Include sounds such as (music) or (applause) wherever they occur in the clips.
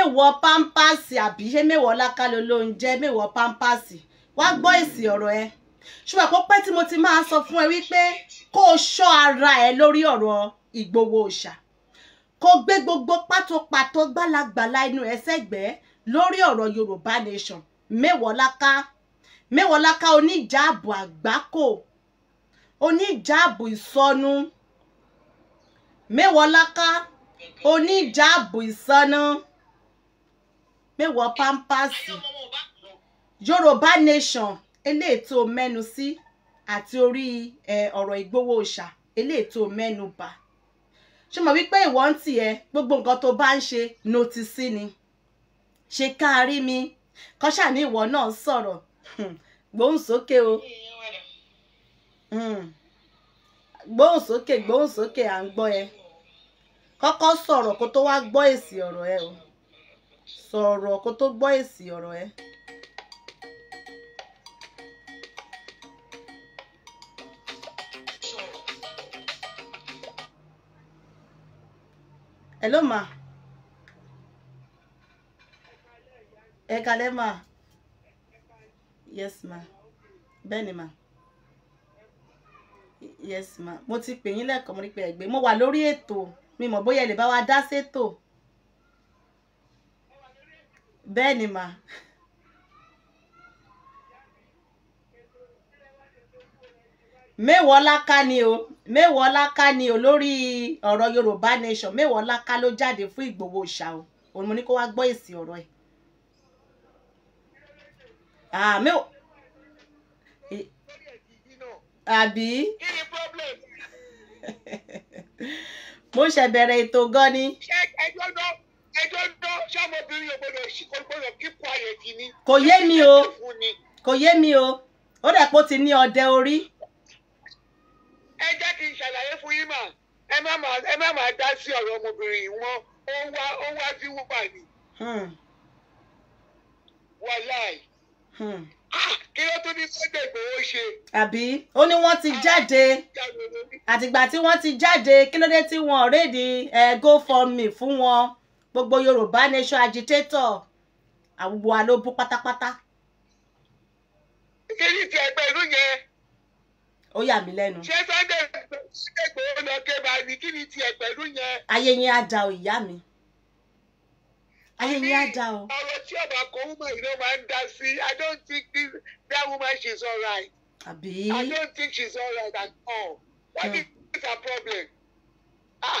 mẹ́wọ̀ pampasì àbí ṣé mẹ́wọ̀ lákàlẹ̀ ló ń jẹ́ mẹ́wọ̀ pampasì wá gbọ́ èsì ọ̀rọ̀ ẹ ṣùgbọ́n kó pẹ́ tí mo ti máa sọ fún ẹ wípé kó o ṣọ́ ara ẹ lórí ọ̀rọ̀ Ìgbòho Òòṣà kó gbé gbogbo pátópátó gbálagbàlà inú ẹ sẹ́gbẹ̀ẹ́ lórí ọ̀rọ̀ Yorùbá Nation mẹ́wọ̀láká mẹ́wọ̀láká oníjààbò àgbákò oníjààbò ìsọnù mẹ́wọ̀láká oníjààbò ìsọnù. mẹ́wọ̀ pampasi yorùbá nation eléètò mẹ́nu sí àti orí ọ̀rọ̀ ìgbowó òòṣà eléètò mẹ́nu bà ṣé mọ̀ wípé ìwọ ń tiẹ̀ gbogbo nǹkan tó bá ń ṣe notisi ni ṣe káàrí mi kọṣà ní ìwọ náà sọ̀rọ̀ hmm. gbóhùn sókè o hmm. gbóhùn sókè gbóhùn sókè à ń gbọ́ ẹ kó tó wá èsì ẹ o. sọ̀rọ̀ kó tó gbọ́ èsì ọ̀rọ̀ ẹ. hello ma ẹ kalẹ̀ ma yes ma bẹ́ẹ̀ ni ma yes ma mo ti pè yín lẹ́ẹ̀kan mo rí pé ẹ gbé mo wà lórí ètò mi mọ̀ bóyá ẹ lè bá wa dá sétò bẹ́ẹ̀ ni mà. Mewolaka ni o Mewolaka ni o lórí ọ̀rọ̀ Yorùbá Nation Mewolaka ló jáde fún Ìgbòho Òòṣà o òun mo ní kó wá gbọ́ èsì ọ̀rọ̀ ẹ̀. àbí (laughs) mo ṣe ètò gan ni. ṣé ẹjọ́ náà ẹjọ́ dán ṣọmọbìnrin ògbọ́dọ̀ ògbọ́dọ̀ keep quiet ni. kò yé mi o kò yé mi o ó dẹ̀ kó ti ní ọdẹ orí. ẹ jẹ́ kí n ṣàlàyé fún yín mà ẹ má má ẹ má má dá sí ọ̀rọ̀ ọmọbìnrin yìí wọ́n ó wá ó wá sí wúpa ni. Hmm. wàláì hmm. Ah, kí ló tún ní sunday gbowó ṣe. àbí ó ní wọ́n ti ah, jáde àtìgbà tí wọ́n ti jáde kí ló dé tí wọ́n rédi ẹ̀ eh, go for me fún wọn gbogbo yorùbá nation agitator àwùjọ wa ló bú pátápátá. kejì ti ẹgbẹ́ ìlú yẹn. ó yà mí lẹ́nu. ṣé sunday ṣẹ́gbẹ́ ọ̀nà kẹba ni kí ni ti ẹgbẹ́ ìlú yẹn. ayé yẹn á da o ìyá mi. ayé yẹn á da o. ọ̀rọ̀ tí ọ̀bà kan woman yìí ló máa ń dá sí i i don't think this, that woman she is alright. àbí. i don't think she is alright at all. what is her problem? ah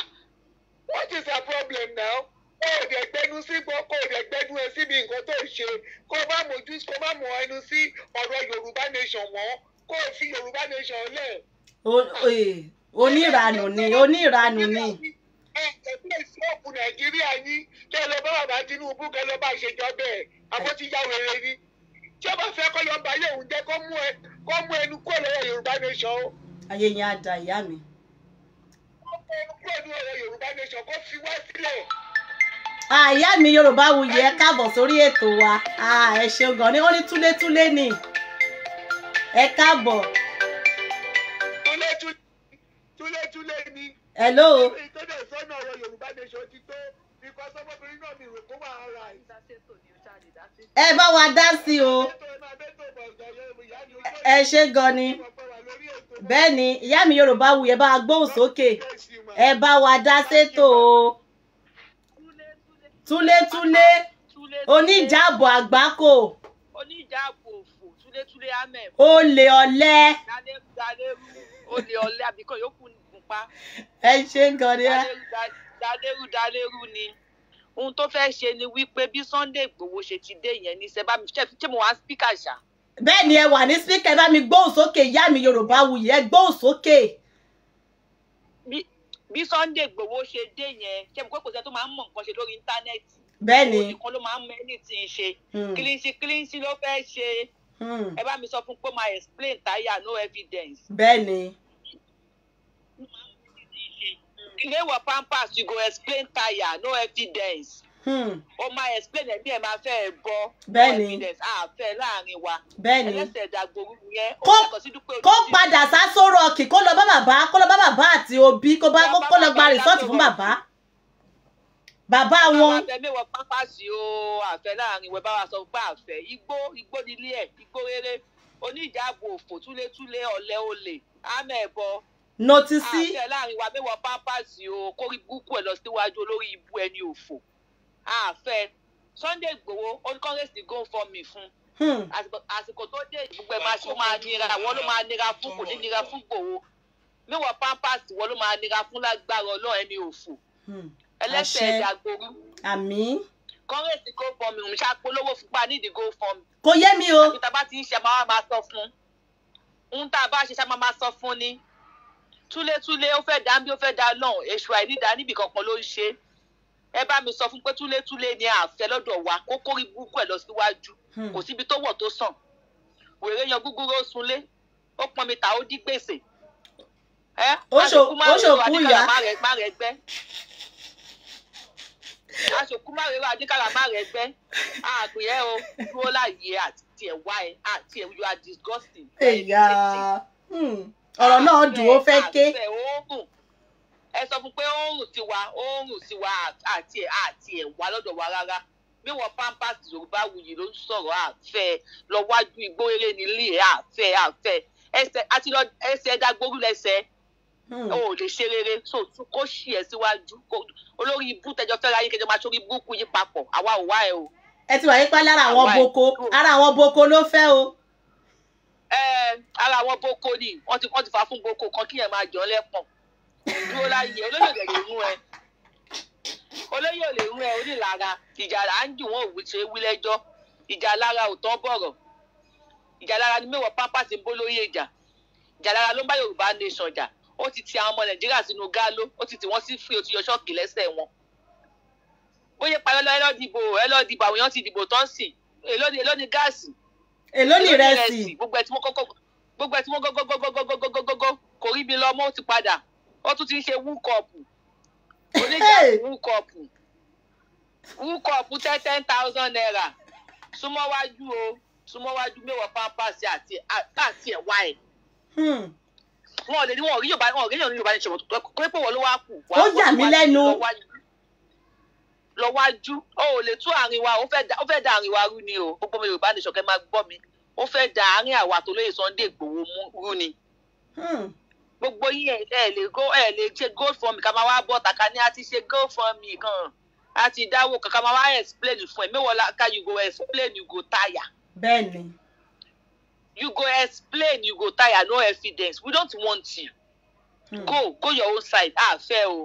what is her problem now? kó o dẹ̀ gbẹnu sí gbọ́ kó o dẹ̀ gbẹnu ẹ síbi nǹkan tó ń ṣe kó o má mojú kó o má mọ ẹnu sí ọ̀rọ̀ Yorùbá nation mọ́ kó o fi Yorùbá nation lẹ̀. oníranù ni oníranù ni. ẹ ẹ bí èsì òkú Nàìjíríà yín kẹ lọ bá bàbá Tinubu kẹ lọ bá ṣèjọ bẹ́ẹ̀ àbó ti yá wẹrẹ ni tí o bá fẹ́ kọ́ lọ bá yẹ̀wò jẹ́ kó mú ẹ kó mú ẹnu kó lọ́wọ́ Yorùbá nation o. ayé yẹn á da ìyá mi. kó mú ẹnu kó lọ́wọ́ Yorùbá nation kó fi wá sílẹ̀ àyá ah, mi Yorùbáwuyì ẹ káàbọ̀ sórí ètò wa ah, ẹ ṣeun gan ni wọ́n ní túlétúlé ni ẹ káàbọ̀. túlétúlé ni. hello. ìtọ́jú ìsọ́nà ọ̀rọ̀ Yorùbá nation ti tó because ọmọbìnrin náà mi rò kó wà á ra ẹ bá wa dá sí o ẹ ṣe gan ni bẹ́ẹ̀ ni ìyá mi Yorùbáwuyì ẹ bá gbóhùn sókè ẹ bá wa dá sétò o túlétúlé oníjàbọ̀ àgbákò oníjàbọ̀ òfò túlétúlé amẹ. olè ọ̀lẹ. olè ọ̀lẹ àbíkọ yòókù nìkan pa. ẹ ṣe ń gan ni ẹ. dalérú ni ohun tó fẹ́ ṣe ni wípé bí Sunday Igboho ṣe ti dé yẹn ní sẹ́ bá mi ṣe mo wá speaker ṣá. bẹ́ẹ̀ ni ẹ wà ní speaker ẹ bá mi gbóhùn sókè ìyá mi Yorùbá wuyì ẹ gbóhùn sókè bí Sunday Igboho ṣe dé yẹn ṣe mọ̀ pé kò tó máa ń mọ̀ nǹkan ṣe lórí íńtánẹ́ẹ̀tì bẹ́ẹ̀ni òun nìkan ló máa ń mọ ẹni tí ń ṣe kílíńsì hmm. kílíńsì ló fẹ́ ṣe hmm. ẹ bá mi sọ fún pé máa explain táyà no evidence. bẹ́ẹ̀ni. ilé ìwọ̀ pampers you go explain táyà no evidence ó hmm. máa explain ẹ̀ bí ẹ máa fẹ́ ẹ bọ́ evidence àfẹ́ láàrin wa ẹlẹ́sẹ̀ ìdàgbòrú yẹn ó yàtọ̀ sí dúpẹ́ òjijì. kó padà sá sóró ọkì kó lọ bá bàbá kó lọ bá bàbá àti òbí kó bá kó lọ gba rìsọ́ọ̀tì fún bàbá bàbá wọn. àwọn afẹ́ mẹ́wọ̀ pápásì o àfẹ́ láàrin wẹ́ bá sọ pé àfẹ́ igbó igbó nílé ẹ̀ igbó rere oníjàgbò òfò túlétúlé ọ̀lẹ olè ámẹ́ ẹ̀bọ nọtí sí. láàrin wa mẹ́wọ̀ pápásì o kórìbùkù ẹ̀ lọ síwájú olórí ibu ẹni òfò àfẹ́ Sunday Igboho ó ní Congress ti go for me fún hmm. àsìkò tó dé gbogbo ẹ̀ máa ṣe ó máa nira wọ́n ló máa nira fún kò ní nira fún Igboho níwọ̀n pampers wọ́n ló máa nira fún lágbára ọlọ́run ẹni òfò hmm. ẹlẹ́sẹ̀ ìdàgbòrú. àmín. Congress go for me òun ṣàpolówó fúnpa nídìí go for me. kò yé mi o. àbí tá a bá ti ń ṣe máa máa sọ fún un tá a bá ṣe ṣá máa máa sọ fún ni túlétúlé ó fẹ́ dá bí ó fẹ́ dá lọ́hùn èṣù àìnídàá ẹ bá mi sọ fún pé túlétúlé ni àfẹ lọ́dọ̀ wa kó kórì burúkú ẹ lọ síwájú hmm. kò síbi tó wọ̀ tó sàn wèrè yan gúgúrú ó sunlé ó pọn mi ta ó dí gbèsè ẹ aṣòkú má rèé wà nígbàlá má rẹ gbẹ aṣòkú má rèé wà nígbàlá má rẹ gbẹ àgbẹ̀ ẹ o dúró láàyè àti ẹ̀ wá ẹ àti ẹ̀ you are disgusting. Hmm. ọ̀rọ̀ náà dùn ó fẹ́ ké. àgbẹ̀ òògùn ẹ sọ fún pé oorun ti wa oorun ti wa àti ẹ̀ àti ẹ̀ wá lọ́dọ̀ wa rárá bí wọn pampas yorùbá wuyì ló ń sọ̀rọ̀ àfẹ́ lọ́wájú igbó eré nílé àfẹ́ àfẹ́ ẹsẹ̀ àti lọ ẹsẹ̀ dágbóru lẹ́sẹ̀ hmm. o ò lè ṣe rere so tún kó ṣì ẹ síwájú olórí ibú tẹjọ fẹ́ra yín kẹjọ máa sórí búùkù yín papọ̀ àwa ò wá ẹ o. ẹ ti wà yípa lára àwọn boko ara àwọn boko ló fẹ́ o ara àwọn boko ni wọ́n ti wọ́n ti fà fún boko kan kí yẹn máa jọ lẹ́pọ̀n dúró láyé olóyè lè mú ẹ olóyè lè mú ẹ onílára ìjà là ń jù wọn òwú ṣe wí lẹ́jọ́ ìjà lára ò tán bọ̀rọ̀ ìjà lára ni mẹ́wàá pápá ti ń bó lórí ìjà ìjà lára ló ń bá Yorùbá nation jà ó ti ti àwọn ọmọ Nàìjíríà sínú gáàló ó ti tì wọ́n sí free ó ti yọ ṣọ́ọ̀kì lẹ́sẹ̀ wọn ó yẹ pa ẹ lọ́ọ́ dìbò ẹ lọ́ọ́ dìbò àwọn èèyàn ti dìbò tán sí èló ni gáàsì èló ni rẹ́sì gbogbo ẹ tí wọ́n kọ́kọ́ gbogbo ẹ tí wọ́n gọ́gọ́gọ́gọ́gọ́gọ́gọ́gọ́ kò rí mi lọ mọ́ ó ti padà ó tún ti ṣe wúkọ̀pù oníjàpù wúkọ̀pù wúkọ̀pù tẹ́ ten thousand naira súnmọ́ wájú o súnmọ́ wájú mẹ́wàá pampasì àti àti ẹ̀wá ẹ̀. Hmm. wọn ò lè ní wọn ò rí yorùbá wọn ò rí yorùbá ní ṣòwò tó pé wọn ló wá kù. ó yà mí lẹ́nu. lọ́wájú ó ò lè tú àárín wa ó fẹ́ da àárín wa rú ni o gbogbo ọmọ yorùbá ní ṣọ̀kẹ́ máa gbọ́ mi ó fẹ́ da àárín àwa tó Sunday Igboho rú ni. Hmm gbogbo yín ẹ lè go ẹ lè ṣe gold for me ká máa wá bọ̀ tàkà ní a ti ṣe gold for me kan a ti dáwọ́ kan ká máa wá explain fún ẹ mẹ́wọ́lá ká you go explain you go tire. bẹ́ẹ̀ni. you go explain you go tire no evidence we don't want you. Hmm. go go your own side àfẹ́ o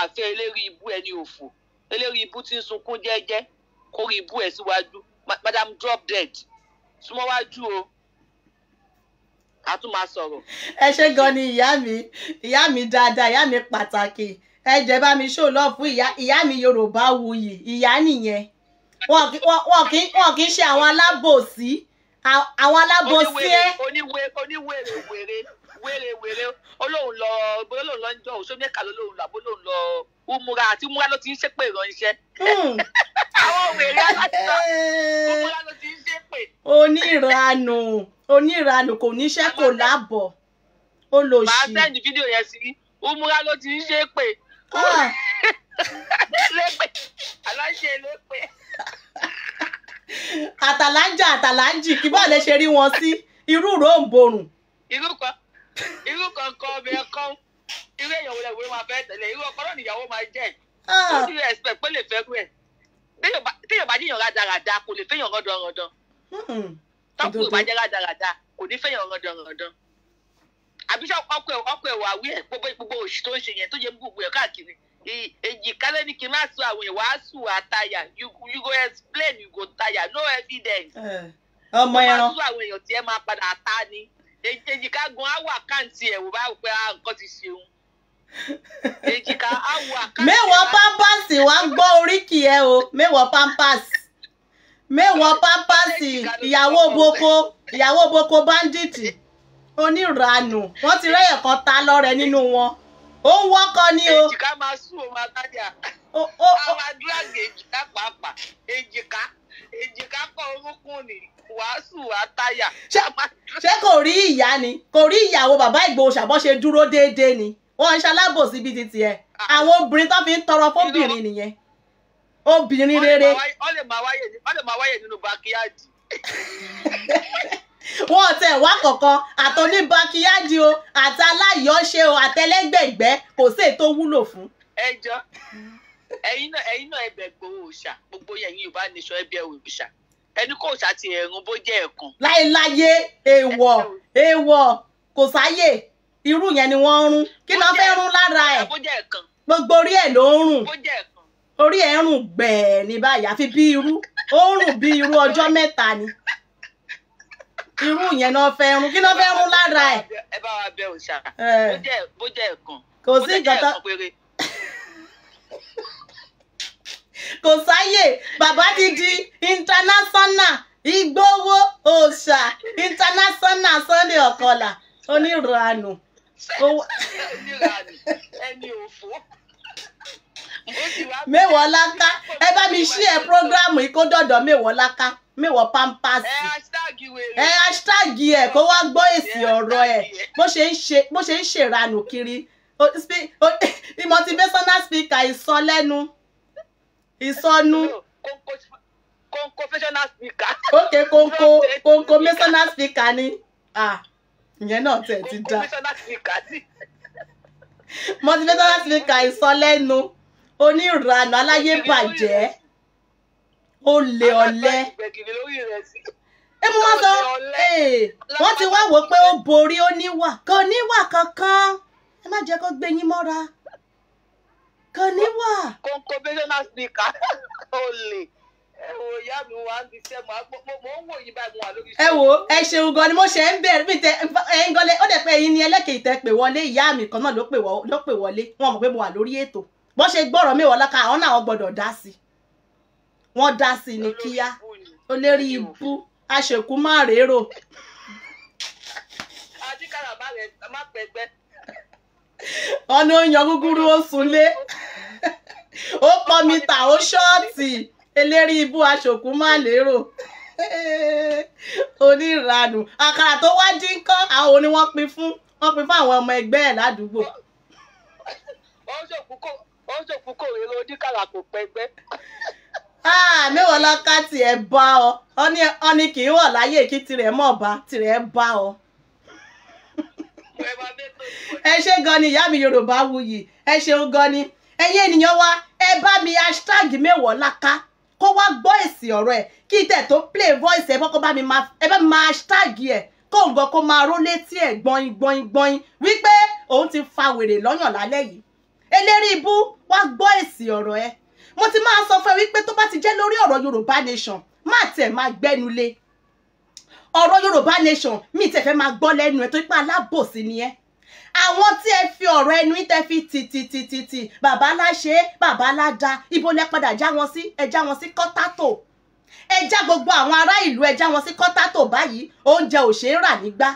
àfẹ́ eléri ibú ẹni òfò eléri ibú tí ń sunkún jẹ́jẹ́ kó rí ibú ẹ̀ síwájú madam drop dead súnmọ́ wájú o a tún máa sọ̀rọ̀. ẹ ṣe gan ni ìyá mi ìyá mi dáadáa ìyá mi pàtàkì ẹ jẹ́ bá mi ṣó lọ fún ìyá ìyá mi Yorùbá wuyì ìyá nìyẹn wọn kì í ṣe àwọn alábòsí àwọn alábòsí ẹ. oníwe oníwe wèrè wèrè wèrè olóhùn lọ olóhùn lọ ń jọ òṣèlú mẹ́ka lóhùn lọ àbólóhùn lọ umura àti umura ló ti ń ṣépè ránṣẹ́ hmm. (laughs) àwọn wèrè alátìlá eh. umura ló ti ń ṣépè. oníranù oníranù kò níṣẹ́ kò lábọ̀ ó lò sí. màá sẹ́ndì fídíò yẹn sí umura ló ti ń ṣépè. Ah. (laughs) lépè aláṣẹ lépè. àtàlájà (laughs) àtàlájì kí bá lè ṣe rí wọn sí irú ròǹbòrùn. irú kan irú kan kọ ọbẹ̀ kan irú èèyàn wo lẹ́wọ́ máa fẹ́ tẹ̀lé irú ọkọ náà nìyàwó máa jẹ́ ah. ó ti respect pé lè fẹ́ rú ẹ̀ téèyàn bá jẹ́yàn rádaràda kò lè fẹ́yàn rọ́dọ̀rọ̀dọ̀ hmm. tọ́pù ìbá jẹ́ rádaràda kò ní fẹ́yàn rọ́dọ̀rọ̀dọ̀ àbí sọ ọkọ ọkọ ẹwà wí ẹ gbogbo gbogbo òṣì tó ń ṣe yẹn tó jẹ gbogbo ẹ káàkiri èjì kálẹ̀ ní kí n má sọ àwọn ìwàásù àtayà you go explain you go tire no evidence. Eh. ọmọ ẹran ọmọ àwọn èèyàn tiẹ̀ máa padà ta ni èjì ká gun áwọ̀ àkáǹtì ẹ̀wò báwo pé ah, nǹkan ti ṣeun èjìká awọ àkáǹtì. mẹ́wọ̀ pampers wá ń gbọ́ oríkì ẹ o mẹ́wọ̀ pampers mẹ́wọ̀ pampers ìyàwó boko ìyàwó boko banditi oníranù wọ́n ti rẹ́yẹ̀ kan ta lọ́rẹ nínú wọn ó ń wọ́kọ́ ni o. èjìká máa sùn ó máa tájà àwọn adúláàgì èjìká pàápàá èjìká èjìká kọ orúnkún ni wàásù àtàyà. ṣé kò rí ìyá ni kò rí ìyàwó bàbá Ìgbòho ṣàbọ̀ ṣe dúró déédéé ni wọn ń ṣalábòsí bíi ti tiẹ̀ àwọn obìnrin tó fi ń tọrọ fóbìnrin nìyẹn obìnrin rere. wọ́n lè máa wáyè nínú bákíyàdì. (laughs) wọ́n tẹ̀ wá kọ̀ọ̀kan àtọ́ní bákíyàdì o àti aláyọ̀ọ́ṣe o àtẹlẹ́gbẹ̀gbẹ́ kò sí èyí tó wúlò fún. ẹ jọ ẹ̀yin náà ẹ̀yin náà ẹbẹ gbowó òòṣà gbogbo ẹ̀yin Yorùbá nìṣọ ẹbẹ òòṣà ẹni kò ṣàtì ẹrùn bó jẹ ẹ̀kan. láéláyé èèwọ̀ èèwọ̀ kò sáyè irú yẹn ni wọ́n ń rún kí ló fẹ́ rún lára ẹ̀ gbogbo orí ẹ̀ ló ń rùn orí ẹ̀ ń rùn gbẹ̀ẹ́ ní báyìí àfi bí irú ó rùn bí irú ọjọ́ mẹ́ta ni irú yẹn náà fẹ́ rún kí ló fẹ́ rún lára ẹ̀. ẹ bá wa bẹ òòṣà bó jẹ́ ẹ̀kan kò sí nǹkan tán kò sáyè bàbá ti di international Ìgbòho òòṣà international Sunday Ọ̀kọ̀là onírànù mẹ́wọ̀ láká ẹ bá mi ṣí ẹ prógrámù yìí kó dọ̀dọ̀ mẹ́wọ̀ láká mẹ́wọ̀ pampasì ẹ hashtag ẹ kó wá gbọ́ èsì ọ̀rọ̀ ẹ bó ṣe ń ṣèrànù kiri (laughs) motivational speaker ìsọlẹ́nu ìsọnu. kónkó confessional speaker. ok kónkó kónkó mẹsánná speaker ni. Ah ìyẹn náà tẹ̀ ti dá motivational speaker ìsọlẹ́nu onírànà aláyé bàjẹ́ olè ọ̀lẹ ẹ mú wọn sọ wọn ti wá wò pé ó borí ó níwà kò níwà kankan ẹ má jẹ́ kó gbé yín mọ́ra kò níwà. kónkó motivational speaker (laughs) olè ẹ wo ìyá mo mo ń wò yín báyìí mo wà lórí. ẹ wo ẹ ṣeun gan ni mo ṣe ń bẹ̀rẹ̀ bíi tẹ ẹyin gan lẹ ó dẹ̀ pé ẹyin ni ẹlẹ́kẹ̀ẹ́ tẹ pè wọlé ìyá mi kan náà ló pè wọlé wọn mọ̀ pé mo wà lórí ètò bó ṣe gbọ́rọ̀ mi wọlé àwọn náà wọ́n dá sí i wọ́n dá sí i ní kíá olórí ibú aṣèkú má rérò. adíkàrà má rẹ má pẹgbẹ́. ọ̀nà oyan gúgúrú ó sunlé ó pọnmi ta ó ṣọ́ọ̀tì eléré ibú aṣòkú má lérò (laughs) oníranù àkàrà tó wá dín nǹkan àwọn òní wọ́n pín fún wọ́n pín fún àwọn ọmọ ẹgbẹ́ ẹ̀ ládùúgbò. wọ́n ṣòkú kò rí (laughs) ah, lọ oníkàrà kò pẹ́gbẹ́. mẹ́wọ̀n lọ́ka tiẹ̀ bá ọ ọ ní kì í wọ̀ láyé kí tirẹ̀ mọ̀ bá tirẹ̀ bá ọ ẹ ṣe gan ni ìyá mi Yorùbá wuyì ẹ ṣeun gan ni ẹ̀yin ènìyàn wa ẹ bá mi hashtag mẹ́wọ̀ọ́ láká kó wá gbọ́ èsì ọ̀rọ̀ ẹ̀ kí tẹ̀ tó play voice ẹ̀ kọ́kọ́ bá mi máa ẹ bá máa hashtag ẹ̀ kó ń gbọ́ kó máa ró létí ẹ̀ gbọ́in gbọ́in gbọ́in wípé òun ti fa wèrè lọ́yàn lálẹ́ yìí eléré ibú wá gbọ́ èsì ọ̀rọ̀ ẹ̀ mo ti máa sọ fún ẹ wípé tó bá ti jẹ́ lórí ọ̀rọ̀ Yorùbá Nation má tẹ̀ máa gbẹ́nu lé ọ̀rọ̀ Yorùbá Nation mi tẹ̀ fẹ́ máa gbọ́ lẹ́nu ẹ̀ tó ipá alábòsí ni ẹ́ àwọn tí ẹ fi ọ̀rọ̀ ẹnu tẹ fi tìtìtìtì bàbá láṣẹ bàbá láda ibo lẹ padà já wọn sí ẹ já wọn sí kọ́tátò ẹ gbogbo àwọn ará ìlú ẹ já wọn sí kọ́tátò báyìí oúnjẹ ò ṣeé rà nígbà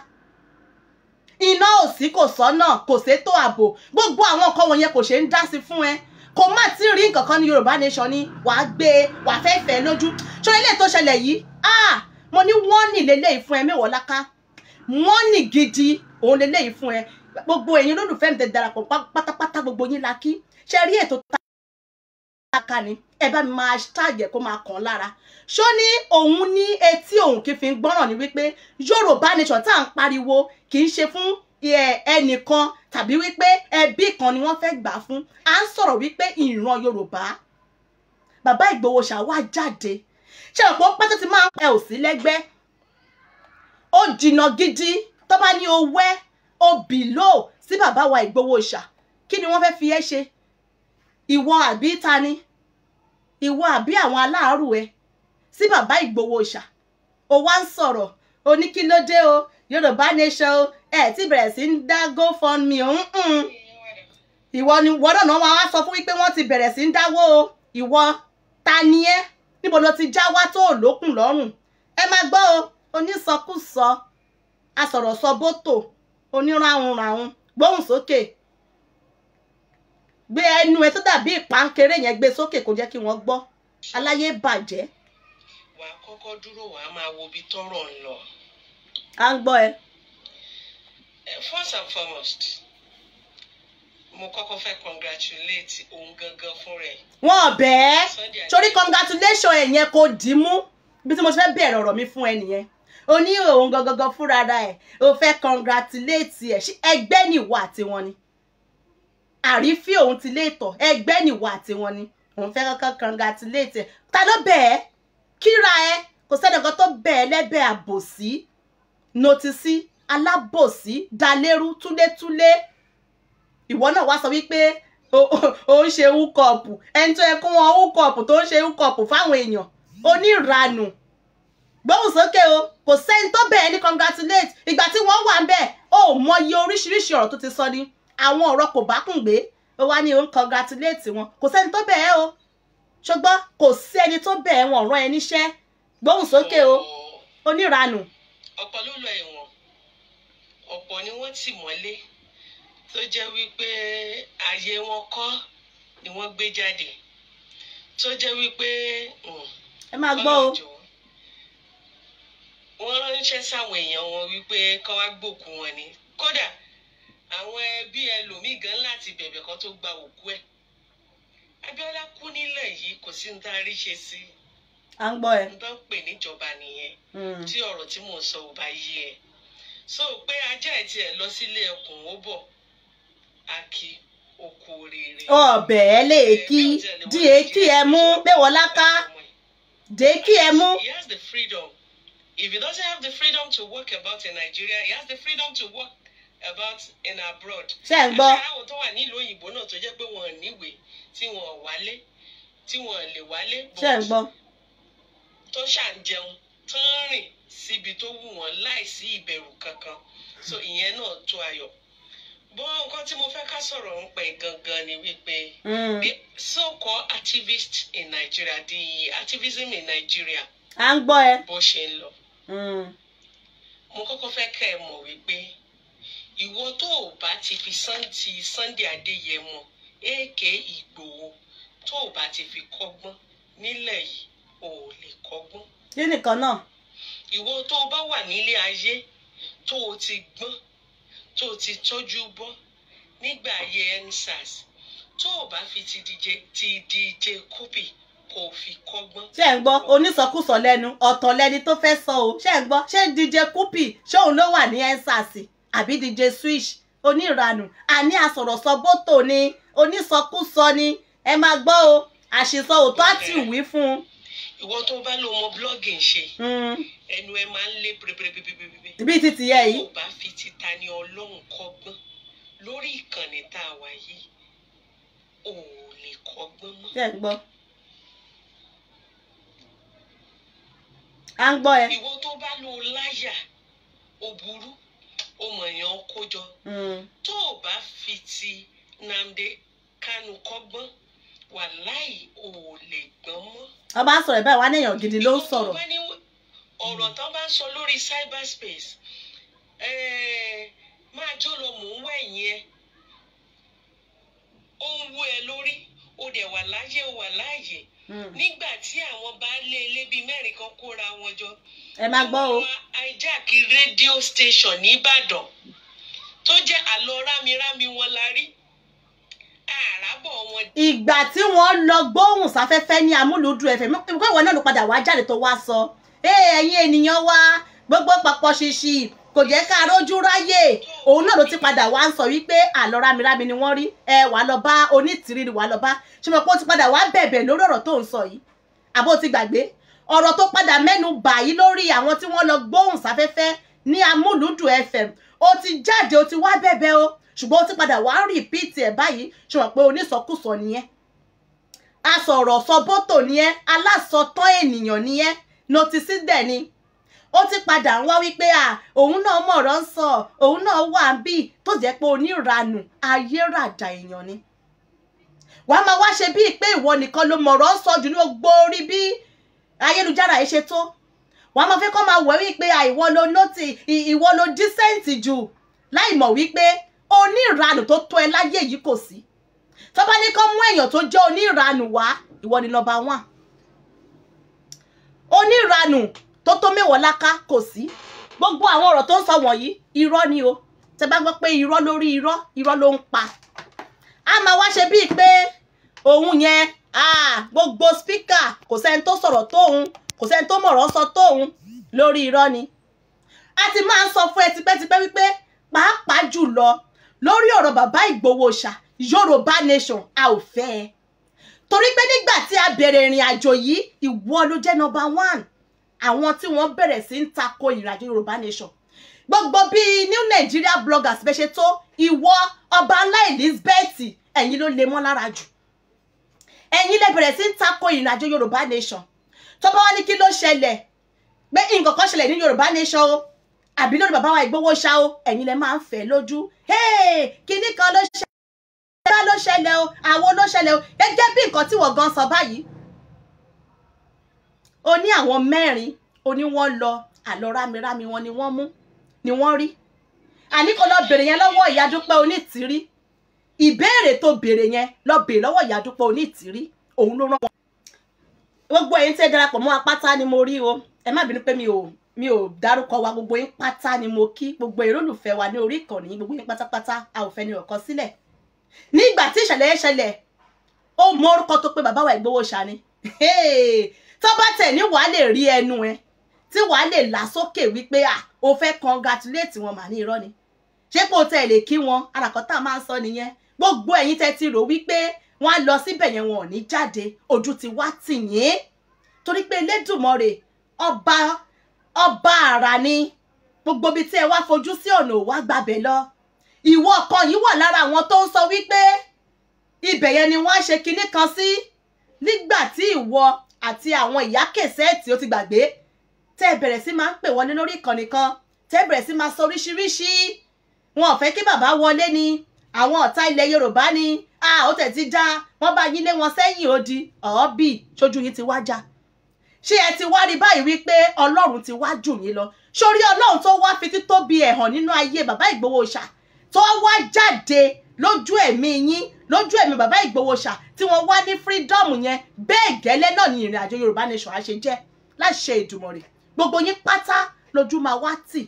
iná ò sí kò sọ́nà kò sétò ààbò gbogbo àwọn nǹkan wọ̀nyẹn kò ṣe ń dá sí fún ẹ kò má tí rí nǹkan kan ní Yorùbá nation ni wàá gbé e wàá fẹ́ fẹ́ lójú ṣọ ilé tó ṣẹlẹ̀ yìí ah mo ní wọ́n nì lélẹ́yìí fún ẹ mẹ́wọ̀ọ́ láká wọ́n nì gidi òun lélẹ́yìí fún ẹ gbogbo ẹ̀yin olólùfẹ́ mi tẹ́ darapọ̀ pátápátá gbogbo yín la kí ṣe rí ètò taka ni ẹ bá mi máa ṣáàjẹ kó máa kàn lára ṣó ní òun ní etí òun kì fi gbọ́ràn ni wípé Yorùbá nation tá à ń pariwo kì í ṣe fún ẹnìkan tàbí wípé ẹbí kan ni wọ́n fẹ́ gbà fún à ń sọ̀rọ̀ wípé ìran Yorùbá bàbá Ìgbòho ṣàwá jáde ṣe ọ̀pọ̀ pátá ti máa ń pẹ́ òsì lẹ́gbẹ́ ó jìnnà gidi tó bá ní owó ẹ̀ obìlò sí bàbá wa Ìgbòho ṣà kí ni wọ́n fẹ́ fi ẹ́ ṣe ìwọ àbí ta ni ìwọ àbí àwọn aláàárù ẹ sí bàbá Ìgbòho ṣà ó wá ń sọ̀rọ̀ ó ní kí ló dé o Yorùbá nation o ẹ ti bẹ̀rẹ̀ sí ń dá GoFundMe ọ̀hún ìwọ ni wọ́dọ̀ náà wọ́n á sọ fún wípé wọ́n ti bẹ̀rẹ̀ sí ń dáwó o ìwọ ta ni ẹ níbo ló ti já wá tó lókùn lọ́rùn ẹ máa gbọ́ o onísọkúsọ asọ̀rọ̀sọ bótò oníranunranun gbóhùn sókè gbé ẹnu ẹ tó dàbí ìpánkéré yẹn gbé sókè kó jẹ́ kí wọ́n gbọ́ aláyé bàjẹ́. wà á kọ́kọ́ dúró wà á máa wo ibi tọ́rọ̀ ń lọ. à ń gbọ́ ẹ. Eh, first and foremost mo kọ́kọ́ fẹ́ congratulate òun gangan fún rẹ̀. wọn bẹ́ẹ̀ torí congratulation ẹ̀ yẹn kò dì í mú bí tí mo ti fẹ́ bẹ̀rẹ̀ ọ̀rọ̀ mi fún ẹ nìyẹn o ní òun gangan fúnra ẹ̀ o fẹ́ congratulate ẹ̀ ṣé ẹgbẹ́ nìwọ àti wọn ni àrífín òun ti lè tọ̀ ẹgbẹ́ nìwọ àti wọn ni òun fẹ́ kankan congratulate ẹ̀ ta ló bẹ̀ ẹ́ kíra ẹ kò sẹ́nìkan tó bẹ̀ ẹ́ lẹ́bẹ̀ àbòsí notisi alábòsí dalérú túlétúlé ìwọ náà wá sọ wípé o ń ṣe húkọ̀ọ̀pù ẹni tó yẹ kó wọn húkọ̀ọ̀pù tó ń ṣe húkọ̀ọ̀pù fáwọn èèyàn oníranù gbóhùn sókè o kò sẹ́ni tó bẹ̀ẹ́ ní congratulate ìgbà tí wọ́n wà ń bẹ̀ ó mọyì oríṣiríṣi ọ̀rọ̀ tó ti sọ ni àwọn ọ̀rọ̀ kò bá kùn gbé ó wá ní òun congratulate wọn kò sẹ́ni tó bẹ̀ẹ́ o ṣùgbọ́n kò sí ẹni tó bẹ̀ẹ́ wọn rán ẹ níṣẹ́ gbóhùn sókè o oníranù. ọ̀pọ̀ ló lọ ẹ̀wọ̀n ọ̀pọ̀ ni wọ́n tì mọ́lé tó jẹ́ wípé ààyè wọn kọ́ ni wọ́n gbé jáde tó jẹ́ wípé. Hmm, ẹ wọ́n ránṣẹ́ sáwọn èèyàn wọn wípé kán wá gbòkú wọn ni kódà àwọn ẹbí ẹlòmíì gan láti bẹ̀bẹ̀ kan tó gba òkú ẹ̀ Abíọ́lá kú nílẹ̀ yìí kò sí ní rí ṣe sí i à ń gbọ́ ẹ. n tó ń pè níjọba nìyẹn hmm. tí ọ̀rọ̀ tí mò ń sọ ò bá yé ẹ sọ pé ajá ẹ̀ tiẹ̀ lọ sílé ẹkùn ó bọ̀ a kí oko rere. ọbẹ̀ ẹ lè kí di èkí ẹ mú bẹ́wọ̀ láká dé kí ẹ mú. he has the freedom If he doesn't have the freedom to work about in Nigeria, he has the freedom to work about in abroad. ṣe ń gbọ́. àti àwọn tó wà nílùú òyìnbó náà tó jẹ́ pé wọ́n níwèé tí wọ́n wálé tí wọ́n lè wálé. ṣe ń gbọ́. tó ṣàǹjẹun tó ń rìn síbi tó wù wọ́n láìsí ìbẹ̀rù kankan so ìyẹn náà tó ayọ̀. bó nǹkan tí mo fẹ́ ká sọ̀rọ̀ ń pẹ́ gangan ni wípé hmm. so-called activist in Nigeria the activism in Nigeria. à ń gbọ́ ẹ. bó ṣe ń lọ. Hmm. mo kọ́kọ́ fẹ́ kẹ́ ẹ mọ̀ wípé ìwọ tó o bá ti fi santi Sunday Adéyẹmọ èké Ìgbòho tó o bá ti fi kọ́gbọ́n nílẹ̀ yìí o ò lè kọ́gbọ́n. kí nìkan náà. ìwọ tó o bá wà nílé ayé tó o ti gbọ́n tó o ti tọ́jú bọ́ nígbà ayé endsars tó o bá fi ti DJ ti DJ Cuppy kò fi kọ́gbọ́n. ṣé ẹ̀ ń gbọ́ onísọkúsọ lẹ́nu ọ̀tọ̀ lẹni tó fẹ́ sọ o ṣé ẹ̀ gbọ́ ṣé DJ Cuppy ṣóun ló wà ní ensars àbí DJ Switch oníranù àní àsọ̀rọ̀sọ bótò ni onísọkúsọ ni ẹ máa gbọ́ o àṣìsọ òótọ́ àti ìwí fún un. ìwọ tó bá lo ọmọ blọọgì ń ṣe hmm. ẹnu ẹ máa ń lé pèrèpèrèpèrèpèrè. bí ti ti à ń gbọ́ ẹ. ìwọ tó bá lo láyà ó burú ó mọ̀ èèyàn kójọ. Hmm. tó o bá fi ti Nnamdi Kanu kọ́gbọ́n wàláì ò lè gbọ́n mọ́. ọba sọ̀rọ̀ báyìí wà á nìyàn ló ń ọ̀rọ̀ tó bá sọ lórí cyberspace máa jó lọ mò ń wẹ̀ yẹn ó ń wú ẹ lórí ó dẹ̀ wà láyé ó wà láàyè. Hmm. nígbà tí àwọn baálé ilé bíi mẹ́rin kan kóra wọn jọ. ẹ máa gbọ́ o. wọ́n hijack radio station ní Ìbàdàn tó jẹ́ àlọ́ rámirámi wọn la rí àràbọ̀ wọn. ìgbà tí wọ́n lọ gbóhùn sáfẹ́fẹ́ ní amúlùúdùn ẹ̀fẹ̀ pé ìwọ náà ló padà wá jáde tó wá sọ ẹ̀yin ènìyàn wa gbogbo papọ̀ ṣinṣin kò jẹ́ ká rójú ráyè òun náà ló ti padà wá ń sọ wípé àlọ́ rámirámi ni wọ́n rí ẹ wàá lọ bá onítìrí ni wàá lọ bá ṣe mọ̀ pé ó ti padà wá bẹ̀bẹ̀ lórí ọ̀rọ̀ tó ń sọ yìí àbó ti gbàgbé ọ̀rọ̀ tó padà mẹ́nu bà yìí lórí àwọn tí wọ́n lọ gbóhùn sáfẹ́fẹ́ ní amúlùdùn fm ó ti jáde ó ti wá bẹ̀bẹ̀ o ṣùgbọ́n ó ti padà wá ń rìpíìtì ẹ̀ báyìí ṣe mọ̀ pé onísọkúsọ nìyẹn asọ̀rọ̀ sọ bọ́tò nìyẹn alásọtán ènìyàn nìyẹn notice dẹ̀ ni ó ti padà ń wá wípé à òun náà mọ̀rọ̀ ń sọ òun náà wà ń bì tó jẹ́ pé oníranù ayérada èèyàn ni wàá máa wá ṣe bíi pé ìwọ nìkan ló mọ̀rọ̀ ń sọ jù ní gbogbo orí bí ayélujára yìí ṣe tó wàá máa fẹ́ kọ́ máa wẹ̀ wípé à ìwọ ló nọ́tì ìwọ ló dísẹ́ǹtì jù láì mọ̀ wípé oníranù tó tó ẹ láyé yìí kò sí tó ní kó mú èèyàn tó jẹ́ oníranù wá ìwọ ni number one oníranù tó tó mẹ́wọ̀ láká kò sí gbogbo àwọn ọ̀rọ̀ tó ń sọ wọ̀nyí irọ́ ni o tẹ bá gbọ́ pé irọ́ lórí irọ́ irọ́ ló ń pa a máa wá ṣe bíi pé òun yẹn gbogbo spíkà kò sẹ́ni tó sọ̀rọ̀ tóun kò sẹ́ni tó mọ̀rọ̀ sọ tóun lórí irọ́ ni a ti máa ń sọ fún ẹ tipẹ́tipẹ́ wípé pàápàá jùlọ lórí ọ̀rọ̀ bàbá Ìgbòho Yorùbá nation a ò fẹ́ ẹ torí pé nígbà tí a bẹ̀rẹ̀ ìrìn àjò yìí ìwọ ló jẹ́ number one àwọn tí wọ́n bẹ̀rẹ̀ sí ń tako ìrìnàjò yorùbá nation gbogbo bíi new nigeria bloggers bẹ́ẹ̀ ṣe tó ìwọ ọba ńlá elizabeth ẹ̀yin ló lè mọ́ lára jù ẹ̀yin lè bẹ̀rẹ̀ sí ń tako ìrìnàjò yorùbá nation tó bá wá ní kí ló ṣẹlẹ̀ pé nǹkan kan ṣẹlẹ̀ ní yorùbá nation o àbí lórí bàbá wa ìgbówó ṣá o ẹ̀yin lè máa ń fẹ́ lójú kíní kan ló ṣẹlẹ̀ ló ṣẹlẹ̀ o àwọn ló ṣẹlẹ̀ o gẹ́gẹ́ bí nǹkan tí wọ́n gan sọ báyìí ó ní àwọn mẹ́rin ó ní wọ́n lọ àlọ́ rámirámi wọn ni wọ́n mú ni wọ́n rí àní kò lọ bèrè yẹn lọ́wọ́ ìyá Dúpẹ́ Onítìrí ìbéèrè tó bèrè yẹn lọ bèrè lọ́wọ́ ìyá Dúpẹ́ Onítìrí òun ló rán wọn. gbogbo ẹ̀yin tẹ́ darapọ̀ mọ́ apáta ni mo rí o ẹ má bínú pé mi ò mi ò dárúkọ wa gbogbo yín pátá ni mo kí gbogbo ìrólùfẹ́ wa ní orí ìkànnì gbogbo yín pátápátá a ò fẹ́ ni ọ̀kan sílẹ̀ nígbà tí ìṣẹ̀lẹ̀ yẹn ṣẹlẹ̀ ó mọ orúkọ tó pé bàbá wa Ìgbòho ṣá tó bá tẹ̀ ní wàá lè rí ẹnu ẹ tí wàá lè là sókè wípé à o fẹ́ congratulate wọn mà ní irọ́ ni ṣé kó o tẹ̀ lè kí wọn arakọ́tà máa ń sọ nìyẹn gbogbo ẹ̀yin tẹ́ ti rò wípé wọ́n á lọ síbẹ̀ yẹn wọn ò ní jáde ojú ti wá tì yín torí pé Elédùmarè ọba ọba àrà ni gbogbo ibi tí ẹ wá fojú sí ọ̀nà ò gbàbẹ̀ lọ ìwọ ọkàn yìí wà lára àwọn tó ń sọ wípé ibẹ̀ yẹn ni wọ́n á ṣe kinní kan sí nígbà tí ìwọ àti àwọn ìyá kẹsẹ́ẹ̀tì ó ti gbàgbé tẹ́ ẹ bẹ̀rẹ̀ sí máa ń pè wọlé lórí ìkànnì kan tẹ́ ẹ bẹ̀rẹ̀ sí máa sọ oríṣiríṣi wọn ò fẹ́ kí bàbá wọlé ni àwọn ọ̀tá ilẹ̀ Yorùbá ni a ó tẹ̀ ti já wọ́n bá yín lé wọn sẹ́yìn odi ọ̀ọ́bì sójú yín ti wá já ṣé ẹ ti wá rí báyìí wípé Ọlọ́run ti wá jù yín lọ sórí Ọlọ́run tó wá fi títóbi ẹ̀ hàn nínú ayé bàbá Ìgbòho Òòṣà tó wá jáde lójú ẹ̀mí yín lójú ẹ̀mí bàbá Ìgbòho ṣá tí wọ́n wá ní fírídọ́ọ̀mù yẹn bẹ́ẹ̀ gẹ́lẹ́ náà ni ìrìn àjò Yorùbá nation á ṣe jẹ́ láṣẹ Èdùmàrè gbogbo yín pátá lójú máa wá tì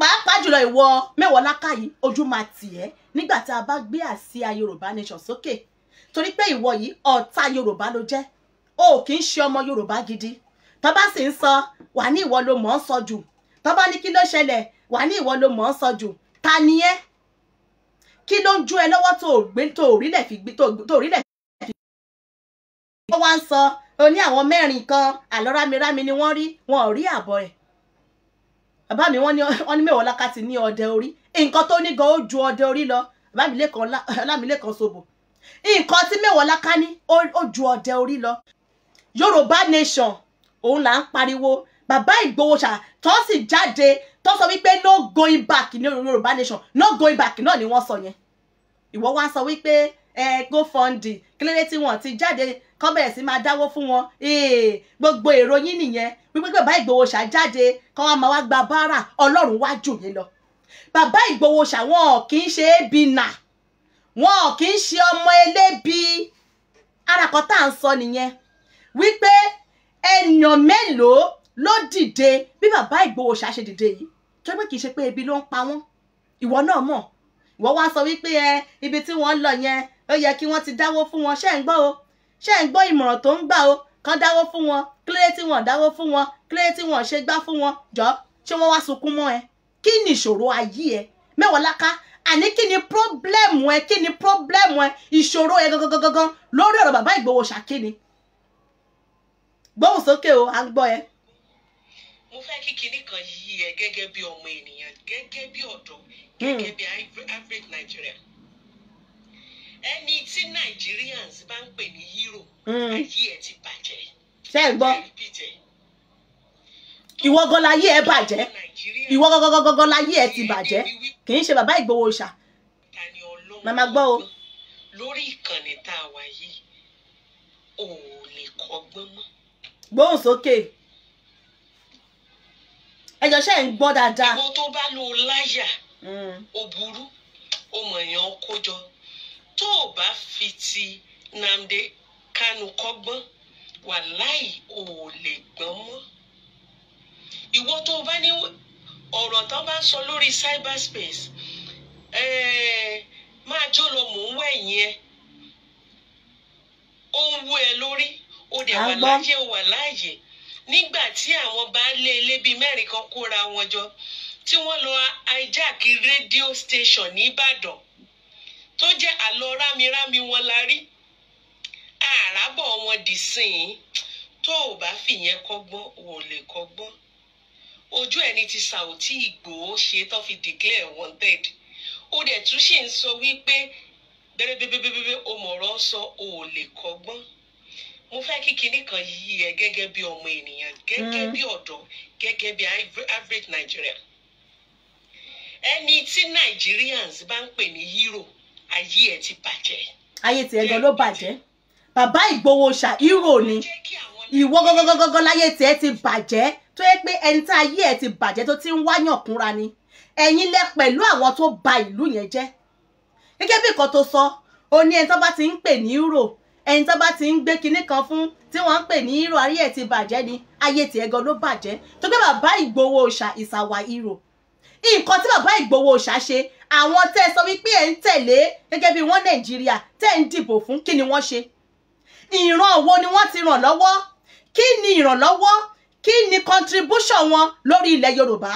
pàápàá jùlọ ìwọ Mewolaka yìí ojú máa tì ẹ́ nígbà tá a bá gbé àsíá Yorùbá nation sókè torí pé ìwọ yìí ọ̀tá Yorùbá ló jẹ́ o kì í ṣe ọmọ Yorùbá gidi tó bá sì ń sọ wà ní ìwọ ló mọ̀ ọ́ sọ jù tó ní kí ló ṣẹlẹ̀ wà ní ìwọ ló mọ̀ ọ́ sọ jù ta ni ẹ́ kí ló ń jó ẹ lọ́wọ́ tó gbé tó orílẹ̀ fi gbé tó orílẹ̀ fi gbé. wọ́n wá ń sọ oní àwọn mẹ́rin kan àlọ́ rámirámi ni wọ́n rí wọn ò rí àbọ̀ ẹ̀. bàbá mi wọ́n ní mẹ́wọ̀ọ́ lákàtì ní ọdẹ orí nǹkan tó ní gan ó ju ọdẹ orí lọ bàbá mi lẹ́kan ọlámilẹ́kan sobo nǹkan tí mẹ́wọ̀ọ́ láká ní ó ju ọdẹ orí lọ. yorùbá nation òun là ń pariwo bàbá ìgbòho ṣà tó sì jáde tó sọ wípé no going back ní yorùbá nation no going back náà ni wọ́n sọ yẹn ìwọ wá sọ wípé ẹ gofundì kílódé tí wọn ti jáde kọ́ bẹ̀rẹ̀ sí máa dáwó fún wọn gbogbo èrò yín nìyẹn wípé bàbá Ìgbòho ṣá jáde kọ́ wọn máa wá gba báárà ọlọ́run wá jù yín lọ bàbá Ìgbòho ṣá wọn kì í ṣe é bi nà wọn kì í ṣe ọmọ ẹlẹ́bi arakọ̀ tá à ń sọ nìyẹn wípé èèyàn mélòó ló dìde bí bàbá Ìgbòho ṣá ṣe dìde yìí tó pé kì í ṣe pé ebi ló ń pa wọn ìwọ náà mọ̀ wọ́n wá sọ wípé ẹ ibi tí wọ́n lọ yẹn ó yẹ kí wọ́n ti dáwó fún wọn ṣé ń gbọ́ o ṣé ń gbọ́ ìmọ̀ràn tó ń gbà o kán dáwó fún wọn kílé tí wọ́n dáwó fún wọn kílé tí wọ́n ṣe gbá fún wọn jọ ṣé wọ́n wá sunkún mọ́ ẹ kí ni ìṣòro ayé ẹ mẹ́wọ̀ọ́ láká àní kí ni pírọ́blẹ́mù ẹ kí ni pírọ́blẹ́mù ẹ ìṣòro ẹ gangan gangan lórí ọ̀rọ̀ bàbá Ìgbòho ṣàkíni gbóhùn sókè o à ń gbọ́ ẹ mo fẹ́ kí kinní kan yí ẹ gẹ́gẹ́ bí ọmọ ènìyàn gẹ́gẹ́ bí ọ̀dọ́ hmm. gẹ́gẹ́ bí average Nigeria ẹni tí Nigerians bá ń pè ní hero hmm. ayé ẹ ti bàjẹ́ ṣe gbọ́ ìwọ gan láyé ẹ bàjẹ́ ìwọ gọgọgọgọ láyé ẹ ti bàjẹ́ kì í ṣe bàbá Ìgbòho ṣá màmá gbọ́ o. lórí ìkànnì tá a wà yìí ò lè kọ́gbọ́n mọ́. gbóhùn sókè. Okay ẹjọ ṣe ń gbọ́ dáadáa. ìwọ tó bá lo láyà mm. ó burú ó mọ̀ èèyàn kó jọ tó o bá fi ti Nnamdi Kanu kọ́gbọ́n wàláì ò lè gbọ́n mọ́ ìwọ tó bá ní ọ̀rọ̀ tán bá sọ lórí cyberspace máa jó lọ mò ń wẹ̀ yẹn ó ń wú ẹ lórí ó dẹ̀ wà láyé ó wà láàyè nígbà tí àwọn baálé ilé bíi mẹ́rin kan kóra wọn jọ tí wọ́n lọ hijack rédíò station ní Ìbàdàn tó jẹ́ àlọ́ rámirámi wọn la rí àràbọ̀ wọn dì sìn tó o bá fìyẹn kọ́gbọ́n ò lè kọ́gbọ́n ojú ẹni tí Saoty Ìgbòho ṣe tó fi declare wanted ó dẹ̀ tún ṣì ń sọ wípé bẹ́rẹ̀ bẹ́bẹ́bẹ́bẹ́ o mọ̀rọ̀ sọ ò lè kọ́gbọ́n mo fẹ́ kí kinní kan yí ẹ gẹ́gẹ́ bí ọmọ ènìyàn gẹ́gẹ́ mm. bí ọ̀dọ́ gẹ́gẹ́ bí average Nigeria ẹni tí Nigerians bá ń pè ní hero ayé ẹ ti bàjẹ́. ayé tiẹ̀ gan ló bàjẹ́ bàbá Ìgbòho ṣà hero ni ìwọ gọgọgọgọgọ láyé tiẹ̀ ti bàjẹ́ tó yẹ pé ẹni tá ayé ẹ ti bàjẹ́ tó ti ń wáyàn kúnra ni ẹ̀yin lẹ pẹ̀lú àwọn tó ba ìlú yẹn jẹ́ gẹ́gẹ́ bí nǹkan tó sọ ó ní ẹni tó bá ti ń pè ní hero ẹni tó bá ti ń gbé kinní kan fún tí wọ́n ń pè ní hero ayé ẹ̀ ti bàjẹ́ ni ayé tiẹ̀ gan ló bàjẹ́ tó gbé bàbá Ìgbòho Òòṣà ìsàwà hero nǹkan tí bàbá Ìgbòho Òòṣà ṣe àwọn tẹ́ ẹ sọ wípé ẹ̀ ń tẹ̀lé gẹ́gẹ́ bí wọ́n Nàìjíríà tẹ́ ẹ̀ ń dìbò fún kí ni wọ́n ṣe ìran wo ni wọ́n ti ràn lọ́wọ́ kí ni ìrànlọ́wọ́ kí ni contribution wọn lórí ilẹ̀ Yorùbá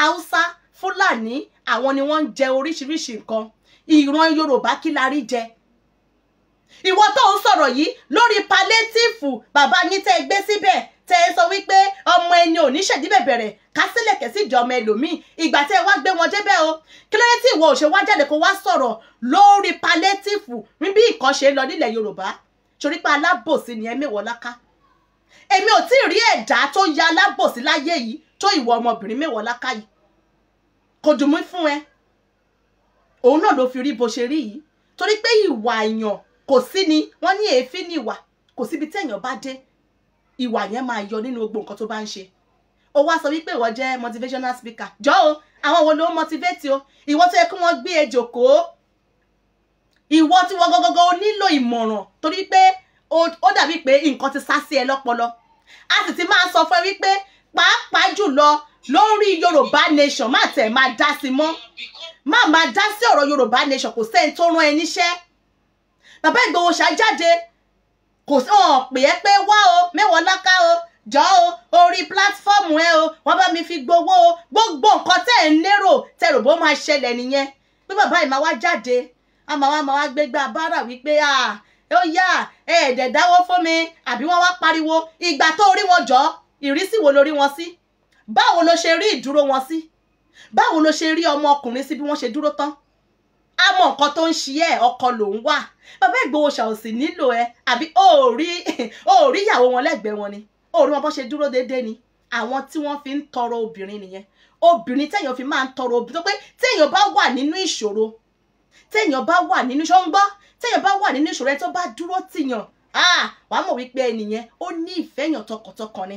Haúsá Fúlàní àwọn ni wọ́n ń jẹ oríṣiríṣi nǹkan ìran Yorùbá kí la rí jẹ ìwọ tó ń sọ̀rọ̀ yìí lórí palétífù bàbá yín tẹ́ ẹ gbé síbẹ̀ tẹ́ ẹ sọ wípé ọmọ ẹni ò ní ṣèdíbẹ̀ bẹ̀rẹ̀ kásílẹ̀kẹ̀ sí ìjọ ọmọ ẹlòmíì ìgbà tẹ́ ẹ wá gbé wọn débẹ̀ o kílódé tí ìwọ ò ṣe wá jáde kó wá sọ̀rọ̀ lórí palétífù ní bí nǹkan ṣe lọ nílẹ̀ Yorùbá torí pé alábòsí ni ẹ mẹ́wọ́ láká èmi ò tí ì rí ẹ̀dá tó ya alábòsí láyé yìí tó ìwọ ọmọbìnrin mẹ́wọ́ láká yìí kò dùn mí fún ẹ òun náà ló fi rí bó ṣe rí yìí torí pé ìwà èèyàn kò sí ni wọ́n ní èéfín ní ìwà kò síbi téèyàn bá dé ìwà yẹn máa yọ nínú gbogbo nǹkan tó bá ń ṣe ó wá sọ wípé ìwọ jẹ́ motivational speaker jọ o àwọn wo ló ń motivate o ìwọ tó yẹ kí wọ́n gbé e jòkóó ìwọ tí wọ́n gọgọgọ o nílò ìmọ̀ràn torí pé ó dàbí pé nǹkan ti sá sí ẹ lọ́pọlọ a sì ti máa sọ fún ẹ wípé pàápàá jùlọ lórí yorùbá nation má tẹ̀ máa dá sí mọ́ má máa dá sí ọ̀rọ̀ yorùbá nation kò sẹ́ni tó rán ẹ níṣẹ́ bàbá Ìgbòho ṣá jáde kò sí ọ̀hún pè é pé wá o mẹ́wọ̀ọ́ láká o jọ o orí pílátífọ́ọ̀mù ẹ o wọ́n bá mi fi gbowó o gbogbo nǹkan tẹ́ ẹ̀ ń lérò tẹ́ rò bó máa ṣẹlẹ̀ nìyẹn pé bàbá ìmọ̀ wá jáde àmọ́ àwọn àmọ́ wá gbégbá bára wípé ó yá ẹ̀ẹ́dẹ̀ dáwọ́ fún mi àbí wọ́n wá pariwo ìgbà tó rí wọn jọ ìrísí wo ló rí wọn sí báwo ló ṣe rí ìdúró wọn sí báwo ló ṣe rí ọmọ ọkùnrin sí bí wọ́n ṣe dúró tán á mọ nǹkan tó ń ṣe ẹ ọkọ lòún wà bàbá Ìgbòho ṣàwòsì nílò ẹ àbí ó rí ó (laughs) rí ìyàwó wọn lẹ́gbẹ̀ẹ́ wọn ni ó rí wọn bó ṣe dúró déédéé ni àwọn tí wọ́n fi ń tọrọ obìnrin nìyẹn obìnrin téèyàn fi máa ń tọrọ obìnrin tó pé téèyàn bá wà nínú ìṣòro téèyàn bá wà nínú ṣó ń gbọ́ téèyàn bá wà nínú ìṣòro ẹ tó bá dúró tìyàn wàá mọ̀ wípé ẹnìyẹn ó ní ìfẹ́ yàn tọkàntọkàn ni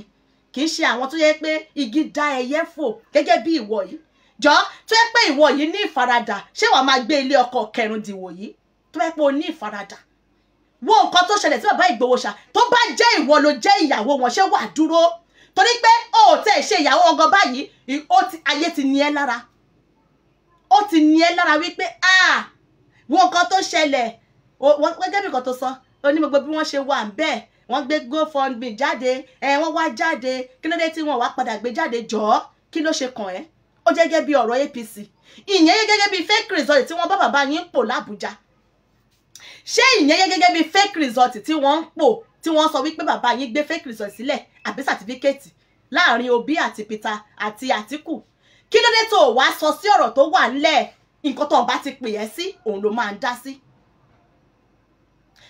kì í ṣe àwọn tó yẹ pé igi dá ẹyẹ fò gẹ́gẹ́ bí ìwọ yìí jọ tó yẹ pé ìwọ yìí ní ìfaradà ṣé wàá máa gbé ilé ọkọ kẹrìndínwó yìí tó yẹ pé o ní ìfaradà wo nǹkan tó ṣẹlẹ̀ tí bàbá Ìgbòho ṣá tó bá jẹ́ ìwọ ló jẹ́ ìyàwó wọn ṣé wàá dúró torí pé o ò tẹ̀ ṣe ìyàwó ọgàn báyìí ó ti ayé ti ní ẹ lára ó ti ní ẹ lára wípé ah wo nǹkan tó ṣẹlẹ̀ gẹ́gẹ́ bí nǹkan tó sọ onímọ̀gbọ́ bí wọ́n ṣe wà ń bẹ́ẹ̀ wọ́n gbé GoFundMe jáde ẹ̀ wọ́n wá jáde kí ló dé tí wọ́n wá padà gbé jáde jọ̀ọ́ kí ló ṣe kàn ẹ́ ó jẹ́ gẹ́gẹ́ bí ọ̀rọ̀ APC ìyẹn gẹ́gẹ́ bí fake result tí wọ́n bá bàbá yín pò lábújá ṣé ìyẹn gẹ́gẹ́ bí fake result tí wọ́n ń pò tí wọ́n sọ wípé bàbá yín gbé fake result sílẹ̀ àbí sàtífíkẹ́ẹ̀tì láàrin Obi àti Peter àti Àtíkù kí ló dé tó wá sọ sí ọ̀rọ̀ tó wà ńlẹ̀ nǹkan tó bá ti pè ẹ́ sí òun ló máa ń dá sí.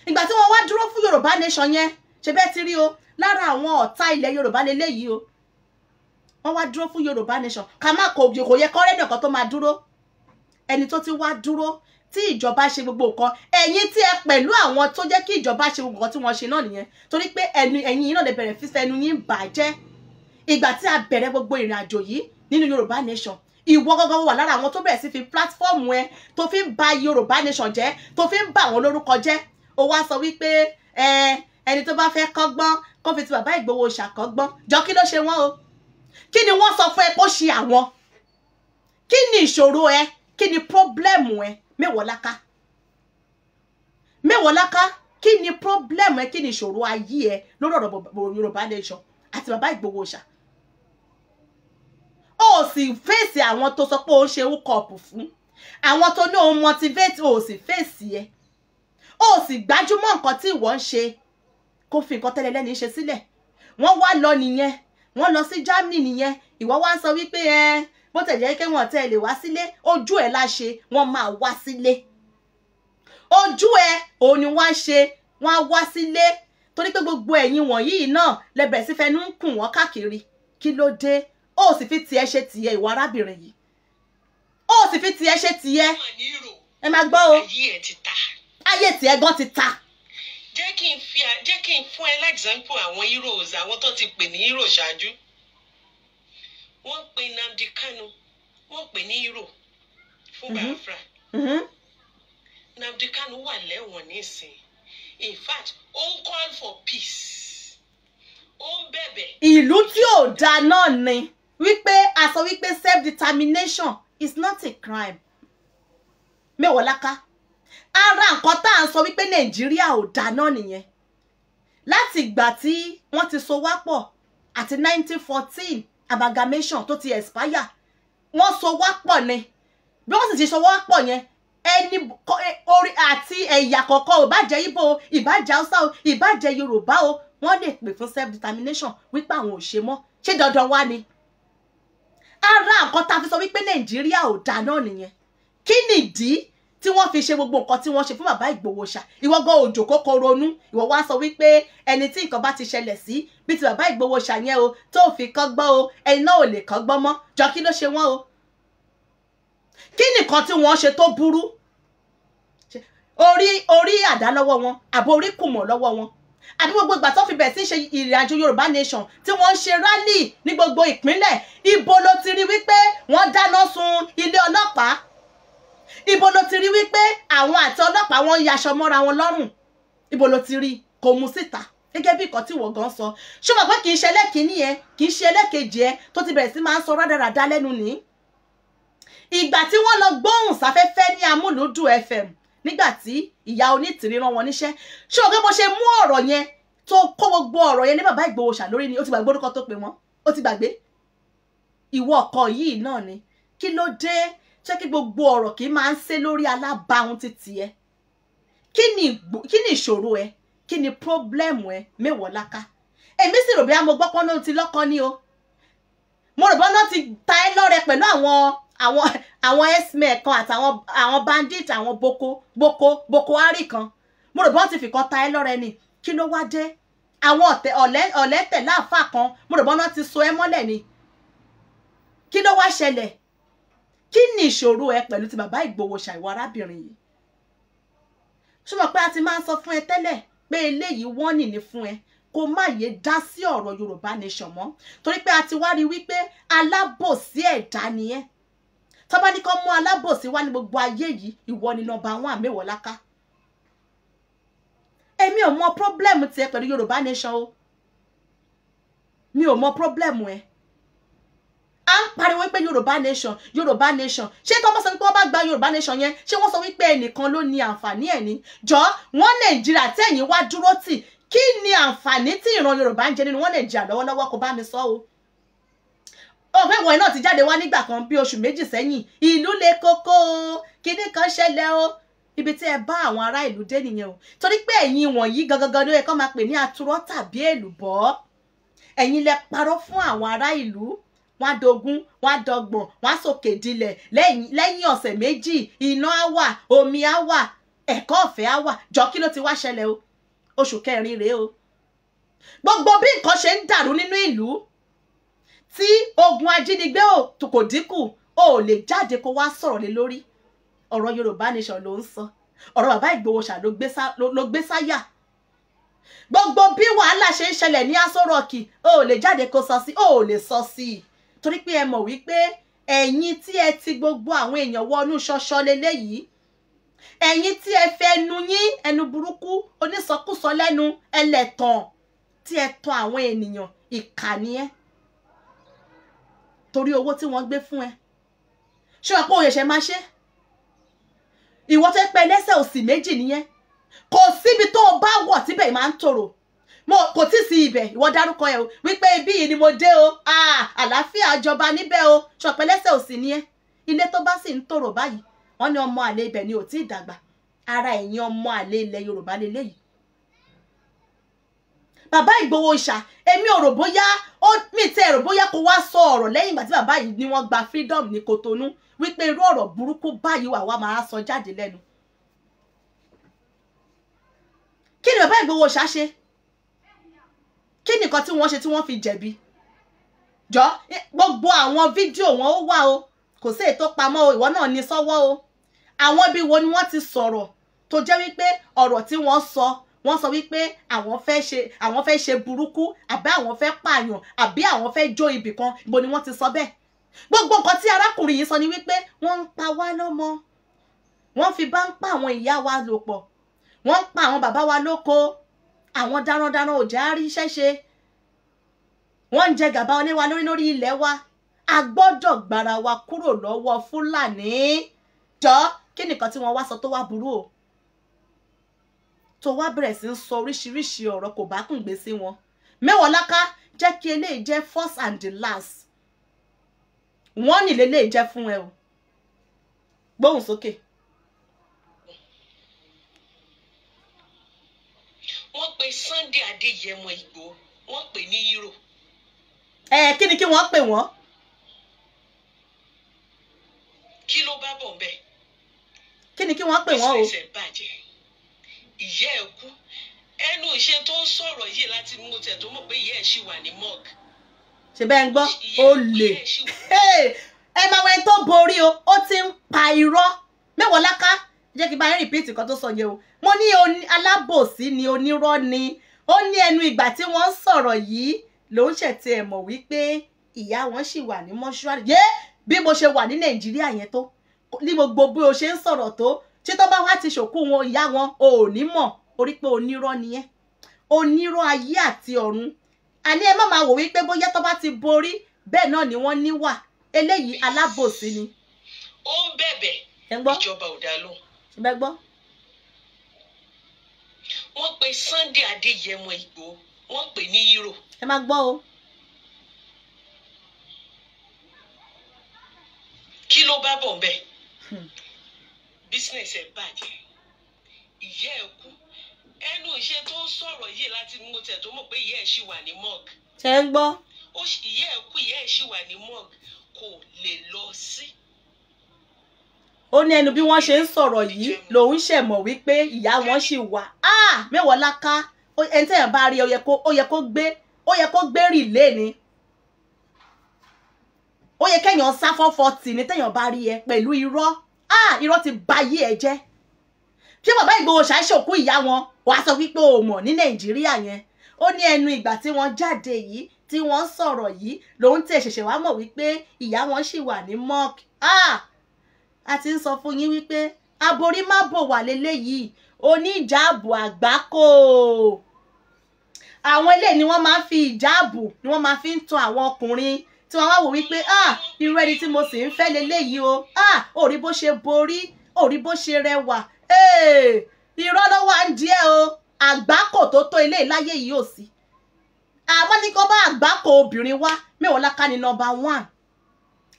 ìgbà tí wọ́n wá dúró fún Yorùbá nation yẹn ṣe bẹ́ẹ̀ ti rí o lára àwọn ọ̀tá ilẹ̀ Yorùbá leléyìí o wọ́n wá dúró fún yorùbá nation ká má kò kò yẹ kọ́ rẹ́dọ̀ kan tó máa dúró ẹni tó ti wá dúró tí ìjọba ṣe gbogbo nǹkan ẹ̀yin tí ẹ pẹ̀lú àwọn tó jẹ́ kí ìjọba ṣe gbogbo nǹkan tí wọ́n ṣe náà nìyẹn torí pé ẹnu ẹ̀yin náà lè bẹ̀rẹ̀ fi sẹ́nu yín bàjẹ́ ìgbà tí a bẹ̀rẹ̀ gbogbo ìrìn àjò yìí nínú yorùbá nation ìwọ gangan wà lára àwọn tó bẹ̀rẹ̀ sí fi platform ẹ tó fi ń ba yorùbá nation jẹ́ tó fi ń ba àwọn lórúkọ jẹ́ ó wá sọ wípé ẹni tó bá fẹ́ kọ́gbọ́n kó fi ti bàbá Ìgbòho ṣàkọ́gbọ́n jọ kí ló ṣe wọ́n o kí ni wọ́n sọ fún ẹ kó ṣe àwọn kí ni ìṣòro ẹ kí ni pọ́blẹ́mù ẹ Mewolaka Mewolaka kí ni pọ́blẹ́mù ẹ kí ni ìṣòro ayé ẹ lórí ọ̀rọ̀ Yorùbá nation àti bàbá Ìgbòho ṣá ó sì fèsì àwọn tó sọ pé ó ń ṣe húkọ̀ọ̀pù fún àwọn tó ní òun motivate ó sì fèsì ẹ ó sì gbájúmọ́ nǹkan tí ìwọ ń ṣe kó fi nǹkan tẹ́lẹ̀ lẹ́ni ṣe sílẹ̀ wọ́n wá lọ nìyẹn wọ́n lọ sí Germany nìyẹn ìwọ wá ń sọ wípé ẹ bó tẹ̀ jẹ́ kí wọ́n tẹ̀ lè wá sílé ojú ẹ̀ láṣe wọ́n máa wá sílé ojú ẹ̀ òun ni wọ́n á ṣe wọ́n á wá sílé torí pé gbogbo ẹ̀yin wọ̀nyí náà lẹ́bẹ̀ẹ́ sí fẹnu ń kùn wọ́n káàkiri kí ló dé ó sì fi tiẹ̀ ṣe tiẹ̀ ìwọ arábìnrin yìí ó sì fi tiẹ̀ ṣe tiẹ̀ ẹ máa gbọ́ o ayé tiẹ̀ gan ti ta jẹ́ kí n fi jẹ́ kí n fún ẹ lẹ́gzámpù àwọn heroes àwọn tó ti pè ní hero ṣáájú wọ́n pe Nnamdi Kanu wọ́n pè ní hero fún mm-hmm. Biafra mm-hmm. Nnamdi Kanu wà lẹ́wọ̀n nísìn in fact ó ń call for peace ó ń bẹ̀bẹ̀. ìlú tí ò da náà ni wípé a sọ wípé self determination is not a crime mẹ́wọ̀ọ́ láká ara nǹkan tá à ń sọ wípé nàìjíríà ò dá náà nìyẹn láti ìgbà tí wọ́n ti so wá pọ̀ àti 1914 amalgamation tó ti expire wọ́n so wá pọ̀ ni bí wọ́n sì ti so wá pọ̀ yẹn ẹni orí àti ẹ̀yà kọ̀ọ̀kan ò bá jẹ́ ibo ìbá jẹ́ haúsá o ìbá jẹ́ yorùbá o wọ́n lè pè fún self determination wípé àwọn ò ṣe mọ́ ṣé dandan wá ni ara nǹkan tá a fi sọ wípé nàìjíríà ò dá náà nìyẹn kí nìdí tí wọ́n fi ṣe gbogbo nǹkan tí wọ́n ṣe fún bàbá Ìgbòho ṣá ìwọ gan òjò kókó ronú ìwọ wá sọ wípé ẹni tí nǹkan bá ti ṣẹlẹ̀ sí bí ti bàbá Ìgbòho ṣá yẹn o tó fi kọ́gbọ́n o ẹni náà ò lè kọ́gbọ́n mọ́ jọ kí ló ṣe wọ́n o kí nìkan tí wọ́n ṣe tó burú orí orí àdá lọ́wọ́ wọn àbò orí kùmọ̀ lọ́wọ́ wọn àbí gbogbo ìgbà tó fi bẹ̀rẹ̀ sí ṣe ìrìnàjò Yorùbá nation tí wọ́n ń ṣe rálì ní gbogbo ìpínlẹ̀ ibo ló ti rí wípé wọ́n dáná sun ilé ọlọ́pàá ibo ló ti rí wípé àwọn àti ọlọ́pàá wọn ń yaṣọ mọ́ra wọn lọ́rùn ibo ló ti rí kò mú síta gẹ́gẹ́ bí nǹkan tí wọ́n gan sọ ṣé mọ̀ pé kì í ṣe ẹlẹ́kìíní ẹ kì í ṣe ẹlẹ́kejì ẹ tó ti bẹ̀rẹ̀ sí máa ń sọ rádaràda lẹ́nu ní. ìgbà tí wọ́n lọ gbóhùn sáfẹ́fẹ́ ní amúlùúdùn fm nígbà tí ìyá onítìrí rán wọn níṣẹ́ ṣé o pé mo ṣe mú ọ̀rọ̀ yẹn tó kó gbogbo ọ̀rọ̀ yẹn ní bàbá Ìgbòho lórí ni ó ti gbàgbé orúkọ tó pè wọ́n ó ti gbàgbé ìwọ ọkọ yìí náà ni kí ló dé ṣé kí gbogbo ọ̀rọ̀ kì í máa ń ṣe lórí alábàáhùn títí ẹ kí ni ìṣòro ẹ kí ni pírọ́blẹ́mù ẹ mẹ́wọ̀ọ́ láká èmi sì rò bí mo gbọ́ pọ́nà ti lọ́kọ́ ni o mo rò pọ́nà ti ta ẹ lọ́rẹ pẹ̀lú àwọn àwọn àwọn x-men kan àtàwọn àwọn bandit àwọn boko boko boko hari kan mo rò pọ́nà ti fìkan ta ẹ lọ́rẹ ni kí ló wá dé àwọn ọ̀tẹ̀ ọ̀lẹ́tẹ̀ láàfà kan mo rò pọ́nà ti so ẹ mọ́lẹ̀ ni kí ló wá ṣẹlẹ̀ kí ni ìṣòro ẹ pẹ̀lú ti bàbá Ìgbòho ṣàìwọ arábìnrin yìí ṣùgbọ́n pé a ti máa ń sọ fún ẹ tẹ́lẹ̀ pé eléyìí wọ́n nì ní fún ẹ kó má yé dá sí ọ̀rọ̀ Yorùbá nation mọ́ torí pé a ti wá rí wípé alábòsí ẹ̀dá ni ẹ́ tọ́ba ní kó mú alábòsí wá ní gbogbo ayé yìí ìwọ ni nọ́mbà wọn àmẹ́wọ̀láká èmi ò mọ pírọ́blẹ́mù tiẹ̀ pẹ̀lú Yorùbá nation o mi ò mọ pírọ́blẹ́mù ẹ̀ à ń pariwo pé yorùbá nation yorùbá nation ṣé tí wọ́n sọ pé wọ́n bá gba yorùbá nation yẹn ṣé wọ́n sọ wípé ẹnìkan ló ní àǹfààní ẹ̀ ní jọ wọ́n nàìjíríà tẹ̀yìn wá dúró tì kí ni àǹfààní tí ìran yorùbá ń jẹ nínú wọn nàìjíríà lọ́wọ́lọ́wọ́ kò bá mi sọ o ọ̀fẹ́ wọ̀nyí náà ti jáde wá nígbà kan bí oṣù méjì sẹ́yìn ìlú le koko kinní kan ṣẹlẹ̀ o ibi tí ẹ bá àwọn ará ìlú dé nìyẹn o torí pé ẹ̀yin wọ̀nyí gangan ló yẹ kó máa wọ́n á dogún wọ́n á dọgbọ̀n wọ́n á sòkè dilẹ̀ lẹ́yìn ọ̀sẹ̀ méjì iná á wà omi á wà ẹ̀kọ́ ọ̀fẹ́ á wà jọ kí ló ti wá ṣẹlẹ̀ o oṣù kẹrin rèé o gbogbo bí nǹkan ṣe ń dàrú nínú ìlú tí ogun ajínigbé kò dínkù o ò lè jáde kó wá sọ̀rọ̀ lé lórí ọ̀rọ̀ Yorùbá nation ló ń sọ ọ̀rọ̀ bàbá Ìgbòho ló gbé sáyà gbogbo bí wàhálà ṣe ń ṣẹlẹ̀ ní Aso ò lè jáde kó sọ sí ò lè sọ sí i torí pé ẹ mọ̀ wípé ẹ̀yin tí ẹ ti gbogbo àwọn èèyàn wọnú ṣọṣọ leléyìí ẹ̀yin tí ẹ fẹ́ ẹnu yín ẹnu burúkú onísọkúsọ lẹ́nu ẹlẹ́tàn tí ẹ tàn àwọn ènìyàn ìkà ni ẹ torí owó tí wọ́n gbé fún ẹ ṣé ọ̀pọ̀ òyẹ̀ṣẹ̀ máa ṣe ìwọ tó pẹ́ lẹ́sẹ̀ òsì méjì nìyẹn kò síbi tó o bá wọ̀ tíbẹ̀ máa ń tòrò mo kò tí sí ibẹ̀ ìwọ dárúkọ ẹ o wípé ibí yìí ni mo dé o ah, àlàáfíà jọba níbẹ̀ o ṣọ̀pẹ́lẹ́sẹ̀ ò sì ní ẹ ilé tó bá sì ń tòrò báyìí wọ́n ní ọmọ àlè ibẹ̀ ni ò tí ì dàgbà ara ẹ̀yin ọmọ àlè ilẹ̀ Yorùbá lélẹ́yìí bàbá Ìgbòho ìṣà èmi ò rò bóyá ó mi tẹ ẹ rò bóyá kó wá sọ ọ̀rọ̀ lẹ́yìn ìgbà tí bàbá yìí ni wọ́n gba freedom ní Kòtónú wípé irú ọ̀rọ̀ burúkú báyìí wà wá máa sọ jáde lẹ́nu kí ni bàbá Ìgbòho ìṣà ṣe kí nìkan tí wọ́n ṣe tí wọ́n fi jẹ̀bi jọ gbogbo àwọn fídíò wọn ó wà o kò sí ètò pamọ́ o ìwọ náà ní sọ́wọ́ o àwọn ibi wo ni wọ́n ti sọ̀rọ̀ tó jẹ́ wípé ọ̀rọ̀ tí wọ́n sọ wọ́n sọ wípé àwọn fẹ́ ṣe àwọn fẹ́ ṣe burúkú àbí àwọn fẹ́ pààyàn àbí àwọn fẹ́ jó ibì kan ibo ni wọ́n ti sọ bẹ́ẹ̀ gbogbo nǹkan tí arákùnrin yìí sọ ni wípé wọ́n ń pa wá lọ́mọ wọ́n fi bá ń pa àwọn ìyá wa lò pọ̀ wọ́n ń pa àwọn bàbá wa lóko àwọn darandaran ò já rí iṣẹ́ ṣe wọ́n ń jẹ gàba oníwa lórí lórí ilẹ̀ wa a gbọ́dọ̀ gbára wa kúrò lọ́wọ́ fúlàní jọ kí nìkan tí wọ́n wá sọ tó wá burú o tó wá bẹ̀rẹ̀ sí ń sọ oríṣiríṣi ọ̀rọ̀ kò bá kùn gbé sí wọn mẹ́wọ̀ọ́ láká jẹ́ kí eléyìí jẹ́ first and last wọ́n nílé eléyìí jẹ́ fún ẹ o gbóhùn sókè. Okay. wọ́n pe Sunday Adéyẹmọ Ìgbòho wọ́n pè ní hero. ẹ kí ni kí wọ́n pè wọ́n. kí ló bá bọ̀ bẹ́ẹ̀. kí ni kí wọ́n pè wọ́n o. ìṣẹ̀ṣẹ̀ bàjẹ́ ìyá ẹ̀ kú ẹnu ìṣe tó ń sọ̀rọ̀ yìí láti mú tẹ̀ tó mọ̀ pé ìyá ẹ̀ ṣì wà ní morgue. ṣe bẹ́ẹ̀ ń gbọ́ ó lè ẹ máa wẹ́n tó borí o ó ti ń pa irọ́ mẹ́wọ̀ọ́ láká jẹ́ kí n bá yẹn rìpíìtì kan tó sọ yẹn o mo ní alábòsí ni onírọ́ ni ó ní ẹnu ìgbà tí wọ́n ń sọ̀rọ̀ yìí lòún ṣẹ̀tì ẹ̀ mọ̀ wípé ìyá wọn sì wà ní mọ́ṣúárì yé bí mo ṣe wà ní nàìjíríà yẹn tó ní gbogbo bí o ṣe ń sọ̀rọ̀ tó ṣé tó bá wá ti ṣòkú wọn ìyá wọn o ò ní mọ̀ orí pé onírọ́ ni ẹ́ onírọ́ ayé àti ọ̀run àní ẹ má máa wò wípé bóyá tó bá ti borí bẹ́ẹ̀ náà ni wọ́n níwà eléyìí alábòsí ni. ó ń bẹ̀bẹ̀ ìjọba ò dá lóhùn ṣe bẹ́ẹ̀ gbọ́. wọ́n pe Sunday Adéyẹmọ Ìgbòho wọ́n pè ní hero. ẹ máa gbọ́ o. kí ló bá bọ̀ bẹ́ẹ̀ hmm. business ẹ̀ bàjẹ́ ìyá ẹ̀ kú ẹnu ìṣe tó sọ̀rọ̀ yìí láti mú tẹ̀ tó mọ̀ pé ìyá ẹ̀ ṣì wà ní morgue. ṣe ń gbọ́. ìyá ẹ̀ kú ìyá ẹ̀ ṣì wà ní morgue kò lè lọ sí. Si ó ní ẹnu bí wọ́n ṣe ń sọ̀rọ̀ yìí lòun ṣẹ̀mọ̀ wípé ìyá wọn ṣì wà mẹ́wọ̀ọ́ láká ẹni tẹ̀yàn bá rí ó yẹ kó gbé ó yẹ kó gbé rìlé ni ó yẹ kẹ́yàn sá fọ́fọ́ tì ní tẹ̀yàn bá rí ẹ pẹ̀lú irọ́ irọ́ ti bayé ẹ jẹ́ ṣé bàbá Ìgbòho ṣàṣòkú ìyá wọn wàá sọ wípé o mọ̀ ní Nàìjíríà yẹn ó ní ẹnu ìgbà tí wọ́n jáde yìí tí wọ́n sọ̀rọ̀ yìí lòun tẹ̀ ṣẹ̀ṣẹ̀ wá mọ̀ wípé ìyá wọn ṣì wà ní mọ́ọ̀kì a ti ń sọ fún yín wípé aborí má bò wà léléyìí oníjàbù àgbákò àwọn eléyìí ni wọ́n máa ń fi ìjàbù ni wọ́n máa fi ń tan àwọn ọkùnrin tí wọ́n wá wò wípé ah irú ẹni tí mo sì ń fẹ́ léléyìí o ah òrí bó ṣe borí òrí bó ṣe rẹwà irọ́ ló wà ń díẹ̀ o àgbákò tó tó ilé ìláyé yìí ò sí àmọ́ ní kó bá àgbákò obìnrin wá mẹ́wọ̀n lákàní nọ́mbà one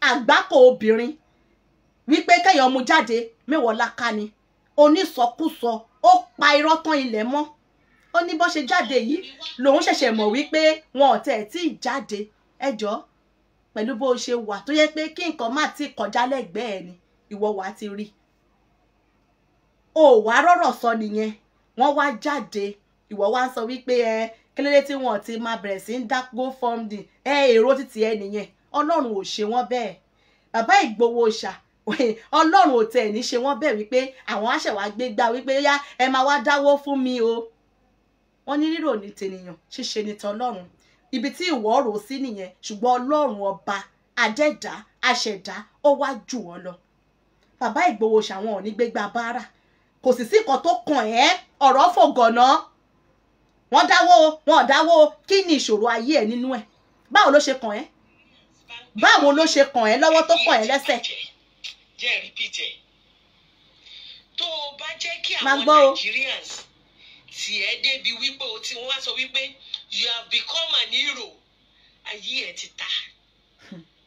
àgbákò obìnrin wípé kéèyàn mú jáde mẹ́wọ̀ọ́lá ká ni onísọkúsọ ó pa irọ́ tán ilẹ̀ mọ́ ó ní bó ṣe jáde yìí lòun ṣẹ̀ṣẹ̀ mọ̀ wípé wọn ò tẹ̀ tí ì jáde ẹjọ́ pẹ̀lú bó ṣe wà tó yẹ pé kí nǹkan má ti kọjá lẹ́gbẹ̀ẹ́ ni ìwọ wà á ti rí o wà á rọ̀rọ̀ sọ nìyẹn wọ́n wá jáde ìwọ wá ń sọ wípé ẹ kílódé tí wọn ti máa bẹ̀rẹ̀ sí ń dá go funding ẹ èrò títí ẹ nìyẹn ọlọ́run ò ṣe wọ́n bẹ́ẹ̀ bàbá Ìgbòho ṣáà ọlọ́run ò tẹ̀ ní ṣe wọ́n bẹ̀ wípé àwọn àṣẹwà gbé gbá wípé yá ẹ máa wá dáwó fún mi o wọ́n ní rírò ní tènìyàn ṣíṣe ní tọlọ́run ibi tí ìwọ rò sí nìyẹn ṣùgbọ́n ọlọ́run ọba adẹ́dá aṣẹ̀dá ó wá jù wọ́n lọ bàbá Ìgbòho ṣàwọn ò ní gbégbá báárà kò sì sí nǹkan tó kàn ẹ́ ọ̀rọ̀ fògànà wọ́n dáwó wọn ò dáwó kí ni ìṣòro ayé ẹ̀ nínú ẹ̀ báwo ló ṣe kàn ẹ́ báwo ló ṣe kàn ẹ́ lọ́wọ́ tó kàn ẹ́ lẹ́sẹ̀ jẹ́ repeat tó o bá jẹ́ kí àwọn Nigerians tì ẹ́ débi wípé o ti wá sọ wípé you have become an hero ayé ẹ̀ ti ta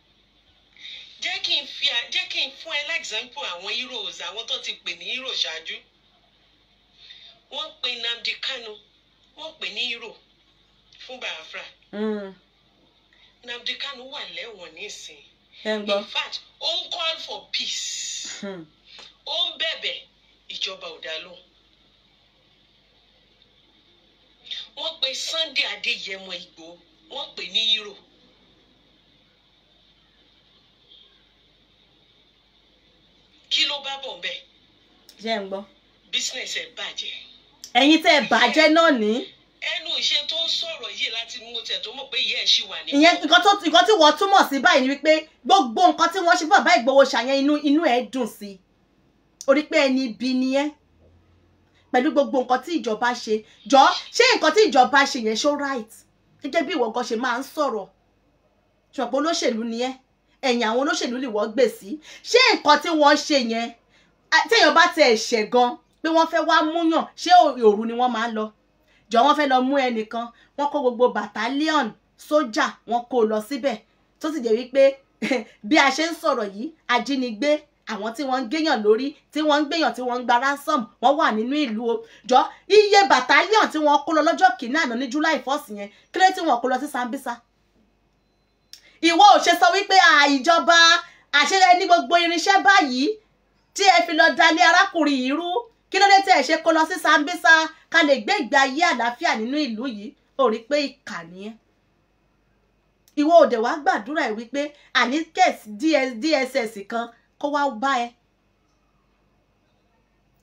(laughs) jẹ́ kí n fi jẹ́ kí n fún ẹ l'example àwọn heroes àwọn tó ti pè ní hero ṣáájú wọ́n pe Nnamdi Kanu wọ́n pè ní hero fún Biafra mm. Nnamdi Kanu wà lẹ́wọ̀n nísìnyí in fact ó ń call for peace hmm. ó ń bẹ̀bẹ̀ ìjọba ò dá lóhùn wọ́n pe Sunday Adéyẹmọ Ìgbòho wọ́n pè ní hero. kí ló bá bọ̀ bẹ́ẹ̀. jẹ́ ń gbọ́. business ẹ̀ bàjẹ́. ẹ̀yin tẹ́ ẹ bàjẹ́ náà ní ẹnu ìṣe tó ń sọ̀rọ̀ yìí láti mú tẹ̀ tó mọ̀ pé ìyá ẹ̀ ṣì wà ní. ìyẹn nǹkan tó nǹkan tí wọ́n túmọ̀ sí báyìí ni wípé gbogbo nǹkan tí wọ́n ṣe fún bàbá Ìgbòho ṣàyẹn inú inú ẹ̀ dùn sí orí pé ẹni ibi ni ẹ́ pẹ̀lú gbogbo nǹkan tí ìjọba ṣe jọ ṣé nǹkan tí ìjọba ṣe yẹn ṣó right gẹ́gẹ́ bí ìwọ gan ṣe máa ń sọ̀rọ̀ ṣùgbọ́n olóṣèlú ni ẹ́ ẹ̀yìn àwọn olóṣèlú lè wọ́n gbè sí ṣé nǹkan tí wọ́n ṣe yẹn téèyàn bá tẹ ẹ̀ṣẹ̀ gan pé wọ́n fẹ́ wá múyàn ṣé òru ni wọ́n máa ń lọ jọ wọ́n fẹ́ lọ mú ẹnìkan wọ́n kó gbogbo battalion sójà wọ́n kó lọ síbẹ̀ tó sì jẹ́ wípé (laughs) bí a ṣe ń sọ̀rọ̀ yìí ajínigbé àwọn tí wọ́n ń gbéyàn lórí tí wọ́n ń gbéyàn tí wọ́n ń gba ransom wọ́n wà nínú ìlú o jọ iye battalion tí wọ́n kó lọ lọ́jọ́ kìíní àná ní July 1st yẹn kílé tí wọ́n kó lọ sí Sambisa ìwọ ò ṣe sọ wípé àìjọba àṣeyẹ ní gbogbo irinṣẹ́ báyìí tí ẹ fi lọ dalẹ̀ arákùnrin yìí rú kí ló dé tí ẹ ṣe kó lọ sí Sambisa ká lè gbé ìgbé ayé àlàáfíà nínú ìlú yìí ò rí pé ìkà nìyẹn ìwọ òde wàá gbàdúrà ẹ wípé àní kẹ́ẹ̀sì DSS kan kó wá bá ẹ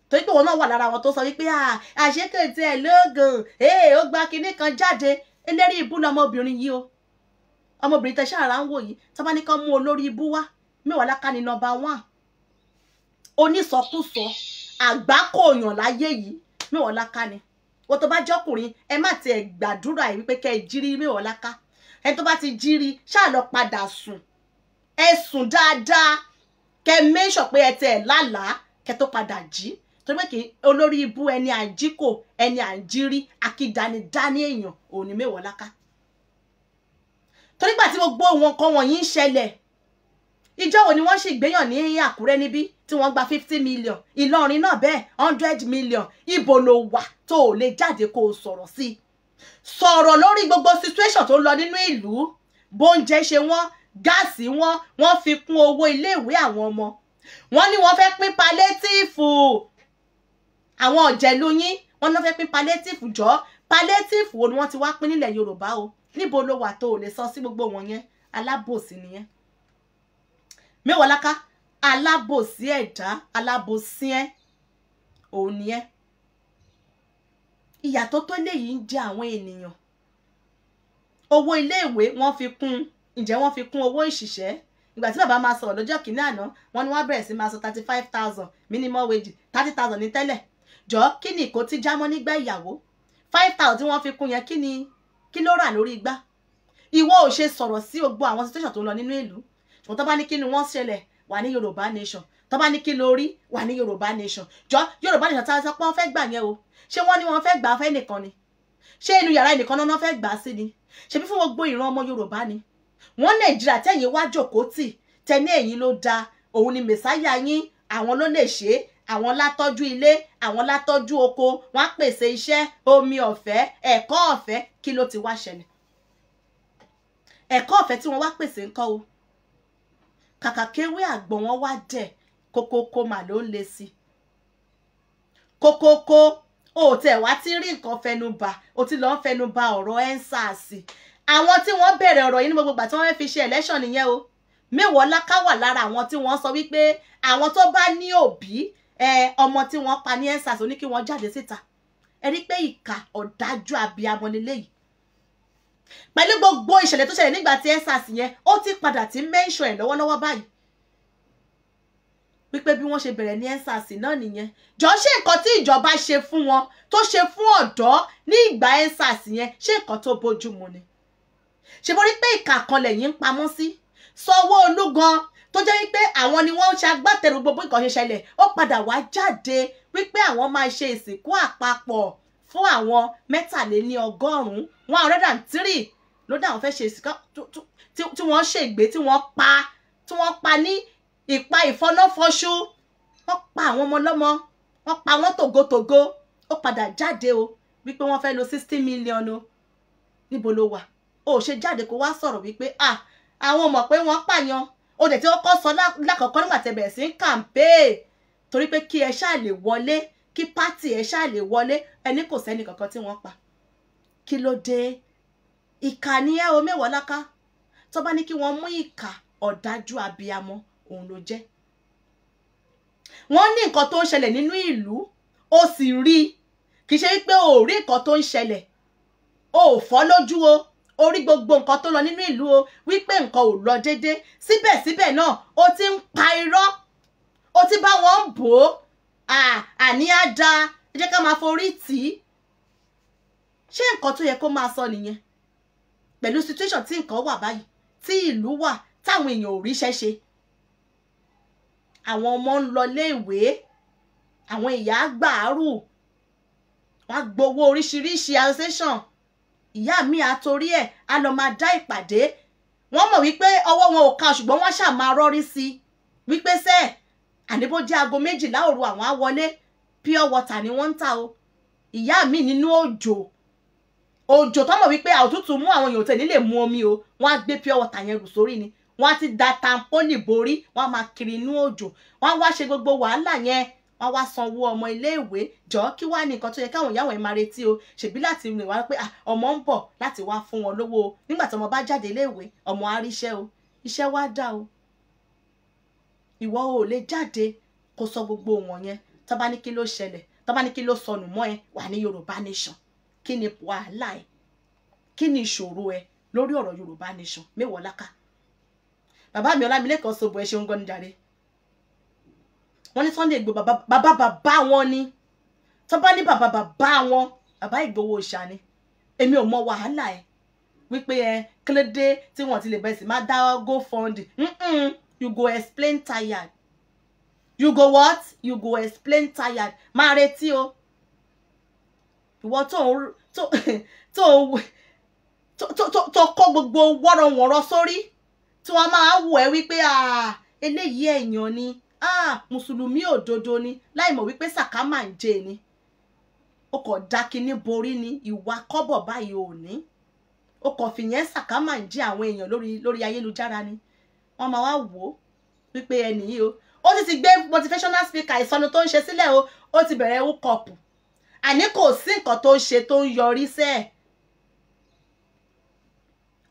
torí pé òun náà wà lára àwọn tó sọ wípé àṣekètì ẹ lóògùn ó gba kinní kan jáde eléré ibú ni ọmọbìnrin yìí o ọmọbìnrin tẹ ṣáàrà ń wò yìí tọ́ba ní kan mú olórí ibú wá mẹ́wàá láká ni nọ́mbà one onísọkúsọ àgbákòòyàn láyé yìí mẹ́wọ̀n láká ni wọ́n tó bá jọ́kùnrin ẹ má tiẹ̀ gbàdúrà yìí wípé kẹ́ ẹ jírí mẹ́wọ̀n láká ẹ tó bá ti jírí ṣáà lọ padà sùn ẹ sùn dáadáa kẹ́ ẹ mẹ́sọ̀ pé ẹ tẹ̀ lálàá kẹ́ tó padà jí torí pé kì í olórí ibú ẹni àjíkò ẹni àjírí akídanidání èèyàn òní mẹ́wọ̀n láká torí gbà tí gbogbo wọn kọ́ wọn yìí ń ṣẹlẹ̀ ìjọ wo ni wọ́n sì gbéyàn ní Àkúrẹ́ níbí tí wọ́n gba fifty million ìlọrin náà bẹ́ẹ̀ hundred million ibo ló wà tó o lè jáde kó o sọ̀rọ̀ sí i sọ̀rọ̀ lórí gbogbo situation tó ń lọ nínú ìlú bóúnjẹ ṣe wọ́n gáàsì wọn wọ́n fi kún owó iléèwé àwọn ọmọ wọ́n ní wọ́n fẹ́ pín palétíìfù àwọn ọ̀jẹ̀lú yín wọ́n náà fẹ́ pín palétíìfù wo ni wọ́n ti wá pín nílẹ̀ yorùbá o níbo ló wà tó o lè sọ sí gbogbo wọn yẹn alábòsí nìyẹn mẹ́wàá láká alábòsí ẹ̀dá alábòsí ẹ̀ òun ni ẹ́ ìyàtọ̀ tó léyìí ń jẹ àwọn ènìyàn owó iléèwé wọ́n fi kún ǹjẹ́ wọ́n fi kún owó ìṣiṣẹ́ ìgbà tí bàbá máa sọ̀rọ̀ lọ́jọ́ kìíní àná wọ́n ní wọ́n bẹ̀rẹ̀ sí máa sọ thirty five thousand minimum wage thirty thousand ní tẹ́lẹ̀ jọ kí ni ìkó tí jámọ́ nígbà ìyàwó five thousand tí wọ́n fi kún yẹn kí ni kí ló rà lórí igbá ìwọ ò ṣe sọ̀rọ̀ sí gbogbo àwọn situation tó ń lọ nínú ìlú ṣùgbọ́n tó bá ní kí ni wọ́n ṣẹlẹ̀ wà ní yorùbá nation tó bá ní kí ló rí wà ní yorùbá nation jọ yorùbá nation tá a sọ pé wọ́n fẹ́ gbà yẹn o ṣé wọ́n ní wọ́n fẹ́ gbà fẹ́ nìkan ni ṣé inú yàrá ẹnìkan náà fẹ́ gbà sí ni ṣebí fún gbogbo ìran ọmọ yorùbá ni wọ́n nàìjíríà tẹ̀yìn wá jòkó tì tẹ̀ní ẹ̀yìn ló da òun ni mẹ̀sáyà yín àwọn ló lè ṣe àwọn látọ́jú ilé àwọn látọ́jú oko wọ́n á pèsè iṣẹ́ omi ọ̀fẹ́ ẹ̀kọ́ ọ̀fẹ́ kí ló ti wá ṣẹlẹ̀ ẹ̀kọ́ ọ̀fẹ́ tí wọ́n wá pèsè ńkọ́ o kàkà kéwé àgbọ̀n wọn wá jẹ kókókó mà ló ń le sí i kókókó o ò tẹ̀ wá tí rí nǹkan fẹnu ba o ti lọ́ọ́ fẹnu bà ọ̀rọ̀ ẹ́ńsàs àwọn tí wọ́n bẹ̀rẹ̀ ọ̀rọ̀ yìí ní gbogbo ìgbà tí wọ́n fẹ́ fi ṣe election nìyẹn o mẹ́wọ̀ọ́ láká wà lára àwọn tí wọ́n sọ wípé àwọn tó bá ní òbí ọmọ tí wọ́n pa ní ẹ́ńsàs ó ní kí wọ́n jáde síta ẹ rí pé ìkà ọ̀dájú àbí amọ̀lélẹ́yìí pẹ̀lú gbogbo ìṣẹ̀lẹ̀ tó ṣẹlẹ̀ nígbà tí ẹ́sàs yẹn ó ti padà ti mẹ́ńṣọ ẹ̀ lọ́wọ́lọ́wọ́ báyìí wípé bí wọ́n ṣe bẹ̀rẹ̀ ní ẹ́sàs náà nìyẹn jọ ṣé nǹkan tí ìjọba ṣe fún wọn tó ṣe fún ọ̀dọ́ ní ìgbà ẹ́sàs yẹn ṣé nǹkan tó bójúmu ni ṣe mo rí pé ìkà kan lẹ́yìn ń pamọ́ sí Sanwó-Olú gan tó jẹ́ wípé àwọn ni wọ́n ń ṣe agbátẹrù gbogbo nǹkan ṣe ṣẹlẹ̀ ó padà wá jáde wípé àwọn máa ṣe ìsìnkú àpapọ̀ fún àwọn mẹ́tàléní ọgọ́rùn-ún one hundred and three ló dá àwọn fẹ́ ṣe ìsìnká tí wọ́n ṣègbè tí wọ́n pa tí wọ́n pa ní ìpa ìfọnáfọṣú wọ́n pa àwọn ọmọ lọ́mọ wọ́n pa wọ́n tògótògó ó padà jáde o wípé wọ́n fẹ́ lo sixty million o níbo ló wà ó ṣe jáde kó wá sọ̀rọ̀ wípé ah àwọn mọ̀ pé wọ́n pààyàn o dẹ̀ tí wọ́n kọ́ sọ lákọ̀ọ́kọ́ nígbà tẹ̀ bẹ̀rẹ̀ sí ń kàǹpé torí pé kí ẹ ṣáà lè wọlé kí pátì ẹ ṣáà lè wọlé ẹni kò sẹ́ni kankan tí wọ́n pa kí ló dé ìkà ni ẹ o mẹ́wàá láká tó bá ní kí wọ́n mú ìkà ọ̀dájú abiyamọ òun ló jẹ́ wọ́n ní nǹkan tó ń ṣẹlẹ̀ nínú ìlú ó sì rí kì í ṣe pé o ò rí nǹkan tó ń ṣẹlẹ̀ o ò fọ́ lójú o ó rí gbogbo nǹkan tó lọ nínú ìlú o wípé nǹkan ò lọ déédé síbẹ̀síbẹ̀ náà o ti ń pa irọ́ o ti bá wọn bò ó àní á da ẹ jẹ́ ká máa forí tì í ṣé nǹkan tó yẹ kó máa sọ nìyẹn pẹ̀lú situation tí nǹkan wà báyìí tí ìlú wà táwọn èèyàn ò ríṣẹ́ ṣe àwọn ọmọ ń lọ léèwé àwọn ìyá gbàárù wọn gbowó oríṣiríṣi association ìyá mi àtòrí ẹ̀ á lọ máa dá ìpàdé wọ́n mọ̀ wípé ọwọ́ wọn ò ka ṣùgbọ́n wọ́n ṣáà máa rọ́rí sí i wípé sẹ́ẹ̀ àní bó jẹ́ aago méjìlá òru àwọn á wọlé pure water ni wọ́n ń tà o ìyá mi nínú òjò òjò tọ́mọ̀ wípé àtútù mú àwọn èèyàn tẹ̀lé lè mu omi o wọ́n á gbé pure water yẹn rù sórí ni wọ́n á ti da tamponi borí wọ́n á máa kiri inú òjò wọ́n á wá ṣe gbogbo wàhálà yẹn wọ́n wá sanwó ọmọ iléèwé jọ kí wá ní nǹkan tó yẹ káwọn ìyáwó ẹ máa retí o ṣèbí láti rìn wá pé ọmọ ń bọ̀ láti wá fún wọn lówó o nígbà tí ọmọ bá jáde iléèwé ọmọ á ríṣẹ́ o iṣẹ́ wá dá o ìwọ ò lè jáde kó sọ gbogbo wọn yẹn tó bá ní kí ló ṣẹlẹ̀ tó bá ní kí ló sọnù mọ́ ẹ wà ní Yorùbá nation kí ni wàhálà ẹ kí ni ìṣòro ẹ lórí ọ̀rọ̀ Yorùbá nation mẹ́wọ̀ọ́ láká bàbá mi Ọlámilékan Sóbò ẹ ṣeun gan jàre wọ́n ní Sunday Igboho bàbá bàbá wọn ni tó bá ní bàbá bàbá wọn bàbá Ìgbòho òòṣà ni èmi ò mọ wàhálà ẹ wípé ẹ kílódé tí wọ́n ti lè bẹ̀rẹ̀ sí máa dá go fund you go explain tired you go what you go explain tired máa retí o ìwọ (laughs) tó ń tó tó tó tó kó gbogbo wọ́rọ̀wọ̀rọ̀ sórí tí wọ́n máa wò ẹ́ wípé eléyìí ẹ̀yàn ni mùsùlùmí òdodo ni láìmọ̀ wípé sàkámà ń jẹ ni o kò dákinní borí ni ìwà kọ́bọ̀ báyìí ò ní o kò fìyẹn sàkámà ń jẹ àwọn èèyàn lórí lórí ayélujára ni wọ́n máa wá wò ó wípé ẹnì yìí o ó ti ti gbé motivational speaker ìsọnu tó ń ṣe sílẹ̀ o ó ti bẹ̀rẹ̀ ewu kọ̀pù àní kò sí nǹkan tó ń ṣe tó ń yọrí sẹ́ ẹ̀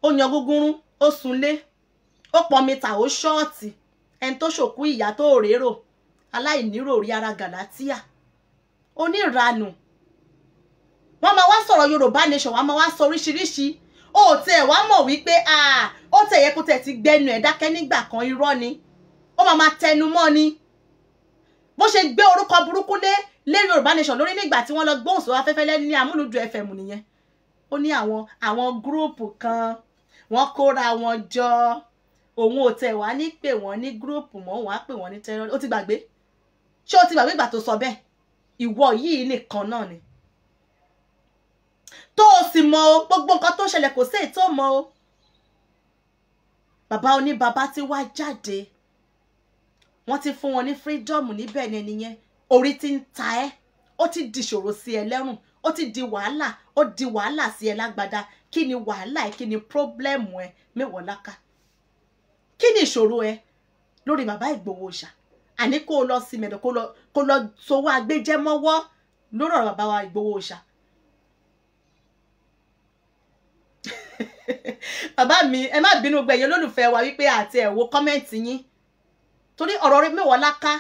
ó yan gúngúrún ó sunlé ó pọnmi tà ó ṣọ́ọ̀tì ẹni tó ṣòkú ìyá tó rérò aláìníròrí ara gàlátíà oníranù wọ́n máa wá sọ̀rọ̀ Yorùbá nation wọ́n máa wá sọ oríṣiríṣi o ò tẹ ẹ̀ wá mọ̀ wípé ó tẹ̀ yẹ kó tẹ̀ ti gbẹnu ẹ̀ dákẹ́ nígbà kan irọ́ ni ó máa máa tẹnu mọ́ ni bó ṣe gbé orúkọ burúkú lé lérí Yorùbá Nation lórí nígbà tí wọ́n lọ gbóhùn sọ afẹ́fẹ́ lẹ́nu ní amúlùdù FM nìyẹn ó ní àwọn àwọn gúrúùpù kan wọ́n kóra wọn jọ òun ò tẹ̀ wá ní pè wọ́n ní gúrúùpù mọ́ wọ́n á pè wọ́n ní tẹ́rọ́rì ó ti gbàgbé ṣé ó ti gbàgbé ìgbà tó sọ bẹ́ẹ̀ ìwọ yìí nìkan náà ni tó o sì mọ o gbogbo nǹkan tó ṣẹlẹ̀ kò sí ètò mọ o bàbá oníbàbá ti wá jáde wọ́n ti fún wọn ní fírídọ́ọ̀mù níbẹ̀ ni ẹni yẹn orí ti ń ta ẹ́ ó ti di ṣòro sí ẹ lẹ́rùn ó ti di wàhálà ó di wàhálà sí ẹ lágbada kí ni wàhálà ẹ kí ni pírọ́blẹ́mù ẹ mẹ́wọ̀ọ́ láká kí ni ìṣòro ẹ lórí bàbá Ìgbòho Òòṣà àní kó o lọ sí mẹ́dọ̀ kó o lọ sowó agbẹ́jẹ́ lórí ọ̀rọ̀ bàbá Ìgbòho Òòṣà bàbá mi ẹ má bínú gbẹ̀yìn olólùfẹ́ wa wípé àti ẹ̀wò kọ́mẹ́ǹtì yín torí ọ̀rọ̀ rẹ mẹ́wàá láká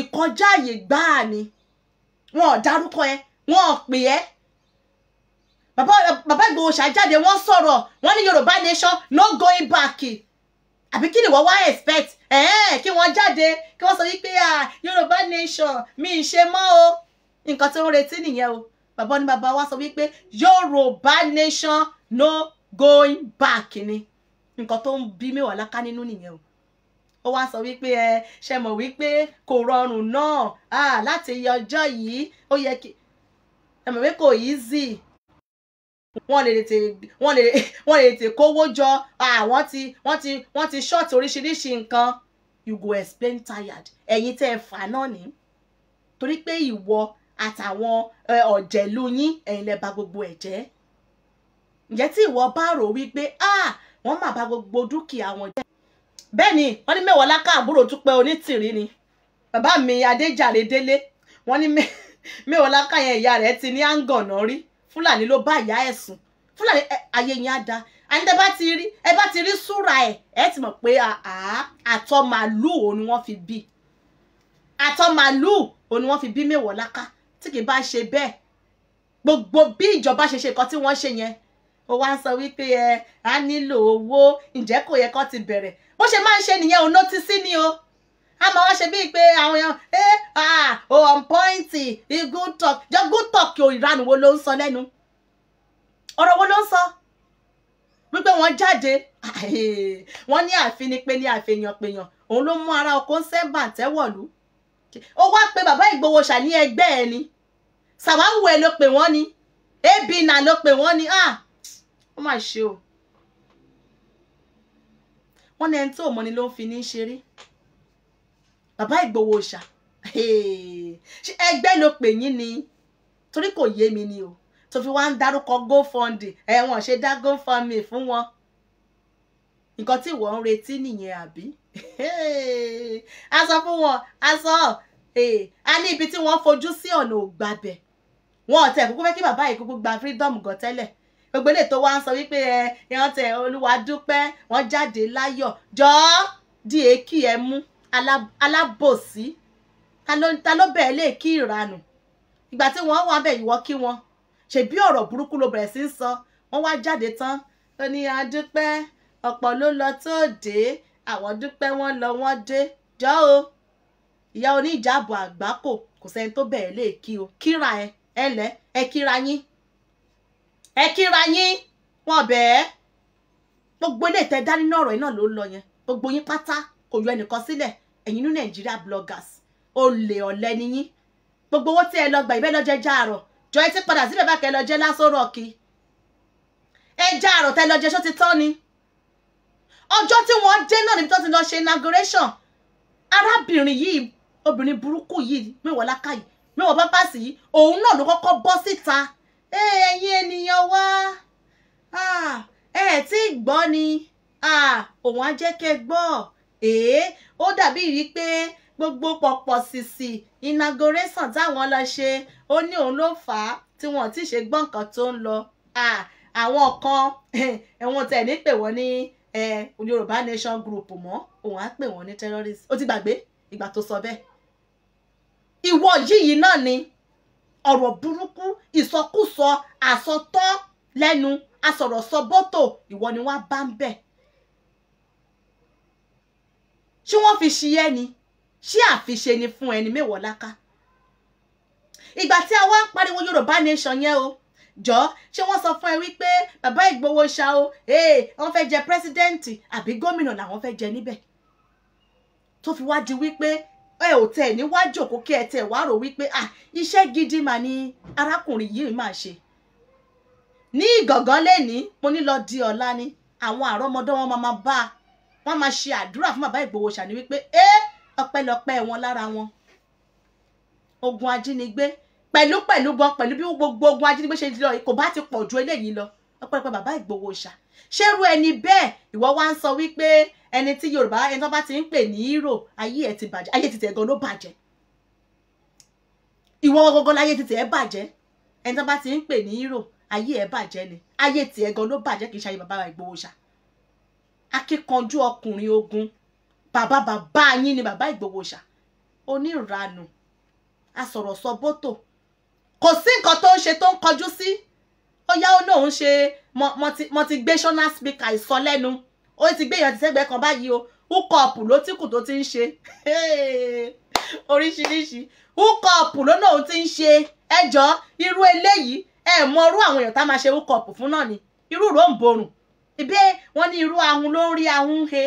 ìkọjá àyè gbáà ni wọn ò dárúkọ ẹ wọn ò pè ẹ́ bàbá bàbá Ìgbòho ṣàjáde wọ́n sọ̀rọ̀ wọ́n ní Yorùbá nation no going back àbí kí ni wọ́n wá expect ẹ̀ẹ́n kí wọ́n jáde kí wọ́n sọ wípé Yorùbá nation mi ì ṣe mọ́ o nǹkan tí wọ́n retí nìyẹn o bàbá ni bàbá wa sọ wípé yorùbá nation no going back ni nǹkan tó ń bí mẹ́wàá láká nínú nìyẹn o ó wá sọ wípé ẹ ṣe mọ̀ wípé kò rọrùn náà láti yọ ọjọ́ yìí ó yẹ kí ẹ mọ̀ pé kò easy wọ́n lè tètè wọ́n lè (laughs) wọ́n lè tètè kówó jọ àwọn ti wọ́n ti wọ́n ti ṣọ́ọ̀tì oríṣiríṣi nǹkan you go explain tired ẹ̀yin tẹ́ ẹ fà náà ní torí pé ìwọ àtàwọn ọ̀jẹ̀lú yín ẹ̀yin lẹ bà gbogbo ẹ̀ jẹ́ ǹjẹ́ tí ìwọ bá rò wípé ah wọ́n mà bà gbogbo dúkìá wọn jẹ́ bẹ́ẹ̀ ni wọ́n ní mẹ́wọ̀ọ́ láká àbúrò túpẹ́ onítìrí ni bàbá mi adéjàre délé wọ́n ní mẹ́wọ̀ọ́ láká yẹn ìyá rẹ̀ ti ní àǹgànà rí fúlàní ló bá ìyá ẹ̀ sùn fúlàní ayé yẹn á da àyíndé bá ti rí ẹ bá ti rí súra ẹ ẹ ti mọ̀ pé àtọ̀ màlúù òun ni wọ́n fi bí àtọ̀ màlúù òun ni wọ́n fi bí mẹ́wọ̀ọ́ láká tí kì í bá ṣe bẹ́ẹ̀ gbogbo bí ìjọba ṣe ṣe nǹkan tí wọ́n ṣe yẹn ó wá ń sọ wípé ẹ á nílò owó ǹjẹ́ kò yẹ kó ti bẹ̀rẹ̀ bó ṣe máa ń ṣe nìyẹn ò nótísí ni o a máa wá ṣe bíi pé àwọn èèyàn ẹ ah on point good talk jọ good talk ìranù wo ló ń sọ lẹ́nu ọ̀rọ̀ wo ló ń sọ wípé wọ́n jáde (laughs) wọ́n ní àfin ni pé ní àfihàn pèèyàn òun ló mú ara ọkọ̀ ń sẹ́ńbà tẹ́wọ̀lú ó wá pé bàbá Ìgbòho ṣà ní ẹgbẹ́ ẹ ni sàwáwù ẹ ló pè wọ́n ni ebina ló pè wọ́n ni ah ó mà ṣe o wọ́n ní ẹni tó mọ́ni ló ń fi ní ṣeré bàbá Ìgbòho ṣà ṣe ẹgbẹ́ ló pè yín ni torí kò yé mi ni o tó fi wá ń dárúkọ gofunding ẹ wọn ṣe dá gofundme fún wọn nǹkan tí ìwọ ń retí nìyẹn àbí a sọ fún wọn a sọ a ní ibi tí wọ́n fojú sí ọ̀nà ògbàbẹ̀ wọn ọ̀tẹ̀ kúkú fẹ́ kí bàbá yìí kúkú gba freedom gan tẹ́lẹ̀ gbogbo eléyìí tó wá ń sọ wípé ẹ ìran tẹ olúwa dúpẹ́ wọ́n jáde láyọ̀ jọ́ di èkì ẹ mú alábòsí ta ló bẹ̀ẹ́ lè kí ìranù ìgbà tí wọ́n wà bẹ̀ ìwọ kí wọn ṣèbí ọ̀rọ̀ burúkú ló bẹ̀rẹ̀ sí í sọ wọ́n wá jáde tán ó ní adúpẹ́ ọ̀pọ̀ ló lọ tó dé àwọn dúpẹ́ wọ́n lọ wọ́n dé jọ́ o ìyá oníjàbọ̀ àgbákò kò sẹ́ni tó bẹ̀ẹ́ lè kí o kíra ẹ ẹ lẹ ẹ kíra yín ẹ kíra yín wọn bẹ̀ẹ́ gbogbo ilé ìtẹ́ dání náà ọ̀rọ̀ yìí náà ló lọ yẹn gbogbo yín pátá kò yọ ẹnìkan sílẹ̀ ẹ̀yin inú nàìjíríà bloggers olè ọ̀lẹ ni yín gbogbo owó tí ẹ lọ gbà ìbẹ́ lọ jẹ́ jáàrọ̀ jọ ẹ ti padà síbẹ̀ bá kẹ́ lọ jẹ́ lásán rọ̀ọ̀kì ẹ jáàrọ̀ tẹ́ lọ jẹ́ só ti tán ni ọjọ́ tí wọ́n dé náà níbi tó ti lọ ṣe inauguration arábìnrin yìí obìnrin burúkú yìí mẹ́wọ̀ láká yìí mẹ́wọ̀ bábàsì yìí òun náà ló kọ́kọ́ bọ́ síta ẹ̀yin ènìyàn wá ẹ̀ tí gbọ́ ni òun á jẹ́ kẹ́ gbọ́ èé ó dàbí rí pé gbogbo pọ̀pọ̀ sìsì inauguration táwọn lọ ṣe ó ní òun ló fà á tí wọn ti ṣe gbọ́n nǹkan tó ń lọ àwọn kan (laughs) ẹ̀wọ̀n tẹ̀ ní pè wọ́n ní. Yorùbá Nation Group mọ́ òun á pè wọ́n ní terrorist ó ti gbàgbé ìgbà tó sọ bẹ́ẹ̀ ìwọ yìí náà ni ọ̀rọ̀ burúkú ìsọkúsọ àsọtọ́ lẹ́nu asọ̀rọ̀sọ bọ́tò ìwọ ni wọ́n bá ń bẹ̀ ṣé wọ́n fi ṣiyẹ́ ni ṣé àfiṣe ni fún ẹni mẹ́wọ̀ọ́ láká ìgbà tí a wá ń pariwo Yorùbá Nation yẹn o jọ ṣé wọ́n sọ fún ẹ wípé bàbá Ìgbòho ṣá o eh, wọ́n fẹ́ jẹ pírẹsidẹ́ǹtì àbí gómìnà làwọn fẹ́ jẹ níbẹ̀ tó fi wá di wípé ẹ ò tẹ̀ níwájú òkú kí ẹ tẹ̀ wá rò wípé iṣẹ́ gidi mà ni arákùnrin yìí máa ṣe ní ìgàngán lẹ́ni mo ní lọ di ọ̀la ni àwọn àrọ́mọdọ́ wọn máa bá a wọ́n máa ṣe àdúrà fún bàbá Ìgbòho ṣá ni wípé ẹ eh, ọpẹ́lọpẹ́ wọn lára wọn ogun ajínigbé pẹ̀lú pẹ̀lú gan pẹ̀lú bí gbogbo ogun ajínigbé ṣe lọ kò bá ti pọ̀ ju eléyìí lọ ọpẹ́pẹ́ bàbá Ìgbòho ṣá ṣerú ẹni bẹ́ẹ̀ ìwọ wá ń sọ wípé ẹni tí Yorùbá ẹni tó bá ti ń pè ní hero ayé ẹ̀ ti bàjẹ́ ayé ti tẹ̀ gan ló bàjẹ́ ìwọ gangan láyé ti tẹ̀ ẹ́ bàjẹ́ ẹni tó bá ti ń pè ní hero ayé ẹ̀ bàjẹ́ ni ayé ti ẹ̀ gan ló bàjẹ́ kì í ṣe ayé bàbá Ìgbòho ṣá akíkanjú ọkùnrin ogun bàbá bàbá yín ni bàbá Ìgbòho ṣá onírànù asọ̀rọ̀sọ bọ́tò kò sí nǹkan tó ń ṣe tó ń kọjú sí ó yá ó lóun ṣe mo ti gbé ṣọ́nà speaker ìsọ lẹ́nu ó ti gbé èèyàn ti kan báyìí o húkọ̀ọ̀pù ló tí kù tó ti ń ṣe (laughs) oríṣiríṣi húkọ̀ọ̀pù ló náà ti ń ṣe ẹjọ́ irú eléyìí ẹ mọ irú àwọn èèyàn tá máa ṣe húkọ̀ọ̀pù fún náà ni irú rò ń borùn ìbẹ́ wọn ní irú ahun ló ń rí ahun he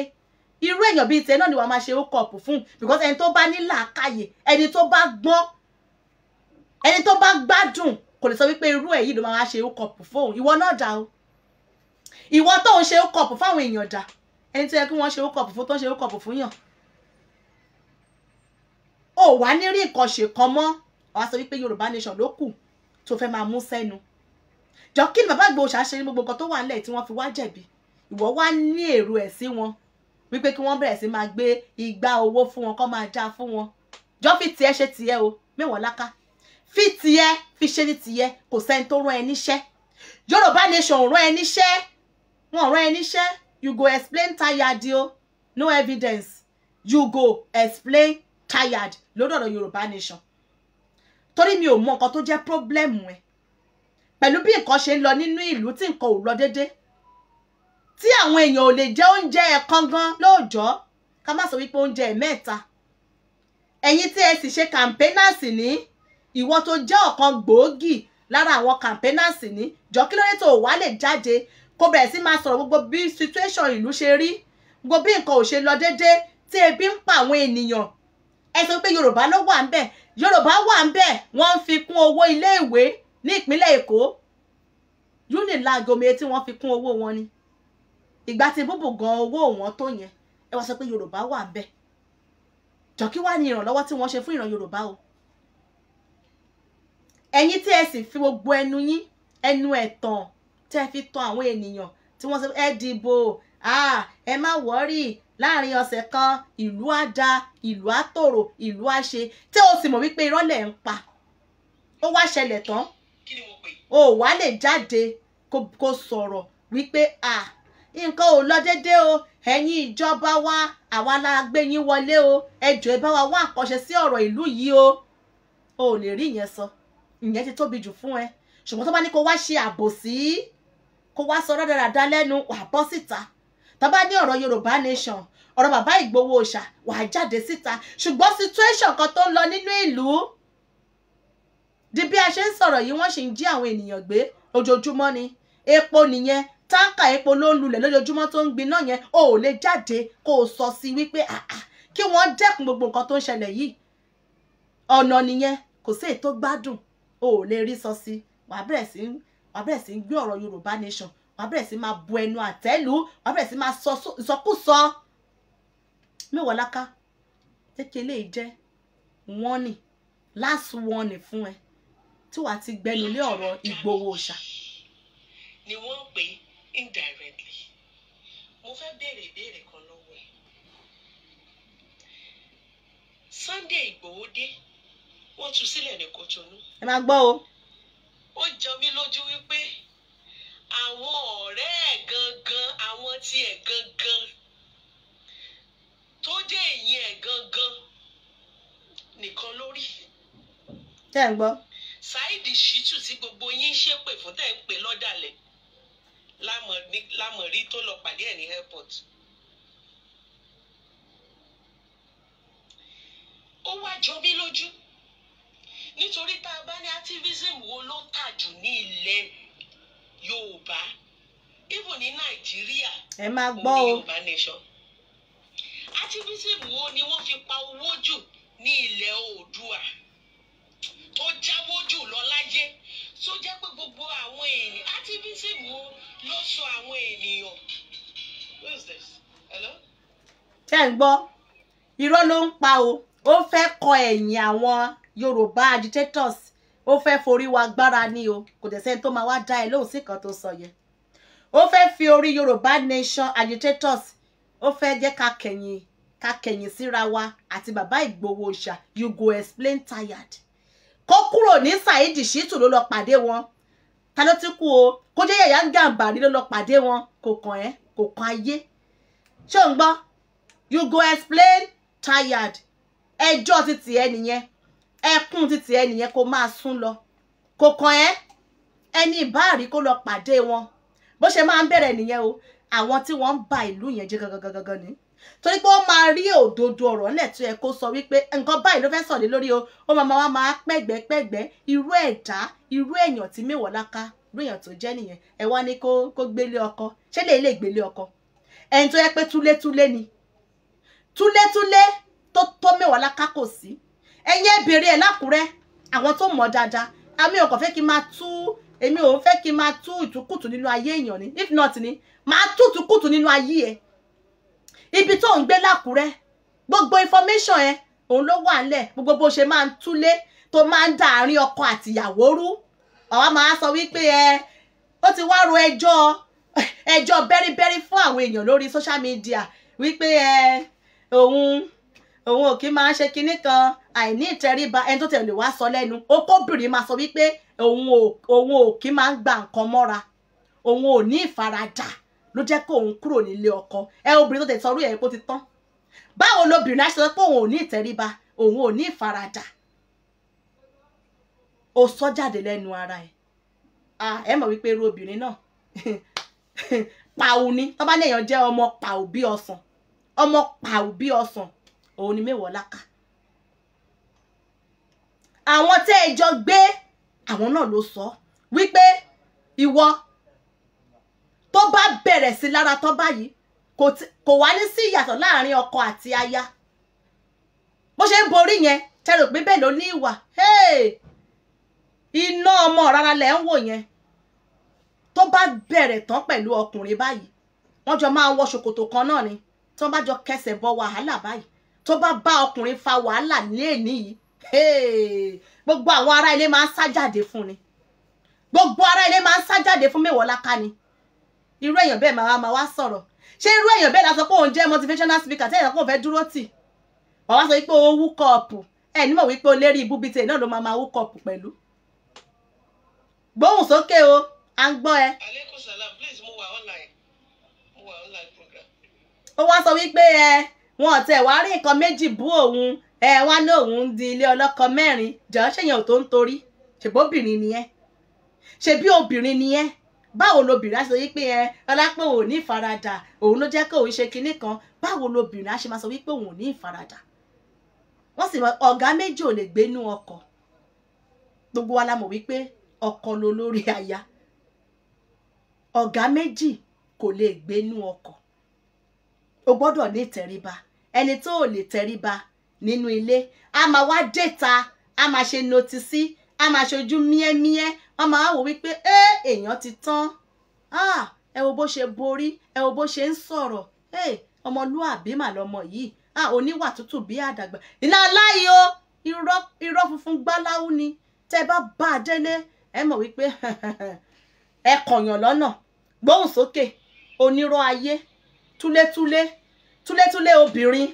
irú èèyàn bíi tẹ náà ni wàá máa ṣe húkọ̀ọ̀pù fún because ẹni tó bá ní làákàyè ẹni tó bá gbọ́n ẹni tó bá gbádùn kò lè sọ wípé irú ẹ̀ yìí ló máa ṣe ókọ̀pù fóun ìwọ náà dá o ìwọ tó ń ṣe ókọ̀pù fáwọn èèyàn dá ẹni tó yẹ kí wọ́n ṣe ókọ̀pù fún tó ń ṣe ókọ̀pù fún yàn ò wá ní rí nǹkan ṣe kan mọ́ wàá sọ wípé Yorùbá nation ló kù tó fẹ́ máa mú sẹ́nu jọ kí ni bàbá àgbà òṣà ṣe ní gbogbo nǹkan tó wà nílẹ̀ tí wọ́n fi wá jẹ̀bi ìwọ wá ní èrò ẹ̀ sí wọn wípé kí wọ́n bẹ̀rẹ̀ sí máa gbé igba owó fún wọn kó máa já fún wọn jọ fi tiẹ̀ ṣe tiẹ̀ o mẹ́wọ̀n láká fi tiẹ̀ fi ṣe ní tiẹ̀ kò sẹ́ni tó rán ẹ níṣẹ́ yorùbá nation rán ẹ níṣẹ́ wọn rán ẹ níṣẹ́ you go explain tired o no evidence you go explain tired lórí ọ̀rọ̀ yorùbá nation torí mi ò mọ nǹkan tó jẹ́ problem ẹ pẹ̀lú bí nǹkan ṣe ń lọ nínú ìlú tí nǹkan ò lọ déédéé tí àwọn èèyàn ò lè jẹ oúnjẹ ẹ̀kan gan lóòjọ́ ká má sọ wípé oúnjẹ mẹ́ta ẹ̀yin tí ẹ sì ṣe kàmpẹ́nàsì ní ìwọ tó jẹ́ ọ̀kan gbòógì lára àwọn campaigners ní jọ kí ló dé tó wà lè jáde kó bẹ̀rẹ̀ sí máa sọ̀rọ̀ gbogbo bí situation ìlú ṣe rí gbogbo bí nǹkan ò ṣe lọ déédéé tí ebi ń pa àwọn ènìyàn ẹ sọ pé yorùbá ló wà ń bẹ̀ yorùbá wà ń bẹ̀ wọ́n ń fi kún owó iléèwé ní ìpínlẹ̀ èkó unilag omi tí wọ́n fi kún owó wọn ni ìgbà tí búbù gan owó wọn tó yẹn ẹ wá sọ pé yorùbá wà ń bẹ̀ jọ kí wàá ní ìrànlọ́wọ́ tí wọ́n ṣe fún ìran yorùbá o ẹ̀yin tí ẹ sì fi gbogbo ẹnu yín ẹnu ẹ̀tàn tí ẹ fi tan àwọn ènìyàn tí wọ́n sọ ẹ dìbò ẹ má wọ́rì láàrin ọ̀sẹ̀ kan ìlú á da ìlú á ìlú á tí o sì mọ̀ wípé irọ́ lẹ̀ ń pa ó wá ṣẹlẹ̀ tán o wá lè jáde kó sọ̀rọ̀ wípé nǹkan ò lọ déédéé o ẹ̀yin ìjọba wa àwa la gbé yín wọlé o ẹ jọ̀ọ́ ẹ bá wa wá àkọ́ṣe sí ọ̀rọ̀ ìlú yìí o ò lè rí ìyẹn sọ. So ìyẹn ti tóbi jù fún ẹ ṣùgbọ́n tó bá ní kó wá ṣe àbòsí kó wá sọ rádaràda lẹ́nu wà bọ́ síta tó bá ní ọ̀rọ̀ Yorùbá nation ọ̀rọ̀ bàbá Ìgbòho Òòṣà wà á jáde síta ṣùgbọ́n situation kan tó ń lọ nínú ìlú di bí a ṣe ń sọ̀rọ̀ yìí wọ́n sì ń jí àwọn ènìyàn gbé ojoojúmọ́ ni epo nìyẹn táǹkà epo ló ń lulẹ̀ lójoojúmọ́ tó ń gbiná yẹn o ò lè jáde kó o sọ sí wípé àà kí wọ́n dẹ́kun gbogbo nǹkan tó ń ṣẹlẹ̀ yìí ọ̀nà nìyẹn kò sí èyí tó gbádùn o ò lè rí sọ sí wàá bẹ̀rẹ̀ sí wàá bẹ̀rẹ̀ sí gbé ọ̀rọ̀ Yorùbá nation wàá bẹ̀rẹ̀ sí máa bu ẹnu àtẹ́lù wàá bẹ̀rẹ̀ sí máa sọ ìsọkúsọ mẹ́wàá láká kékeré jẹ́ warning last warning fún ẹ tí wàá ti gbẹnu lé ọ̀rọ̀ Ìgbòho Òòṣà. ni wọ́n ń pè indirectly mo fẹ́ béèrè ìbéèrè kan lọ́wọ́ ẹ̀ Sunday Ìgbòho dé wọ́n tú sílẹ̀ ní Kòtónú. ẹ máa gbọ́ o. ó jọ mí lójú wípé àwọn ọ̀rẹ́ ẹ̀ gangan àwọn tiẹ̀ gangan tó dé ẹ̀yìn ẹ̀ gangan nìkan lórí. tẹ́ ń gbọ́. Saidi Shittu tí gbogbo yín ṣépè fún tẹ́ ń pè lọ́dàlẹ̀ lámọ̀rí tó lọ pàdé ẹ̀ ní airport. ó wá jọ mí lójú nítorí tá a bá ní activism wo ló tà jù ní ilẹ̀ yorùbá even ní nàìjíríà ẹ máa gbọ́ o yorùbá nation activism wo ni wọ́n fi pa owó jù ní ilẹ̀ oòdùà tó jáwó jù lọ láyé tó jẹ́ pé gbogbo àwọn èèyàn activism wo ló sọ àwọn ènìyàn who is this hello. ṣé ń gbọ́ irọ́ ló ń pa o ó fẹ́ kọ ẹ̀yìn àwọn yorùbá agitators ó fẹ́ forí wa gbára ni o kò dẹ̀ sẹ́ni tó máa wá dá ẹ lóhùn sí kan tó sọ yẹn ó fẹ́ fi orí yorùbá nation agitators ó fẹ́ jẹ́ ká kẹ̀yìn ká kẹ̀yìn síra wa àti bàbá ìgbòho ṣá you go explain tired kó kúrò ní Saheed Shittu ló lọ pàdé wọn ta ló ti kú o kó jẹ́ Yahya Gambari ló lọ pàdé wọn kò kàn ẹ́ kò kàn ayé ṣé ò ń gbọ́ you go explain tired ẹjọ́ ti tì ẹ́ nìyẹn ẹkún títí ẹ nìyẹn kó máa sún lọ kò kàn ẹ́ ẹni ìbáàrí kó lọ pàdé wọn bó ṣe máa ń bẹ̀rẹ̀ nìyẹn o àwọn tí wọ́n ń ba ìlú yẹn jẹ́ gangan ni torí pé ó máa rí òdodo ọ̀rọ̀ nílẹ̀ tó yẹ kó sọ wípé nǹkan báyìí ló fẹ́ sọ̀dé lórí o ó máa máa máa pẹ̀gbẹ́pẹ̀gbẹ́ irú ẹ̀dá irú èèyàn tí Mewolaka irú èèyàn tó jẹ́ nìyẹn ẹ wá ní kó gbélé ọkọ ṣé lè lè gbélé ọkọ ẹni tó yẹ pé túlétúlé ni túlétúlé tó tó Mewolaka kò sí ẹ̀yin ẹ̀ bèrè ẹ̀ lákùrẹ́ àwọn tó mọ̀ dáadáa àmì ọkọ̀ fẹ́ kí n máa tú èmi ò fẹ́ kí n máa tú ìtúkùtù nínú ayé èèyàn ni if not ni máa tú ìtúkùtù nínú ayé ẹ ibi tó ń gbé lákùrẹ́ gbogbo information ẹ òun ló wà nílẹ̀ gbogbo bó ṣe máa ń túlé tó máa ń dà àárín ọkọ àtìyàwó rú àwa máa sọ wípé ẹ ó ti wá ro ẹjọ́ ẹjọ́ bẹ́rìbẹ́rì fún àwọn èèyàn lórí social media wípé ẹ òun òun ò kí máa ṣe kinní kan àìní ìtẹríba ẹni tó tẹ̀lé wá sọ lẹ́nu ó kóbìnrin máa sọ wípé òun ò kí máa ń gba nǹkan mọ́ra òun ò ní ìfaradà ló jẹ́ kó òun kúrò nílé ọkọ ẹ obìnrin tó tẹ̀ sọrú ẹ̀ epo ti tán báwo lobìnrin á ṣe sọ pé òun ò ní ìtẹríba òun ò ní ìfaradà ó sọ jáde lẹ́nu ara ẹ̀ ẹ mọ̀ wípé irú obìnrin náà (laughs) pàù ni tọ́ba lèèyàn jẹ́ ọmọ pàù bí ọsàn ọmọ pàù bí ọsàn òun ni mẹ́wọ̀ọ́ lákàá àwọn tẹ́ ẹ jọ gbé àwọn náà ló sọ wípé ìwọ tó bá bẹ̀rẹ̀ sí lára tán báyìí kò wá ní sí ìyàtọ̀ láàrin ọkọ àti aya bó ṣe ń borí yẹn tẹrù pé bẹ́ẹ̀ ló ní ìwà iná ọmọ rárá lẹ̀ ń wò yẹn tó bá bẹ̀rẹ̀ tán pẹ̀lú ọkùnrin báyìí wọ́n jọ máa wọ ṣòkòtò kan náà ni tó bá jọ kẹsẹ̀ bọ wàhálà báyìí tó bá bá ọkùnrin fa wàhálà ní èní yìí gbogbo àwọn ará ilé máa ń sá jáde fún ni gbogbo ará ilé máa ń sá jáde fún mẹ́wọ̀ọ́ láká ni irú èèyàn bẹ́ẹ̀ máa máa wá sọ̀rọ̀ ṣé irú èèyàn bẹ́ẹ̀ la sọ pé òun jẹ́ motivational speaker tẹ́lẹ̀ sọ pé òun fẹ́ dúró tì wọ́n wá sọ wípé o wú kọ́ọ̀pù ẹ̀ nímọ̀ wípé o lérí ibú bíi tèè náà ló máa máa wú kọ́ọ̀pù pẹ̀lú gbóhùn sókè o à ń gbọ́ ẹ. aleykum salam please mo wà online mo wà online program. wá sọ wípé ẹ wọn ò tẹ̀ rí nǹkan méjì bú òun ẹ wá ní òun ń di ilé ọlọ́kọ mẹ́rin jọ ṣẹ̀yìn ò tó ń torí ṣèbóbìnrin ni ẹ ṣebí obìnrin ni ẹ báwo lobìnrin á ṣe wí pé ẹ ọlápẹ òun ní ìfaradà òun ló jẹ́ kó òun ṣe kinní kan báwo lobìnrin á ṣe máa sọ wípé òun ò ní ìfaradà wọ́n sì ọ̀gá méjì ò lè gbénú ọkọ̀ gbogbo wa la mọ̀ wípé ọkọ ló lórí aya ọ̀gá méjì kò lè gbénú ọkọ̀ o gbọ́dọ̀ ní ìtẹríba ẹni tó ò lè tẹríba nínú ilé a máa wá déta a máa ṣe notisi a máa ṣojú míẹ́míẹ́ wọ́n máa wò wípé ẹ èèyàn ti tán ah, ẹ wo bó ṣe borí ẹ wo bó ṣe ń sọ̀rọ̀ ọmọlúàbí mà lọmọ yìí ah, oníwà tútù bí àdàgbà iná láyé o irọ́ funfun gbáláwú ni tẹ́ bá bá a délé ẹ mọ̀ wípé (laughs) ẹ kọ̀yàn lọ́nà gbóhùn sókè onírọ́ ayé túlétúlé túlétúlé obìnrin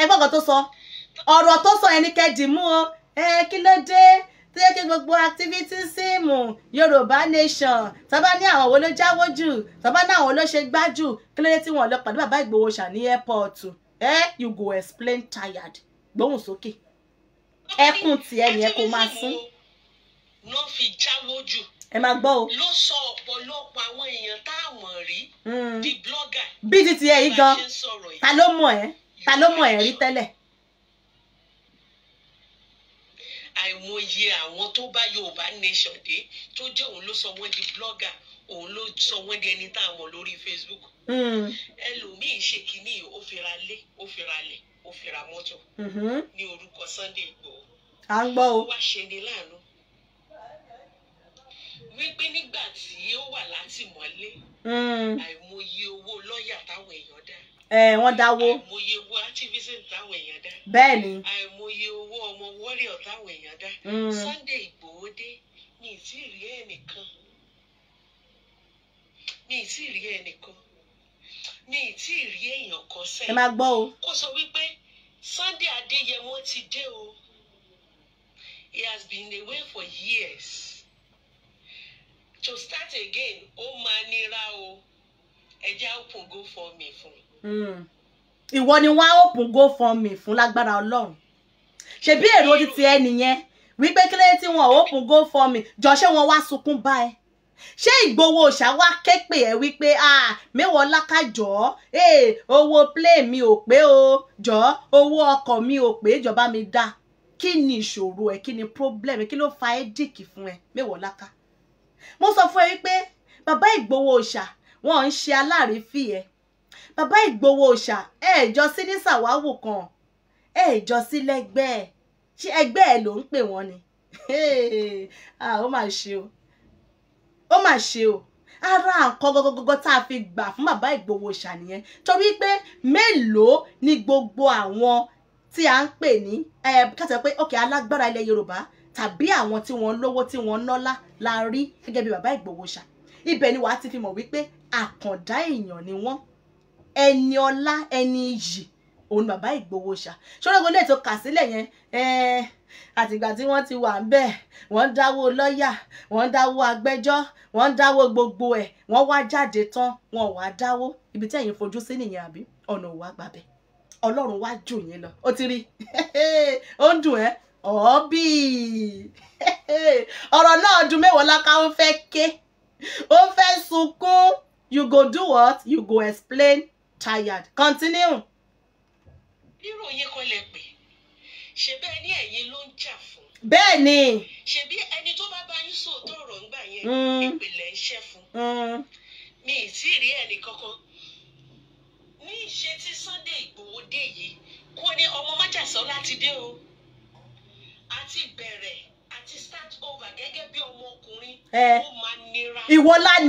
ẹ gbọ́dọ̀ tó sọ ọ̀rọ̀ tó sọ yẹn ní kẹ́dì mú o ẹ kí ló dé tó yẹ kí gbogbo activity síìmù yorùbá nation tọ́ba ní àwọn olóò jáwó jù tọ́ba ní àwọn olóò ṣe gbá jù kí ló dé tí wọ́n lọ pàdé bàbá ìgbòho ṣà ní airport ẹ you go explain tired gbóhùn sókè ẹkùn tiẹ̀ nìyẹn kó máa sún. ló fi jáwó jù ẹ máa gbọ́ o. ló sọ ọ̀pọ̀lọpọ̀ àwọn èèyàn tá a mọ̀ rí. di hmm. blogger. bí ti tiẹ̀ yìí gan ta ló mọ̀ ẹ́ ta ló mọ̀ ẹ́ rí tẹ́lẹ̀. àìmọye àwọn tó bá Yorùbá nation dé tó jẹ́ òun ló sọ wọ́n di blogger òun ló sọ wọ́n di ẹni tá a mọ̀ lórí Facebook. Hmm. ẹlòmíín ṣe kínní ó fira lé ó fira lẹ̀ ó fira mọ́tò mm-hmm. ní orúkọ Sunday Igboho. à ń gbọ́ o. ó wá ṣe ni láàánú wípé nígbà tí ó wà látìmọ́lé hmm. àìmọye owó lọ́ọ̀yà táwọn èèyàn dá ẹ wọ́n dáwó. àìmọye owó activism táwọn èèyàn dá. bẹ́ẹ̀ni. àìmọye owó ọmọ wọ́rìọ̀ táwọn èèyàn dá. Mm. Sunday Ìgbòho dé mi ì tí ì rí ẹnìkan mi ì tí ì èèyàn kan sẹ́yìn. ẹ máa gbọ́ o. kó sọ wípé Sunday Adéyẹmọ ti dé o he has been away for years to start again ó máa nira o ẹ já open go for me fún un. Hmm. ìwọ ni wọn á òpin go fún mi fún lágbára Ọlọ́run ṣebí èrò ti ti ẹni yẹn wípé kílẹ̀ tí wọn ò òpin go fún mi jọ ṣé wọn wá sunkún bá ẹ ṣé ìgbowó ọ̀ṣà wá ké pè ẹ́ wípé mẹ́wọ̀ọ́ lákàjọ́ owó plane mi ò pé o jọ owó ọkọ̀ mi ò pé ìjọba mi dá kí ni ìṣòro ẹ kí ni problem ẹ kí ló fa ẹ́díkì fún ẹ mẹ́wọ̀ọ́ láká mo sọ fún ẹ wípé bàbá ìgbowó ọ̀ṣà wọn ń ṣe aláàrífì ẹ bàbá Ìgbòho Òòṣà ẹ jọ sí ní sàwáwò kan ẹ jọ sí lẹ́gbẹ́ ẹ ṣé ẹgbẹ́ ẹ ló ń pè wọ́n ni (laughs) ah, ó mà ṣe o ó mà ṣe o ara nǹkan gọgọgọgọ tá a fi gbà fún bàbá Ìgbòho Òòṣà nìyẹn torí pé mélòó ni gbogbo àwọn tí a ń pè ní káṣẹ pé òkè alágbára ilẹ̀ Yorùbá tàbí àwọn tí wọ́n lówó tí wọ́n nọ́lá la rí gẹ́gẹ́ bí bàbá Ìgbòho Òòṣà ibẹ̀ ni wàá ti fi mọ̀ wípé àkàndá èèyàn ni wọ́n ẹni ọlá ẹni iyì òun bàbá Ìgbòho ṣá ṣọlọ́gbọ́n lè tó kà sílẹ̀ yẹn àtìgbà tí wọ́n ti wà ń bẹ̀ wọ́n ń dáwó lọ́ọ̀yà wọ́n ń dáwó agbẹjọ́ wọ́n ń dáwó gbogbo ẹ̀ wọ́n wá jáde tán wọn wá dáwó ibi tẹ́yìn fojú sí nìyẹn àbí ọ̀nà òwà gbàbẹ̀ ọlọ́run wá jù yín lọ ó ti rí (laughs) ó ń dùn ẹ́ ọ̀ọ́bì (laughs) ọ̀rọ̀ náà dùn mẹ́wọ̀ọ́ láká ó fẹ́ ké ó fẹ́ sunkún you go do what you go explain tired continue. bírò yín kan lè pè ṣe bẹ́ẹ̀ ni ẹ̀yin ló ń jà fún. bẹ́ẹ̀ ni. ṣebí ẹni tó bá bá yín sòótọ́ ọ̀rọ̀ ńgbà yẹn mm. ìpìlẹ̀ ń fún. Mm. mi ì tí ì rí ẹnì ní ìṣe tí Sunday Ìgbòho dé yìí kó ní ọmọ májàsán láti dé o àti bẹ̀rẹ̀ àti start over gẹ́gẹ́ bí ọmọkùnrin ó máa nira.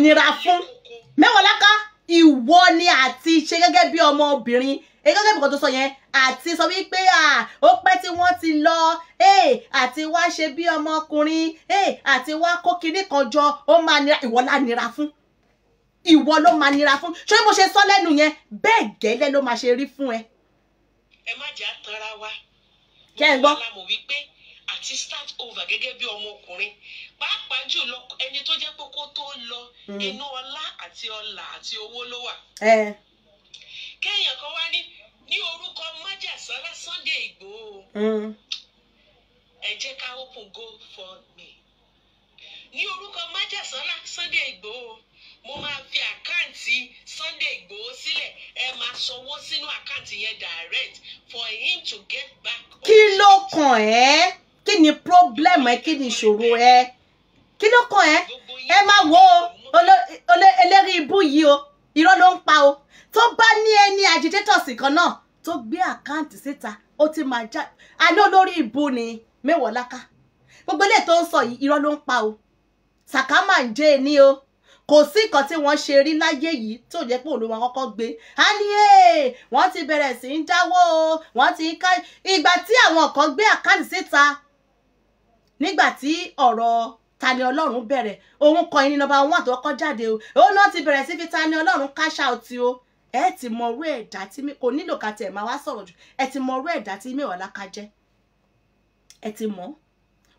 nira fún mẹ́wàá lákà ìwọ ni àti ṣe gẹ́gẹ́ bí ọmọbìnrin gẹ́gẹ́ bí nǹkan tó sọ yẹn àti sọ wípé ó pẹ́ tí wọ́n ti lọ àti wá ṣe bí ọmọkùnrin àti wá kó kinní kan jọ ó máa nira ìwọ la nira fún ìwọ ló máa nira fún ṣé mo ṣe sọ lẹ́nu yẹn bẹ́ẹ̀ gẹ́lẹ́ ló máa ṣe rí fún ẹ. ẹ má jà tanra wa kẹ́ ẹ gbọ́. mo mọ̀ wípé àti start over gẹ́gẹ́ bí ọmọkùnrin pàápàá jùlọ ẹni tó jẹ́ pé kó tó lọ hmm. inú ọlá àti ọlà àti owó ló wà. kéèyàn kan wá ní ní orúkọ májàsára Sunday Ìgbòho mm. ẹ jẹ́ ká open go for me ní orúkọ májàsára Sunday Ìgbòho mo máa fi àkáǹtì Sunday Igboho sílẹ̀ ẹ máa sanwó sínú àkáǹtì yẹn direct for him to get back. kí ló kàn ẹ́ kí ni problem ẹ kí ni ìṣòro ẹ kí ló kàn ẹ́ ẹ máa wò ó eléri ibú yìí o irọ́ ló ń pa o tó bá ní ẹni agitators kan náà tó gbé àkáǹtì síta ó ti máa já alẹ́ olórí ibú ni Mewolaka gbogbo ilé tó ń sọ yìí irọ́ ló ń pa o sàkámà ń jẹ́ ẹni o kò sí nǹkan tí wọ́n ṣe rí láyé yìí tó jẹ́ pé olúwa kọ́kọ́ gbé á ní èè wọ́n ti bẹ̀rẹ̀ sí ń dáwó o wọ́n ti ká ìgbà tí àwọn kan gbé àkáǹtì síta nígbà tí ọ̀rọ̀ ta ni ọlọ́run bẹ̀rẹ̀ òun kọ ẹni nọmba one àtọkọ jáde o òun náà ti bẹ̀rẹ̀ sí fi ta ni ọlọ́run cash out o ẹ ti mọ ẹ̀dá tí mi kò nílò ká tiẹ̀ máa wá sọ̀rọ̀ jù ẹ ti mọ ẹ̀dá tí mi ọ̀la ká jẹ́ ẹ ti mọ̀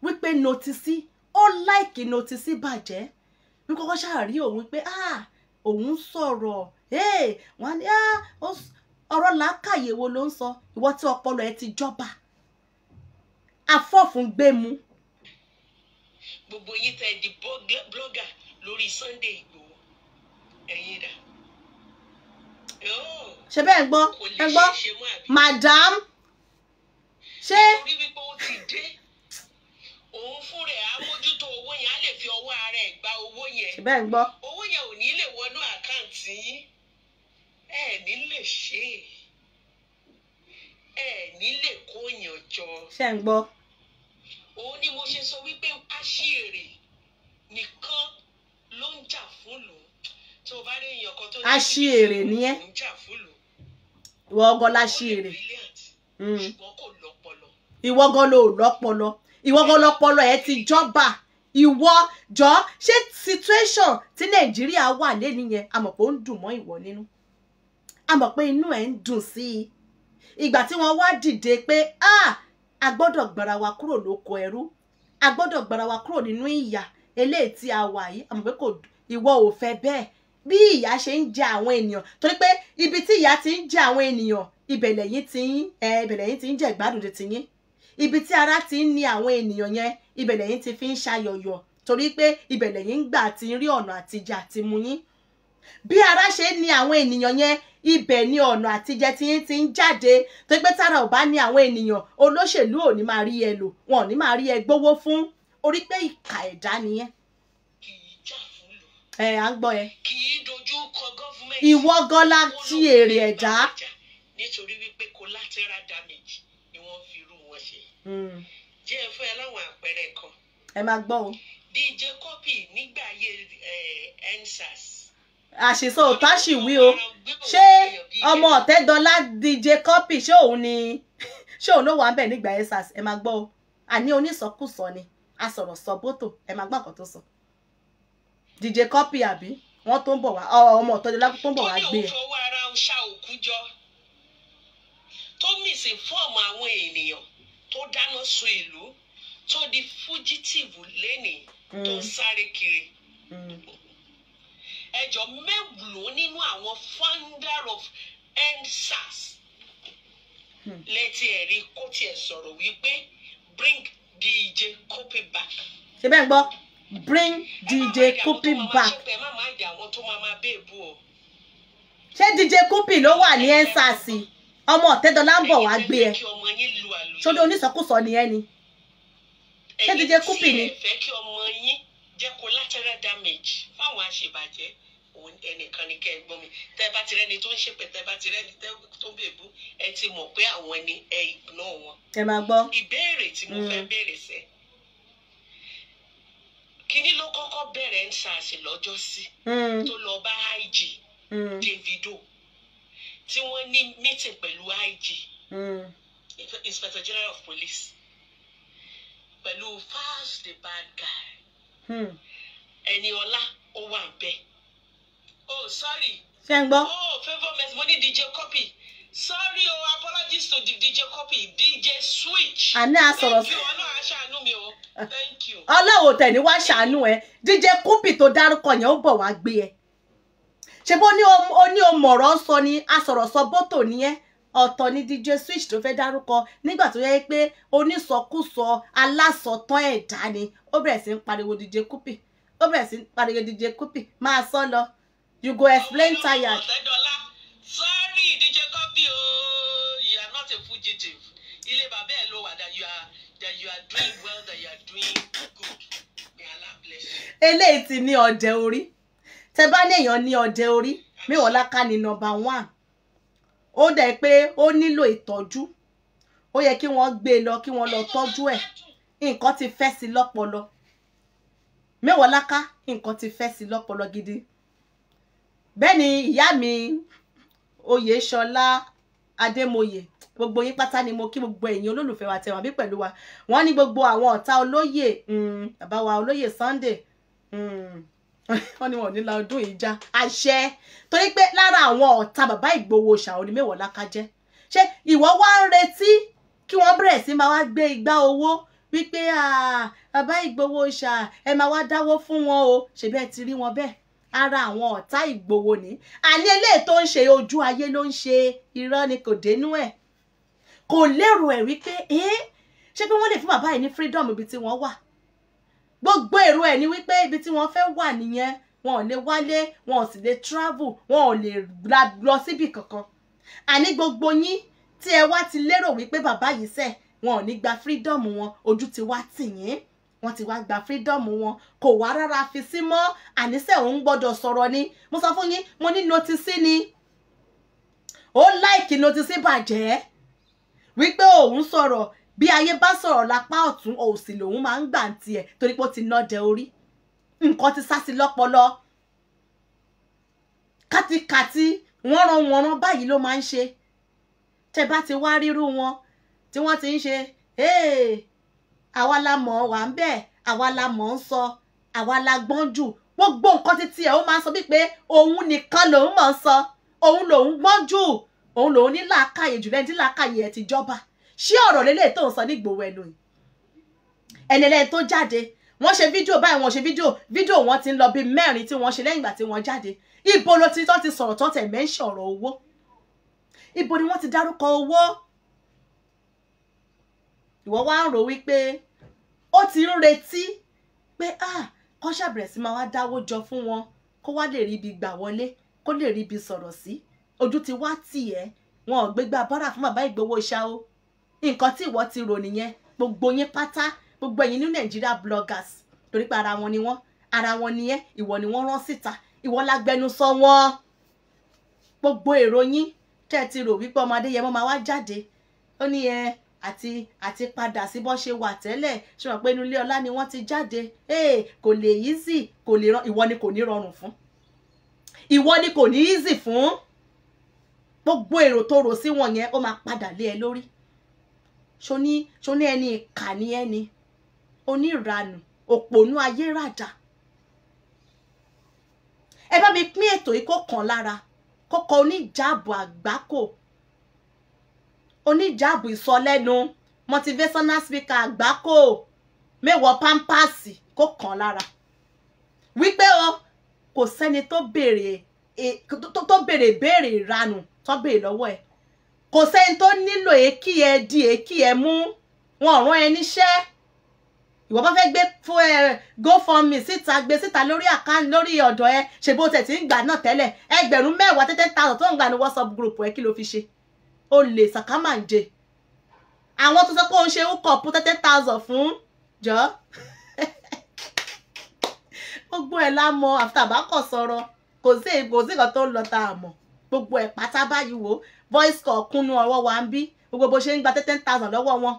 wípé notisi ó láìkì notisi bàjẹ́ mi kọ́kọ́ ṣàárí òun pé ah òun sọ̀rọ̀ hey wọ́n á ní ah ọ̀rọ̀ làákàyè wo ló ń sọ ìwọ tí ọpọlọ ẹ ti jọba afọ́fun gbé mu gbogbo yín tẹ́ di blọ́gà lórí Sunday Igboho ẹ̀yin dà. ṣe bẹ́ẹ̀ gbọ́ ẹ gbọ́ madam ṣé. orí wípé ó ti dé òun fún rẹ̀ amójútó owó yẹn á lè fi ọwọ́ ara ẹ̀ gba owó yẹn. ṣe bẹ́ẹ̀ gbọ́. owó yẹn ò ní lè wọnú àkáǹtì yín ẹ ní lè ṣe é ní lè kó yàn jọ. ṣe ń gbọ́ òun ni mo ṣe sọ wípé aṣèrè nìkan ló ń jà fún lò tó bá rí èèyàn kan tó ní aṣèrè ni ẹ ìwọ ọgàn láṣèrè ìwọ ọgàn ló lọ́pọlọ ìwọ ọgàn lọ́pọlọ ẹ ti jọba ìwọ jọ ṣé situation tí nàìjíríà wà lẹ́nu yẹn a pé ó ń dùn mọ́ ìwọ nínú a pé inú ẹ̀ ń dùn sí i ìgbà tí wọ́n wá dìde pé ah a gbọ́dọ̀ gbara wa kúrò lóko ẹrú a gbọ́dọ̀ gbara wa kúrò nínú ìyà eléyìí tí a wà yìí àmọ́ pé kò ìwọ ò fẹ́ bẹ́ẹ̀ bí ìyà ṣe ń jẹ àwọn ènìyàn torí pé ibi tí ìyà ti ń jẹ àwọn ènìyàn ibẹ̀ lẹ́yìn ti ń ẹ ibẹ̀ lẹ́yìn ti ń jẹ ìgbádùn ti yín ibi tí ara ti ń ni àwọn ènìyàn yẹn ibẹ̀ lẹ́yìn ti fi ń ṣayọ̀yọ̀ torí pé ibẹ̀ lẹ́yìn gbà ti rí ọ̀nà àtijẹ àti yín bí ara ṣe ni àwọn ènìyàn yẹn ibẹ̀ ni ọ̀nà àtijẹ tí ń ti ń jáde tó pé tára ò bá ní àwọn ènìyàn olóṣèlú ò ní máa rí ẹ lò wọn ò ní máa rí ẹ gbowó fún orí pé ìkà ẹ̀dá nìyẹn. ẹ à ń gbọ́ ẹ. kì í dojú kọ gọ́fúmẹ̀ntì. nítorí wípé collateral damage ni wọ́n fi irú wọn ṣe. Hmm. jẹ́ ẹ fún ẹ láwọn àpẹẹrẹ kan. ẹ máa gbọ́ o. díje kọ́pì nígbà ayé ensars àṣìṣe òtá sì wí o ṣé ọmọ ọ̀tẹ́dọ́lá DJ Cuppy ṣé òun ni (laughs) ṣé òun ló wà ń bẹ̀ nígbà ẹ́sàs ẹ máa gbọ́ o àní onísọkúsọ ni asọ̀rọ̀ sọ bótò ẹ máa gbọ́ àkọ́ tó sọ DJ Cuppy àbí wọ́n tó ń bọ̀ wá ọmọ ọ̀tẹ́dọ́lá tó ń bọ̀ wá gbé ẹ. E. tó ní òfò ara ọ̀ṣà òkú jọ tó mìsì fọ́ọ̀mù àwọn ènìyàn tó dáná sun ìlú tó di fújítìfù lẹ́nìí tó mm. ń sáré kiri. Mm ẹjọ mélòó nínú àwọn founder of endsars hmm. lẹ́tí ẹ̀rí kó tiẹ̀ sọ̀rọ̀ wípé bring DJ Cuppy back. ṣe bẹ́ẹ̀ gbọ́ bring DJ Cuppy back. ẹ má máa jẹ àwọn tó máa máa bẹ́ẹ̀ bú ọ. ṣé DJ Cuppy ló wà ní endsars ọmọ ọ̀tẹ́dọ́lá ń bọ̀ wá gbé ẹ ṣọdọ onísọkúsọ ni ẹ ni ṣé DJ Cuppy ni. ẹ̀yin tí ẹ fẹ́ kí ọmọ yín jẹ́ collateral damage fáwọn àṣebàjẹ́ òun ẹnìkan ni kẹ́ ẹ gbọ́ mi tẹ́ ẹ bá ti rẹ́ni tó ń ṣépè tẹ́ ẹ bá ti rẹ́ni tó ń bèbú ẹ ti mọ̀ pé àwọn ni ẹ ìgbọ́n wọn. ẹ máa gbọ́. ìbéèrè tí mo fẹ́ mm. béèrè sẹ́ kínní ló kọ́kọ́ bẹ̀rẹ̀ ń sàṣì lọ́jọ́ sí mm. tó lọ bá IG mm. Davido tí wọ́n ní meeting pẹ̀lú IG Inspector General of Police pẹ̀lú fast the bad guy. Hmm. ẹni ọlá ó wà oh sorry gbọ́. oh favour mess mo ní dj copy sorry o apologies to the dj copy dj switch. àná sí. dj copy tó dárúkọ yẹn ó gbé ẹ ṣe bó ní o mọ̀rọ̀ sọ ni a sọ bọ́tò ni ẹ́. ọ̀tọ̀ ni dj switch tó fẹ́ dárúkọ nígbà tó yẹ pé onísọkúsọ alásọtán ẹ̀dá ni ó bẹ̀rẹ̀ sí ń pariwo dj Cuppy ó bẹ̀rẹ̀ sí ń pariwo dj Cuppy máa sọ lọ you go explain tired. sorry dj Cuppy o you are not a fugitive ilé bàbá ẹ ló wà that you are that you are doing well that you are doing good may Allah bless you. eléyìí ti ní ọdẹ orí tẹ bá ní èèyàn ní ọdẹ orí mi ò lákà ní nọ́mbà one ó dẹ̀ pé ó nílò ìtọ́jú ó yẹ kí wọ́n gbé e lọ kí wọ́n lọ tọ́jú ẹ̀ nǹkan ti fẹ́ sí lọ́pọlọ mẹ́wọ̀ọ́ láká nǹkan ti fẹ́ sí lọ́pọlọ gidi bẹ́ẹ̀ ni ìyá mi oyèṣọlá adémoyè gbogbo yín pátá ni mo kí gbogbo ẹ̀yin olólùfẹ́ wa tẹ̀wọ̀n bí pẹ̀lú wa wọ́n ní gbogbo àwọn ọ̀tá olóyè hmm, bàbá wa olóyè Sunday hmm, (laughs) wọ́n ni wọn ò ní la ọdún yìí já àṣẹ torí pé lára àwọn ọ̀tá bàbá Ìgbòho ṣàwọn ní Mẹ́wọ̀ọ́ Lákájẹ́ ṣé ìwọ wá ń retí kí wọ́n bẹ̀rẹ̀ sí máa wá gbé igbá owó wípé bàbá Ìgbòho ṣà ẹ máa wá dáwó fún wọn o ṣèbí ẹ ti rí wọn bẹ́ẹ̀ ara àwọn ọ̀tá Ìgbòho ní àní eléyìí tó ń ṣe ojú ayé ló ń ṣe irọ́ ni kò dénú ẹ̀ kò lérò ẹ̀ wípé ṣé pé wọ́n lè fún bàbá yìí ní freedom ibi tí wọ́n wà gbogbo èrò ẹ̀ ni wípé ibi tí wọ́n fẹ́ wà nìyẹn wọn ò lè wálé wọn ò sì lè travel wọn ò lè lọ síbi kankan àní gbogbo yín tí ẹ wá ti lérò wípé bàbá yìí ṣe wọn ò ní gba freedom wọn ojú ti wá tì yín wọ́n ti wá gba freedom wọn kò wá rárá fi sí mọ́ àníṣe òun gbọ́dọ̀ sọ̀rọ̀ ni mo sọ fún yín mo ní notisí ni ó láìkì notisí bàjẹ́ wípé òun sọ̀rọ̀ bí ayé bá sọ̀rọ̀ lápá ọ̀tún òsì lòun máa ń gbà ń tiẹ̀ torí pé ó ti nọ́dẹ orí nǹkan ti sásí lọ́pọlọ kátikàti wọ́nranwọ̀nran báyìí ló máa ń ṣe tẹ́ bá ti wá rírú wọn tí wọ́n ti ń ṣe àwa la mọ̀ wà ń bẹ̀ àwa la mọ̀ ń sọ àwa la gbọ́n jù gbogbo nǹkan ti tiẹ̀ ó máa sọ bí pé òun nìkan lòun mọ̀ ń sọ òun lòun gbọ́n jù òun lòun ní làákàyè jùlọ ẹni tí làákàyè ẹ̀ ti jọba ṣé ọ̀rọ̀ lélẹ̀ tó ń sọ nígbòho ẹnu yìí ẹni lẹ́yìn tó jáde wọ́n ṣe fídíò báyìí wọ́n ṣe fídíò fídíò wọn ti ń lọ bíi mẹ́rin tí wọ́n ṣe lẹ́yìn ìgbà tí wọ́n jáde ibo ló ti tọ́ ti sọ̀rọ̀ tọ́ tẹ̀ mẹ́ńṣẹ̀ ọ̀rọ̀ owó ibo ni wọ́n ti dárúkọ owó ìwọ wá ń rò wípé ó ti ń retí pé ah kán ṣàbẹ̀rẹ̀ sí máa wá dáwó jọ fún wọn kó wá lè rí ibi gbà wọlé kó lè rí ibi sọ̀rọ̀ sí ojú ti wá tì ẹ́ wọn ò gbégbá bọ́rà fún bàbá Ìgbòho ṣá o nǹkan tí ìwọ ti rò nìyẹn gbogbo yín pátá gbogbo ẹ̀yin ní Nigeria bloggers torí pé ara wọn ni wọ́n ara wọn ni ẹ́ ìwọ ni wọ́n rán síta ìwọ lágbẹnusọ wọn gbogbo èrò yín tẹ́ ẹ ti rò wípé ọmọ Adéyẹmọ máa wá jáde ó ní ẹ àti àti padà sí bó ṣe wà tẹ́lẹ̀ ṣe mọ̀ pé inú ilé ọlá ni wọ́n ti jáde ee kò lè easy kò lè ràn ìwọ ni kò ní rọrùn fún ìwọ ni kò ní easy fún gbogbo èrò tó rò sí wọn yẹn ó máa padà lé ẹ lórí ṣoní ṣoní ẹni ìkà ni ẹni onírànù òpònú ayé ràjà ẹ bá mi pín ètò yìí kó kàn lára kókó oníjàbọ̀ àgbákò oníjàbọ̀ ìsọlẹ́nu motivational speaker àgbákò mẹ́wọ̀ pampasì kó kàn lára wípé o kò sẹ́ni tó e, béèrè béèrè ìranù tó béèrè lọ́wọ́ ẹ̀ kò sẹ́ni tó nílò èkì ẹ di èkì ẹ mú wọn rán ẹ níṣẹ́ ìwọ bá fẹ́ gbé fún ẹ gofundme síta gbé síta lórí àkáǹtì lórí ọ̀dọ̀ ẹ ṣe bó tẹ̀ tí ń gbà náà tẹ́lẹ̀ ẹgbẹ̀rún mẹ́wàá tẹ́tẹ́ tààtọ̀ tó ń gbà ní whatsapp group ẹ kí ló fi ṣe o lè sàkámà ń jẹ àwọn tó sọ pé òun ṣe ń kọ̀ fún tẹ́tẹ́ tààtọ̀ fún jọ (laughs) gbogbo ẹ̀ la mọ àfitàbákọ̀ sọ̀rọ̀ kò sí kò sí nǹkan tó ń lọ tá a mọ̀ gbogbo ẹ̀ pátá báyìí wò ó voice call kúnnú ọwọ́ wa ń bí gbogbo bó ṣe ń gba ten thousand lọ́wọ́ wọn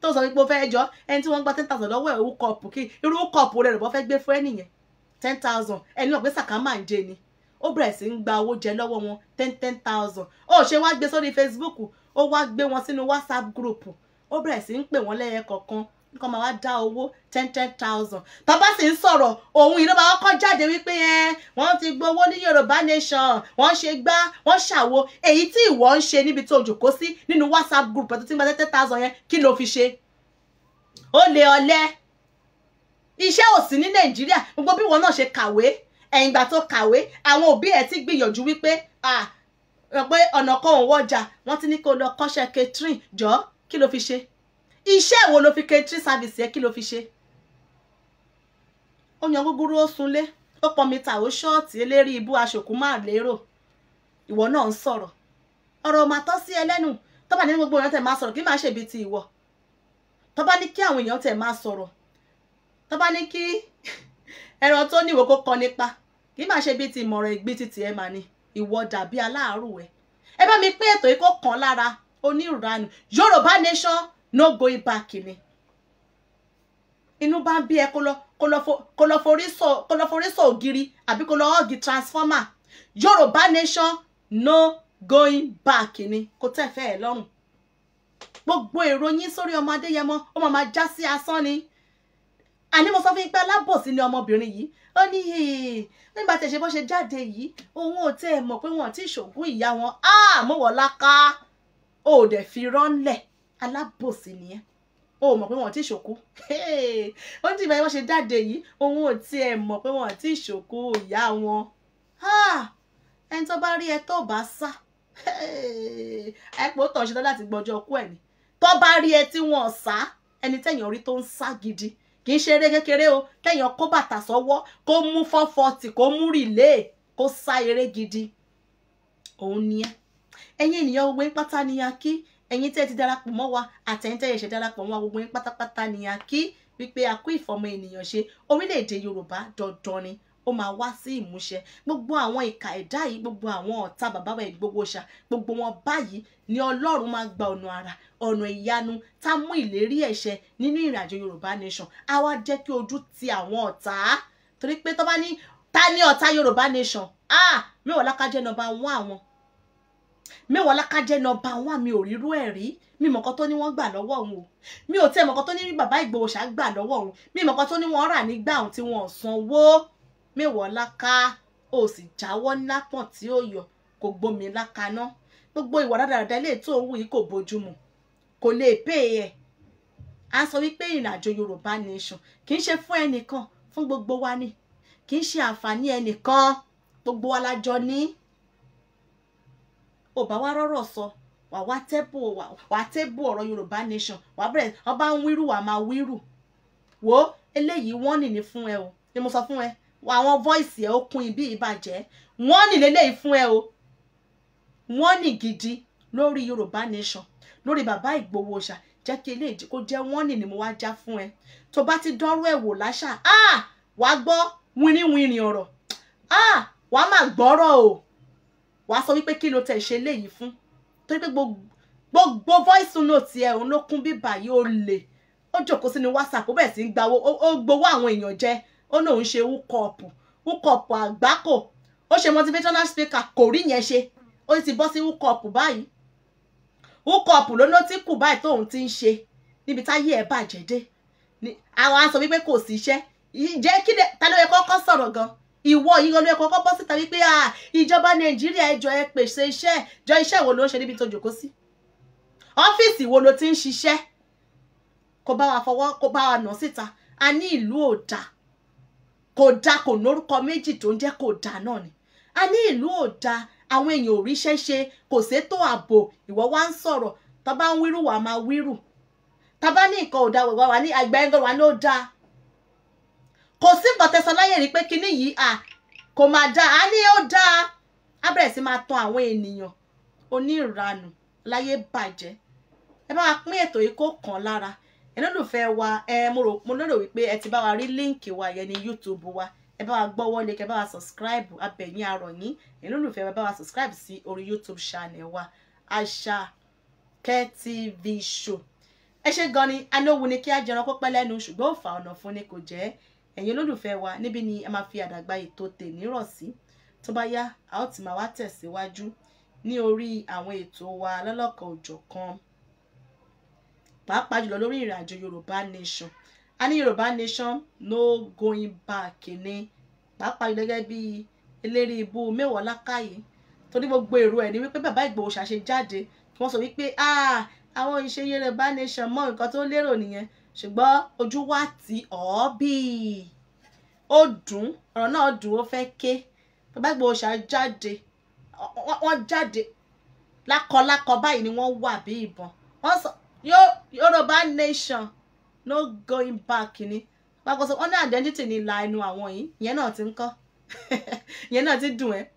tó sọ wípé ó fẹ́ jọ ẹni tí wọ́n gba ten thousand lọ́wọ́ ẹ̀ ó kọ̀ọ̀pù kí irú kọ̀ọ̀pù rẹ̀ rẹ̀ bọ́ fẹ́ gbé fún ẹnìyẹn ten thousand ẹni náà pé sàkámà ń jẹ ni ó bẹ̀rẹ̀ sí ń gba owó jẹ lọ́wọ́ wọn ten ten thousand ó ṣe wá gbé sórí Facebook ó wá gbé wọn sínú WhatsApp group ó bẹ̀rẹ̀ sí ń pè wọ́n lẹ́yẹ kọ̀ọ̀kan kọ́ máa wá dá owó ten ten thousand bàbá sì ń sọ̀rọ̀ òun iná bá kọ́ jáde wípé ẹ wọ́n ti gbowó ní Yorùbá nation wọ́n ṣe gbá wọ́n ṣàwo èyí tí ìwọ ń ṣe níbi tó jòkó sí nínú WhatsApp group ẹ̀ tó ti ń gba ten ten thousand yẹn kí ló fi ṣe ó lè ọlẹ iṣẹ́ ò sí ní Nàìjíríà gbogbo bí wọn náà ṣe kàwé ẹ̀yìn ìgbà tó kàwé àwọn òbí ẹ̀ ti gbìyànjú wípé pé ọ̀nà kan òun wọ́jà wọ́n ti ní kó lọ kọ́ṣẹ́ catherine jọ́ kí ló fi ṣe iṣẹ́ wo ló fi catering service yẹ kí ló fi ṣe ó yan gúgúrú ó sunlé ó pọnmi ta ó ṣọ́ọ̀tì eléri ibú aṣòkú máa lérò ìwọ náà ń sọ̀rọ̀ ọ̀rọ̀ mà tọ́ sí ẹlẹ́nu tó bá ní gbogbo èèyàn tẹ̀ máa sọ̀rọ̀ kí máa ṣe ibi ti ìwọ tó bá ní kí àwọn èèyàn tẹ̀ máa sọ̀rọ̀ tó bá ní kí (laughs) ẹran tó níwò kó kọ nípa kí máa ṣe bíi ti ìmọ̀ràn ìgbín ti tiẹ̀ mà ni ìwọ dàbí aláàárù ẹ ẹ bá mi pé ètò yìí kò lára onírànù Yorùbá Nation no going back ni inú bá ń bí ẹ kó lọ forí sọ ògiri àbí kó lọ ọ̀gì transformer yorùbá nation no going back ni kò tẹ̀ fẹ́ ẹ lọ́rùn gbogbo èrò yín sórí ọmọ adéyẹmọ ó máa máa já sí asán ni àní mo sọ fún yín pé alábòsí ni ọmọbìnrin yìí ó ní nígbà tẹ̀sẹ̀ bó ṣe jáde yìí òun ò tẹ́ ẹ mọ̀ pé wọn ò tí ì ṣògùn ìyá wọn àmúwọ̀láká ah, ò dẹ̀ fi rán lẹ̀ alábòsí nìyẹn o mọ̀ pé wọ́n ti ṣòkú ó ti báyìí wọ́n ṣe jáde yìí òun ò tiẹ̀ mọ̀ pé wọ́n ti ṣòkú ìyá wọn ẹni tó bá rí ẹ tó bá sá ẹpò tó ń ṣe láti gbọ́jọ́ ọkú ẹ̀ ni tó bá rí ẹ tí wọ́n sá ẹni tẹ̀yàn rí tó ń sá gidi kì í ṣe eré kékeré o tẹ̀yàn kó bàtà sọ́wọ́ kó mú fọ́fọ́tì kó mú rìlé kó sá eré gidi òun ni ẹ ẹ̀yin ènìyàn gbogbo pátá ni a kí ẹ̀yin tẹ́ ti darapọ̀ mọ́ wa àtẹ̀yin tẹ́ ṣẹ̀ṣẹ̀ darapọ̀ mọ́ wa gbogbo yín pátápátá ni a kí wípé a kú ìfọmọ ènìyàn ṣe orílẹ̀ yorùbá dandan ni ó máa wá sí ìmúṣẹ gbogbo àwọn ìka ẹ̀dá yìí gbogbo àwọn ọ̀tá bàbá wa ìgbogbo ṣá gbogbo wọn báyìí ni ọlọ́run máa gba ọ̀nà àrà ọ̀nà ìyanu tá mú ìlérí ẹ̀ṣẹ̀ nínú ìrìnàjò yorùbá nation á wá jẹ́ kí ojú ti àwọn ọ̀tá torí pé tó bá ní ta ni ọ̀tá yorùbá nation ah mi ò lákàjẹ́ nọ́mbà wọ́n àwọn mẹ́wàá lákájẹ́ nọmba wà mi ò rírú ẹ̀ rí mi mọ̀kọ́ tó ní wọ́n gbà lọ́wọ́ òun mi ò tẹ́ mọ̀kọ́ tó ní bàbá Ìgbòho ṣá gbà lọ́wọ́ òun mi mọ̀kọ́ tó ní wọ́n rà nígbà òun tí wọ́n sanwó mẹ́wàá láká o sì jáwọ́ lápọ̀n tí ó yọ kò gbómi láká ná gbogbo ìwà dáadáa ilé tó ń wù yìí kò bójúmu kò lè pè é e a sọ wípé ìrìnàjò Yorùbá nation kì í ṣe fún ẹnìkan fún gbogbo wa ni kì í ṣe àǹfààní ẹnìkan gbogbo wa lájọ ní ò bá wá rọ́rọ̀ sọ wà wá tẹ́bù wà tẹ́bù ọ̀rọ̀ Yorùbá nation wà bẹ̀rẹ̀ wọ́n ń wírù wà máa wírù wò eléyìí wọ́n nì ní fún ẹ o ni mo sọ fún ẹ wà àwọn voice ẹ ó kún ibi ìbàjẹ́ wọ́n nì lélẹ́yìí fún ẹ o wọ́n nì gidi lórí Yorùbá nation lórí bàbá Ìgbòho ṣá jẹ́ kí eléyìí kó jẹ́ wọ́n nì ni mo wá já fún ẹ tó bá ti dánrú ẹ̀ wò láṣà ah! wàá gbọ́ wínrínwínrin ọ̀rọ̀ ah! wàá má gbọ́rọ̀ o wàá sọ wípé kí ló tẹ̀ ṣe léyìí fún torí pé gbogbo voice note ẹ̀ òun ló kún bíbà yìí ó lè ó jòkó sínú whatsapp ó bẹ̀rẹ̀ sí ń gbawó ó gbowó àwọn èèyàn jẹ ó ní òun ṣe wúkọ̀ọ̀pù wúkọ̀ọ̀pù àgbákò ó ṣe motivational speaker kò rí yẹn ṣe ó ti bọ́ sí wúkọ̀ọ̀pù báyìí wúkọ̀ọ̀pù ló ló ti kù báyìí tóun ti ń ṣe níbi táyé ẹ̀ bàjẹ́ dé àwọn aṣọ wípé kò sí iṣẹ́ jẹ́ kí ta ló yẹ kọ́kọ́ sọ̀rọ̀ gan-an ìwọ yìí gan ló yẹ kọ́kọ́ bọ́ síta wípé ìjọba nàìjíríà ẹjọ ẹ pèsè iṣẹ́ jọ iṣẹ́ wo ló ń ṣe níbi tó jòkó sí ọ́fíìsì wo ló ti ń ṣiṣẹ́ kó bá wa fọwọ́ kó bá wa nà síta a ní ìlú òdà kò da kò lórúkọ méjì tó ń jẹ́ kò da náà ni a ní ìlú òdà àwọn èèyàn ò ríṣẹ́ ṣe kò sétò ààbò ìwọ wá ń sọ̀rọ̀ tá bá ń wírù wà máa wírù tá ní nǹkan òdà wà wá ní àgbà ẹgbẹ́ wa ló dáa kò sí nǹkan tẹsán láyè rí pé kinní yìí à kò máa dáa á ní ó dáa á bẹ̀rẹ̀ sí máa tan àwọn ènìyàn onírànù láyé bàjẹ́ ẹ bá wa pín ètò yìí kó kàn lára ẹlọ́dùnfẹ́ wa ẹ mo lérò wípé ẹ ti bá wa rí líǹkì wa yẹn ní YouTube wa ẹ bá wa gbọ́ wọlé kẹ bá wa subscribe abẹ̀yìn arọ̀ yín ẹlọ́dùnfẹ́ wa bá wa subscribe sí orí YouTube channel wa Àṣàkẹ́ TV show ẹ ṣe gan ni anáwó ni kí á jẹran pípẹ́ lẹ́nu ṣùgbọ́n ò fà ọ̀nà fún ni kò jẹ́ ẹ̀yin olólùfẹ́ wa níbi ni a máa fi àdàgbà ètò tèmi rọ̀ sí tó bá yá a ó ti máa wá tẹ̀síwájú ní orí àwọn ètò wa lọ́lọ́kan òjọ̀kan pàápàá jùlọ lórí ìrìn àjò Yorùbá Nation a ní Yorùbá Nation no going back ni pàápàá jùlọ gẹ́gẹ́ bí eléré ibú mẹ́wọ̀ọ́ lákàyè tó ní gbogbo èrò ẹ̀ ni wípé bàbá Ìgbòho ṣàṣe jáde wọ́n sọ wípé àwọn ìṣe Yorùbá Nation mọ nǹkan tó lérò nìyẹn ṣùgbọ́n ojú wa ti ọ̀ọ́bì ó dùn ọ̀rọ̀ náà dùn ó fẹ́ ké bàbá Ìgbòho ṣáà jáde wọ́n jáde lákọlákọ báyìí ni wọ́n wà bí ìbọn wọ́n sọ Yorùbá nation no going back ni bákan sọ wọ́n ní identity ní ìlà ẹnu àwọn yìí ìyẹn náà ti ń kọ́ (laughs) ìyẹn náà ti dùn ẹ́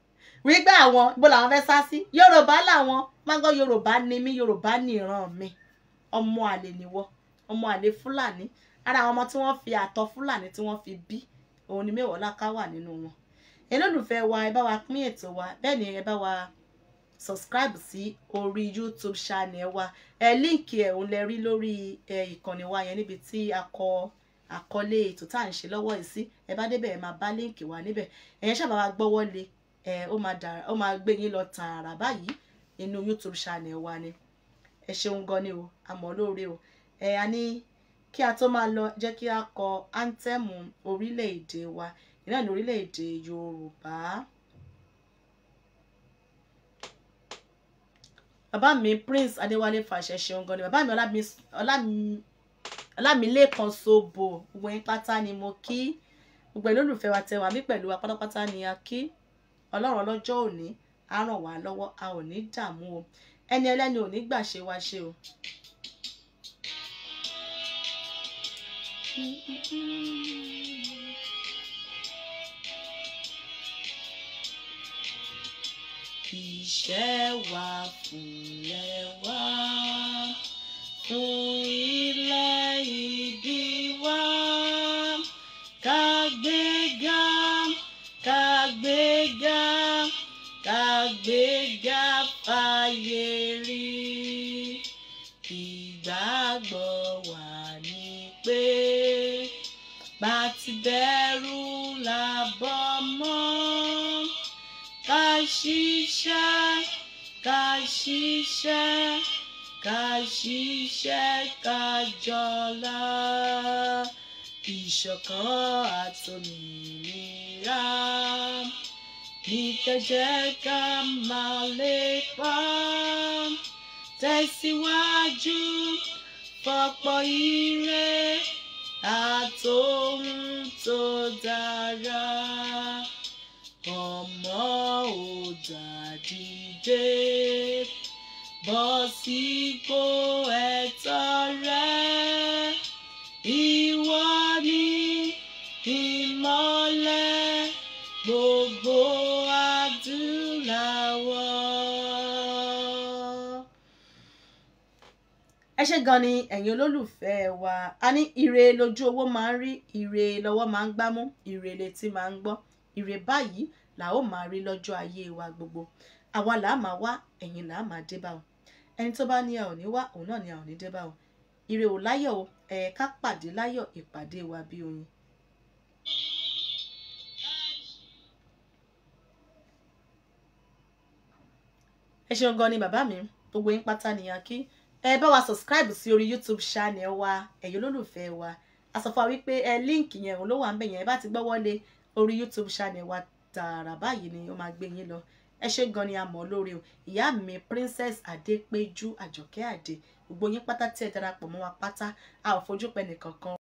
wígbà àwọn bó làwọn fẹ́ sá sí Yorùbá làwọn mágọ́ Yorùbá ni mí Yorùbá ni ìran mi ọmọ àlè nìwọ ọmọ àlè fúlàní ara àwọn ọmọ tí wọ́n fi àtọ̀ fúlàní tí wọ́n fi bí òun ni mẹ́wọ̀ọ́ láká wà nínú wọn olólùfẹ́ wa ẹ bá wa pín ètò wa bẹ́ẹ̀ ni ẹ bá wa subscribe sí orí youtube channel wa ẹ líǹkì ẹ̀ òun lẹ rí lórí ìkànnì wa yẹn níbi tí a kọ àkọlé ètò tá à ń ṣe lọ́wọ́ yìí sí ẹ bá débẹ̀ ẹ máa bá líǹkì wa níbẹ̀ ẹ̀yẹn sábà wa gbọ́wọ́ lé ẹ ó máa gbé yín lọ tààrà báyìí inú youtube channel wa ni ẹ ṣeun gan ni o àmọ́ lóore o ẹ a ní kí a tó máa lọ jẹ́ kí a kọ áńtẹ́mù orílẹ̀-èdè wa ìnáà ní orílẹ̀-èdè Yorùbá. bàbá mi Prince Adéwálé fàṣẹ ṣeun gan ni bàbá mi Ọlámilékan Sobo gbogbo yín pátá ni mo kí gbogbo olólùfẹ́ wa tẹwàá mí pẹ̀lú wa pátápátá ni a kí ọlọ́run ọlọ́jọ́ òní á ràn wá lọ́wọ́ a ò ní dààmú o ẹni ẹlẹ́ni ò ní gbà ṣe wá ṣe o Iṣẹ́ wa fúnlẹ̀ wá fún ilé ìdí wa fun ile idi ti dẹrù làbọ̀ mọ́ ká ṣiṣẹ́ ká ṣiṣẹ́ ká ṣiṣẹ́ ká jọlá ìṣọ̀kan àtòmìnira ìkẹjẹ́ ká máa lépa tẹ̀síwájú fọ̀pọ̀ ire àtòhun tó dára ọmọ òdàdí dé bọ́ sípò ẹ̀tọ́ rẹ̀. ṣe gan ni ẹ̀yin olólùfẹ́ wa a ní ire lójú owó máa ń rí ire lọ́wọ́ máa ń gbámú ire létí máa ń gbọ́ ire báyìí là ó máa rí lọ́jọ́ ayé wa gbogbo àwa là á máa wá ẹ̀yin là á máa dé bá o ẹni tó bá ní a ò ní wá òun náà ní a ò ní dé bá o ire ò láyọ̀ o ẹ̀ ká pàdé láyọ̀ ìpàdé wa bí oyin. ẹ ṣeun gan ni bàbá mi gbogbo yín pátá nìyà kí ẹ bá wa subscribe sí orí youtube channel wa ẹ̀yin olólùfẹ́ wa a wa wípé ẹ líǹkì yẹn òun ló wà ń bẹ̀ yẹn ẹ bá ti gbọ́wọ́ lé orí youtube channel wa tààrà báyìí ni ó máa gbé yín lọ ẹ ṣe gan ni a mọ̀ lórí o ìyá mi princess adépéjú àjọkẹ́ àdé gbogbo yín pátá tí ẹ darapọ̀ mọ́ wa pátá a ò fojú pẹ́ nìkankan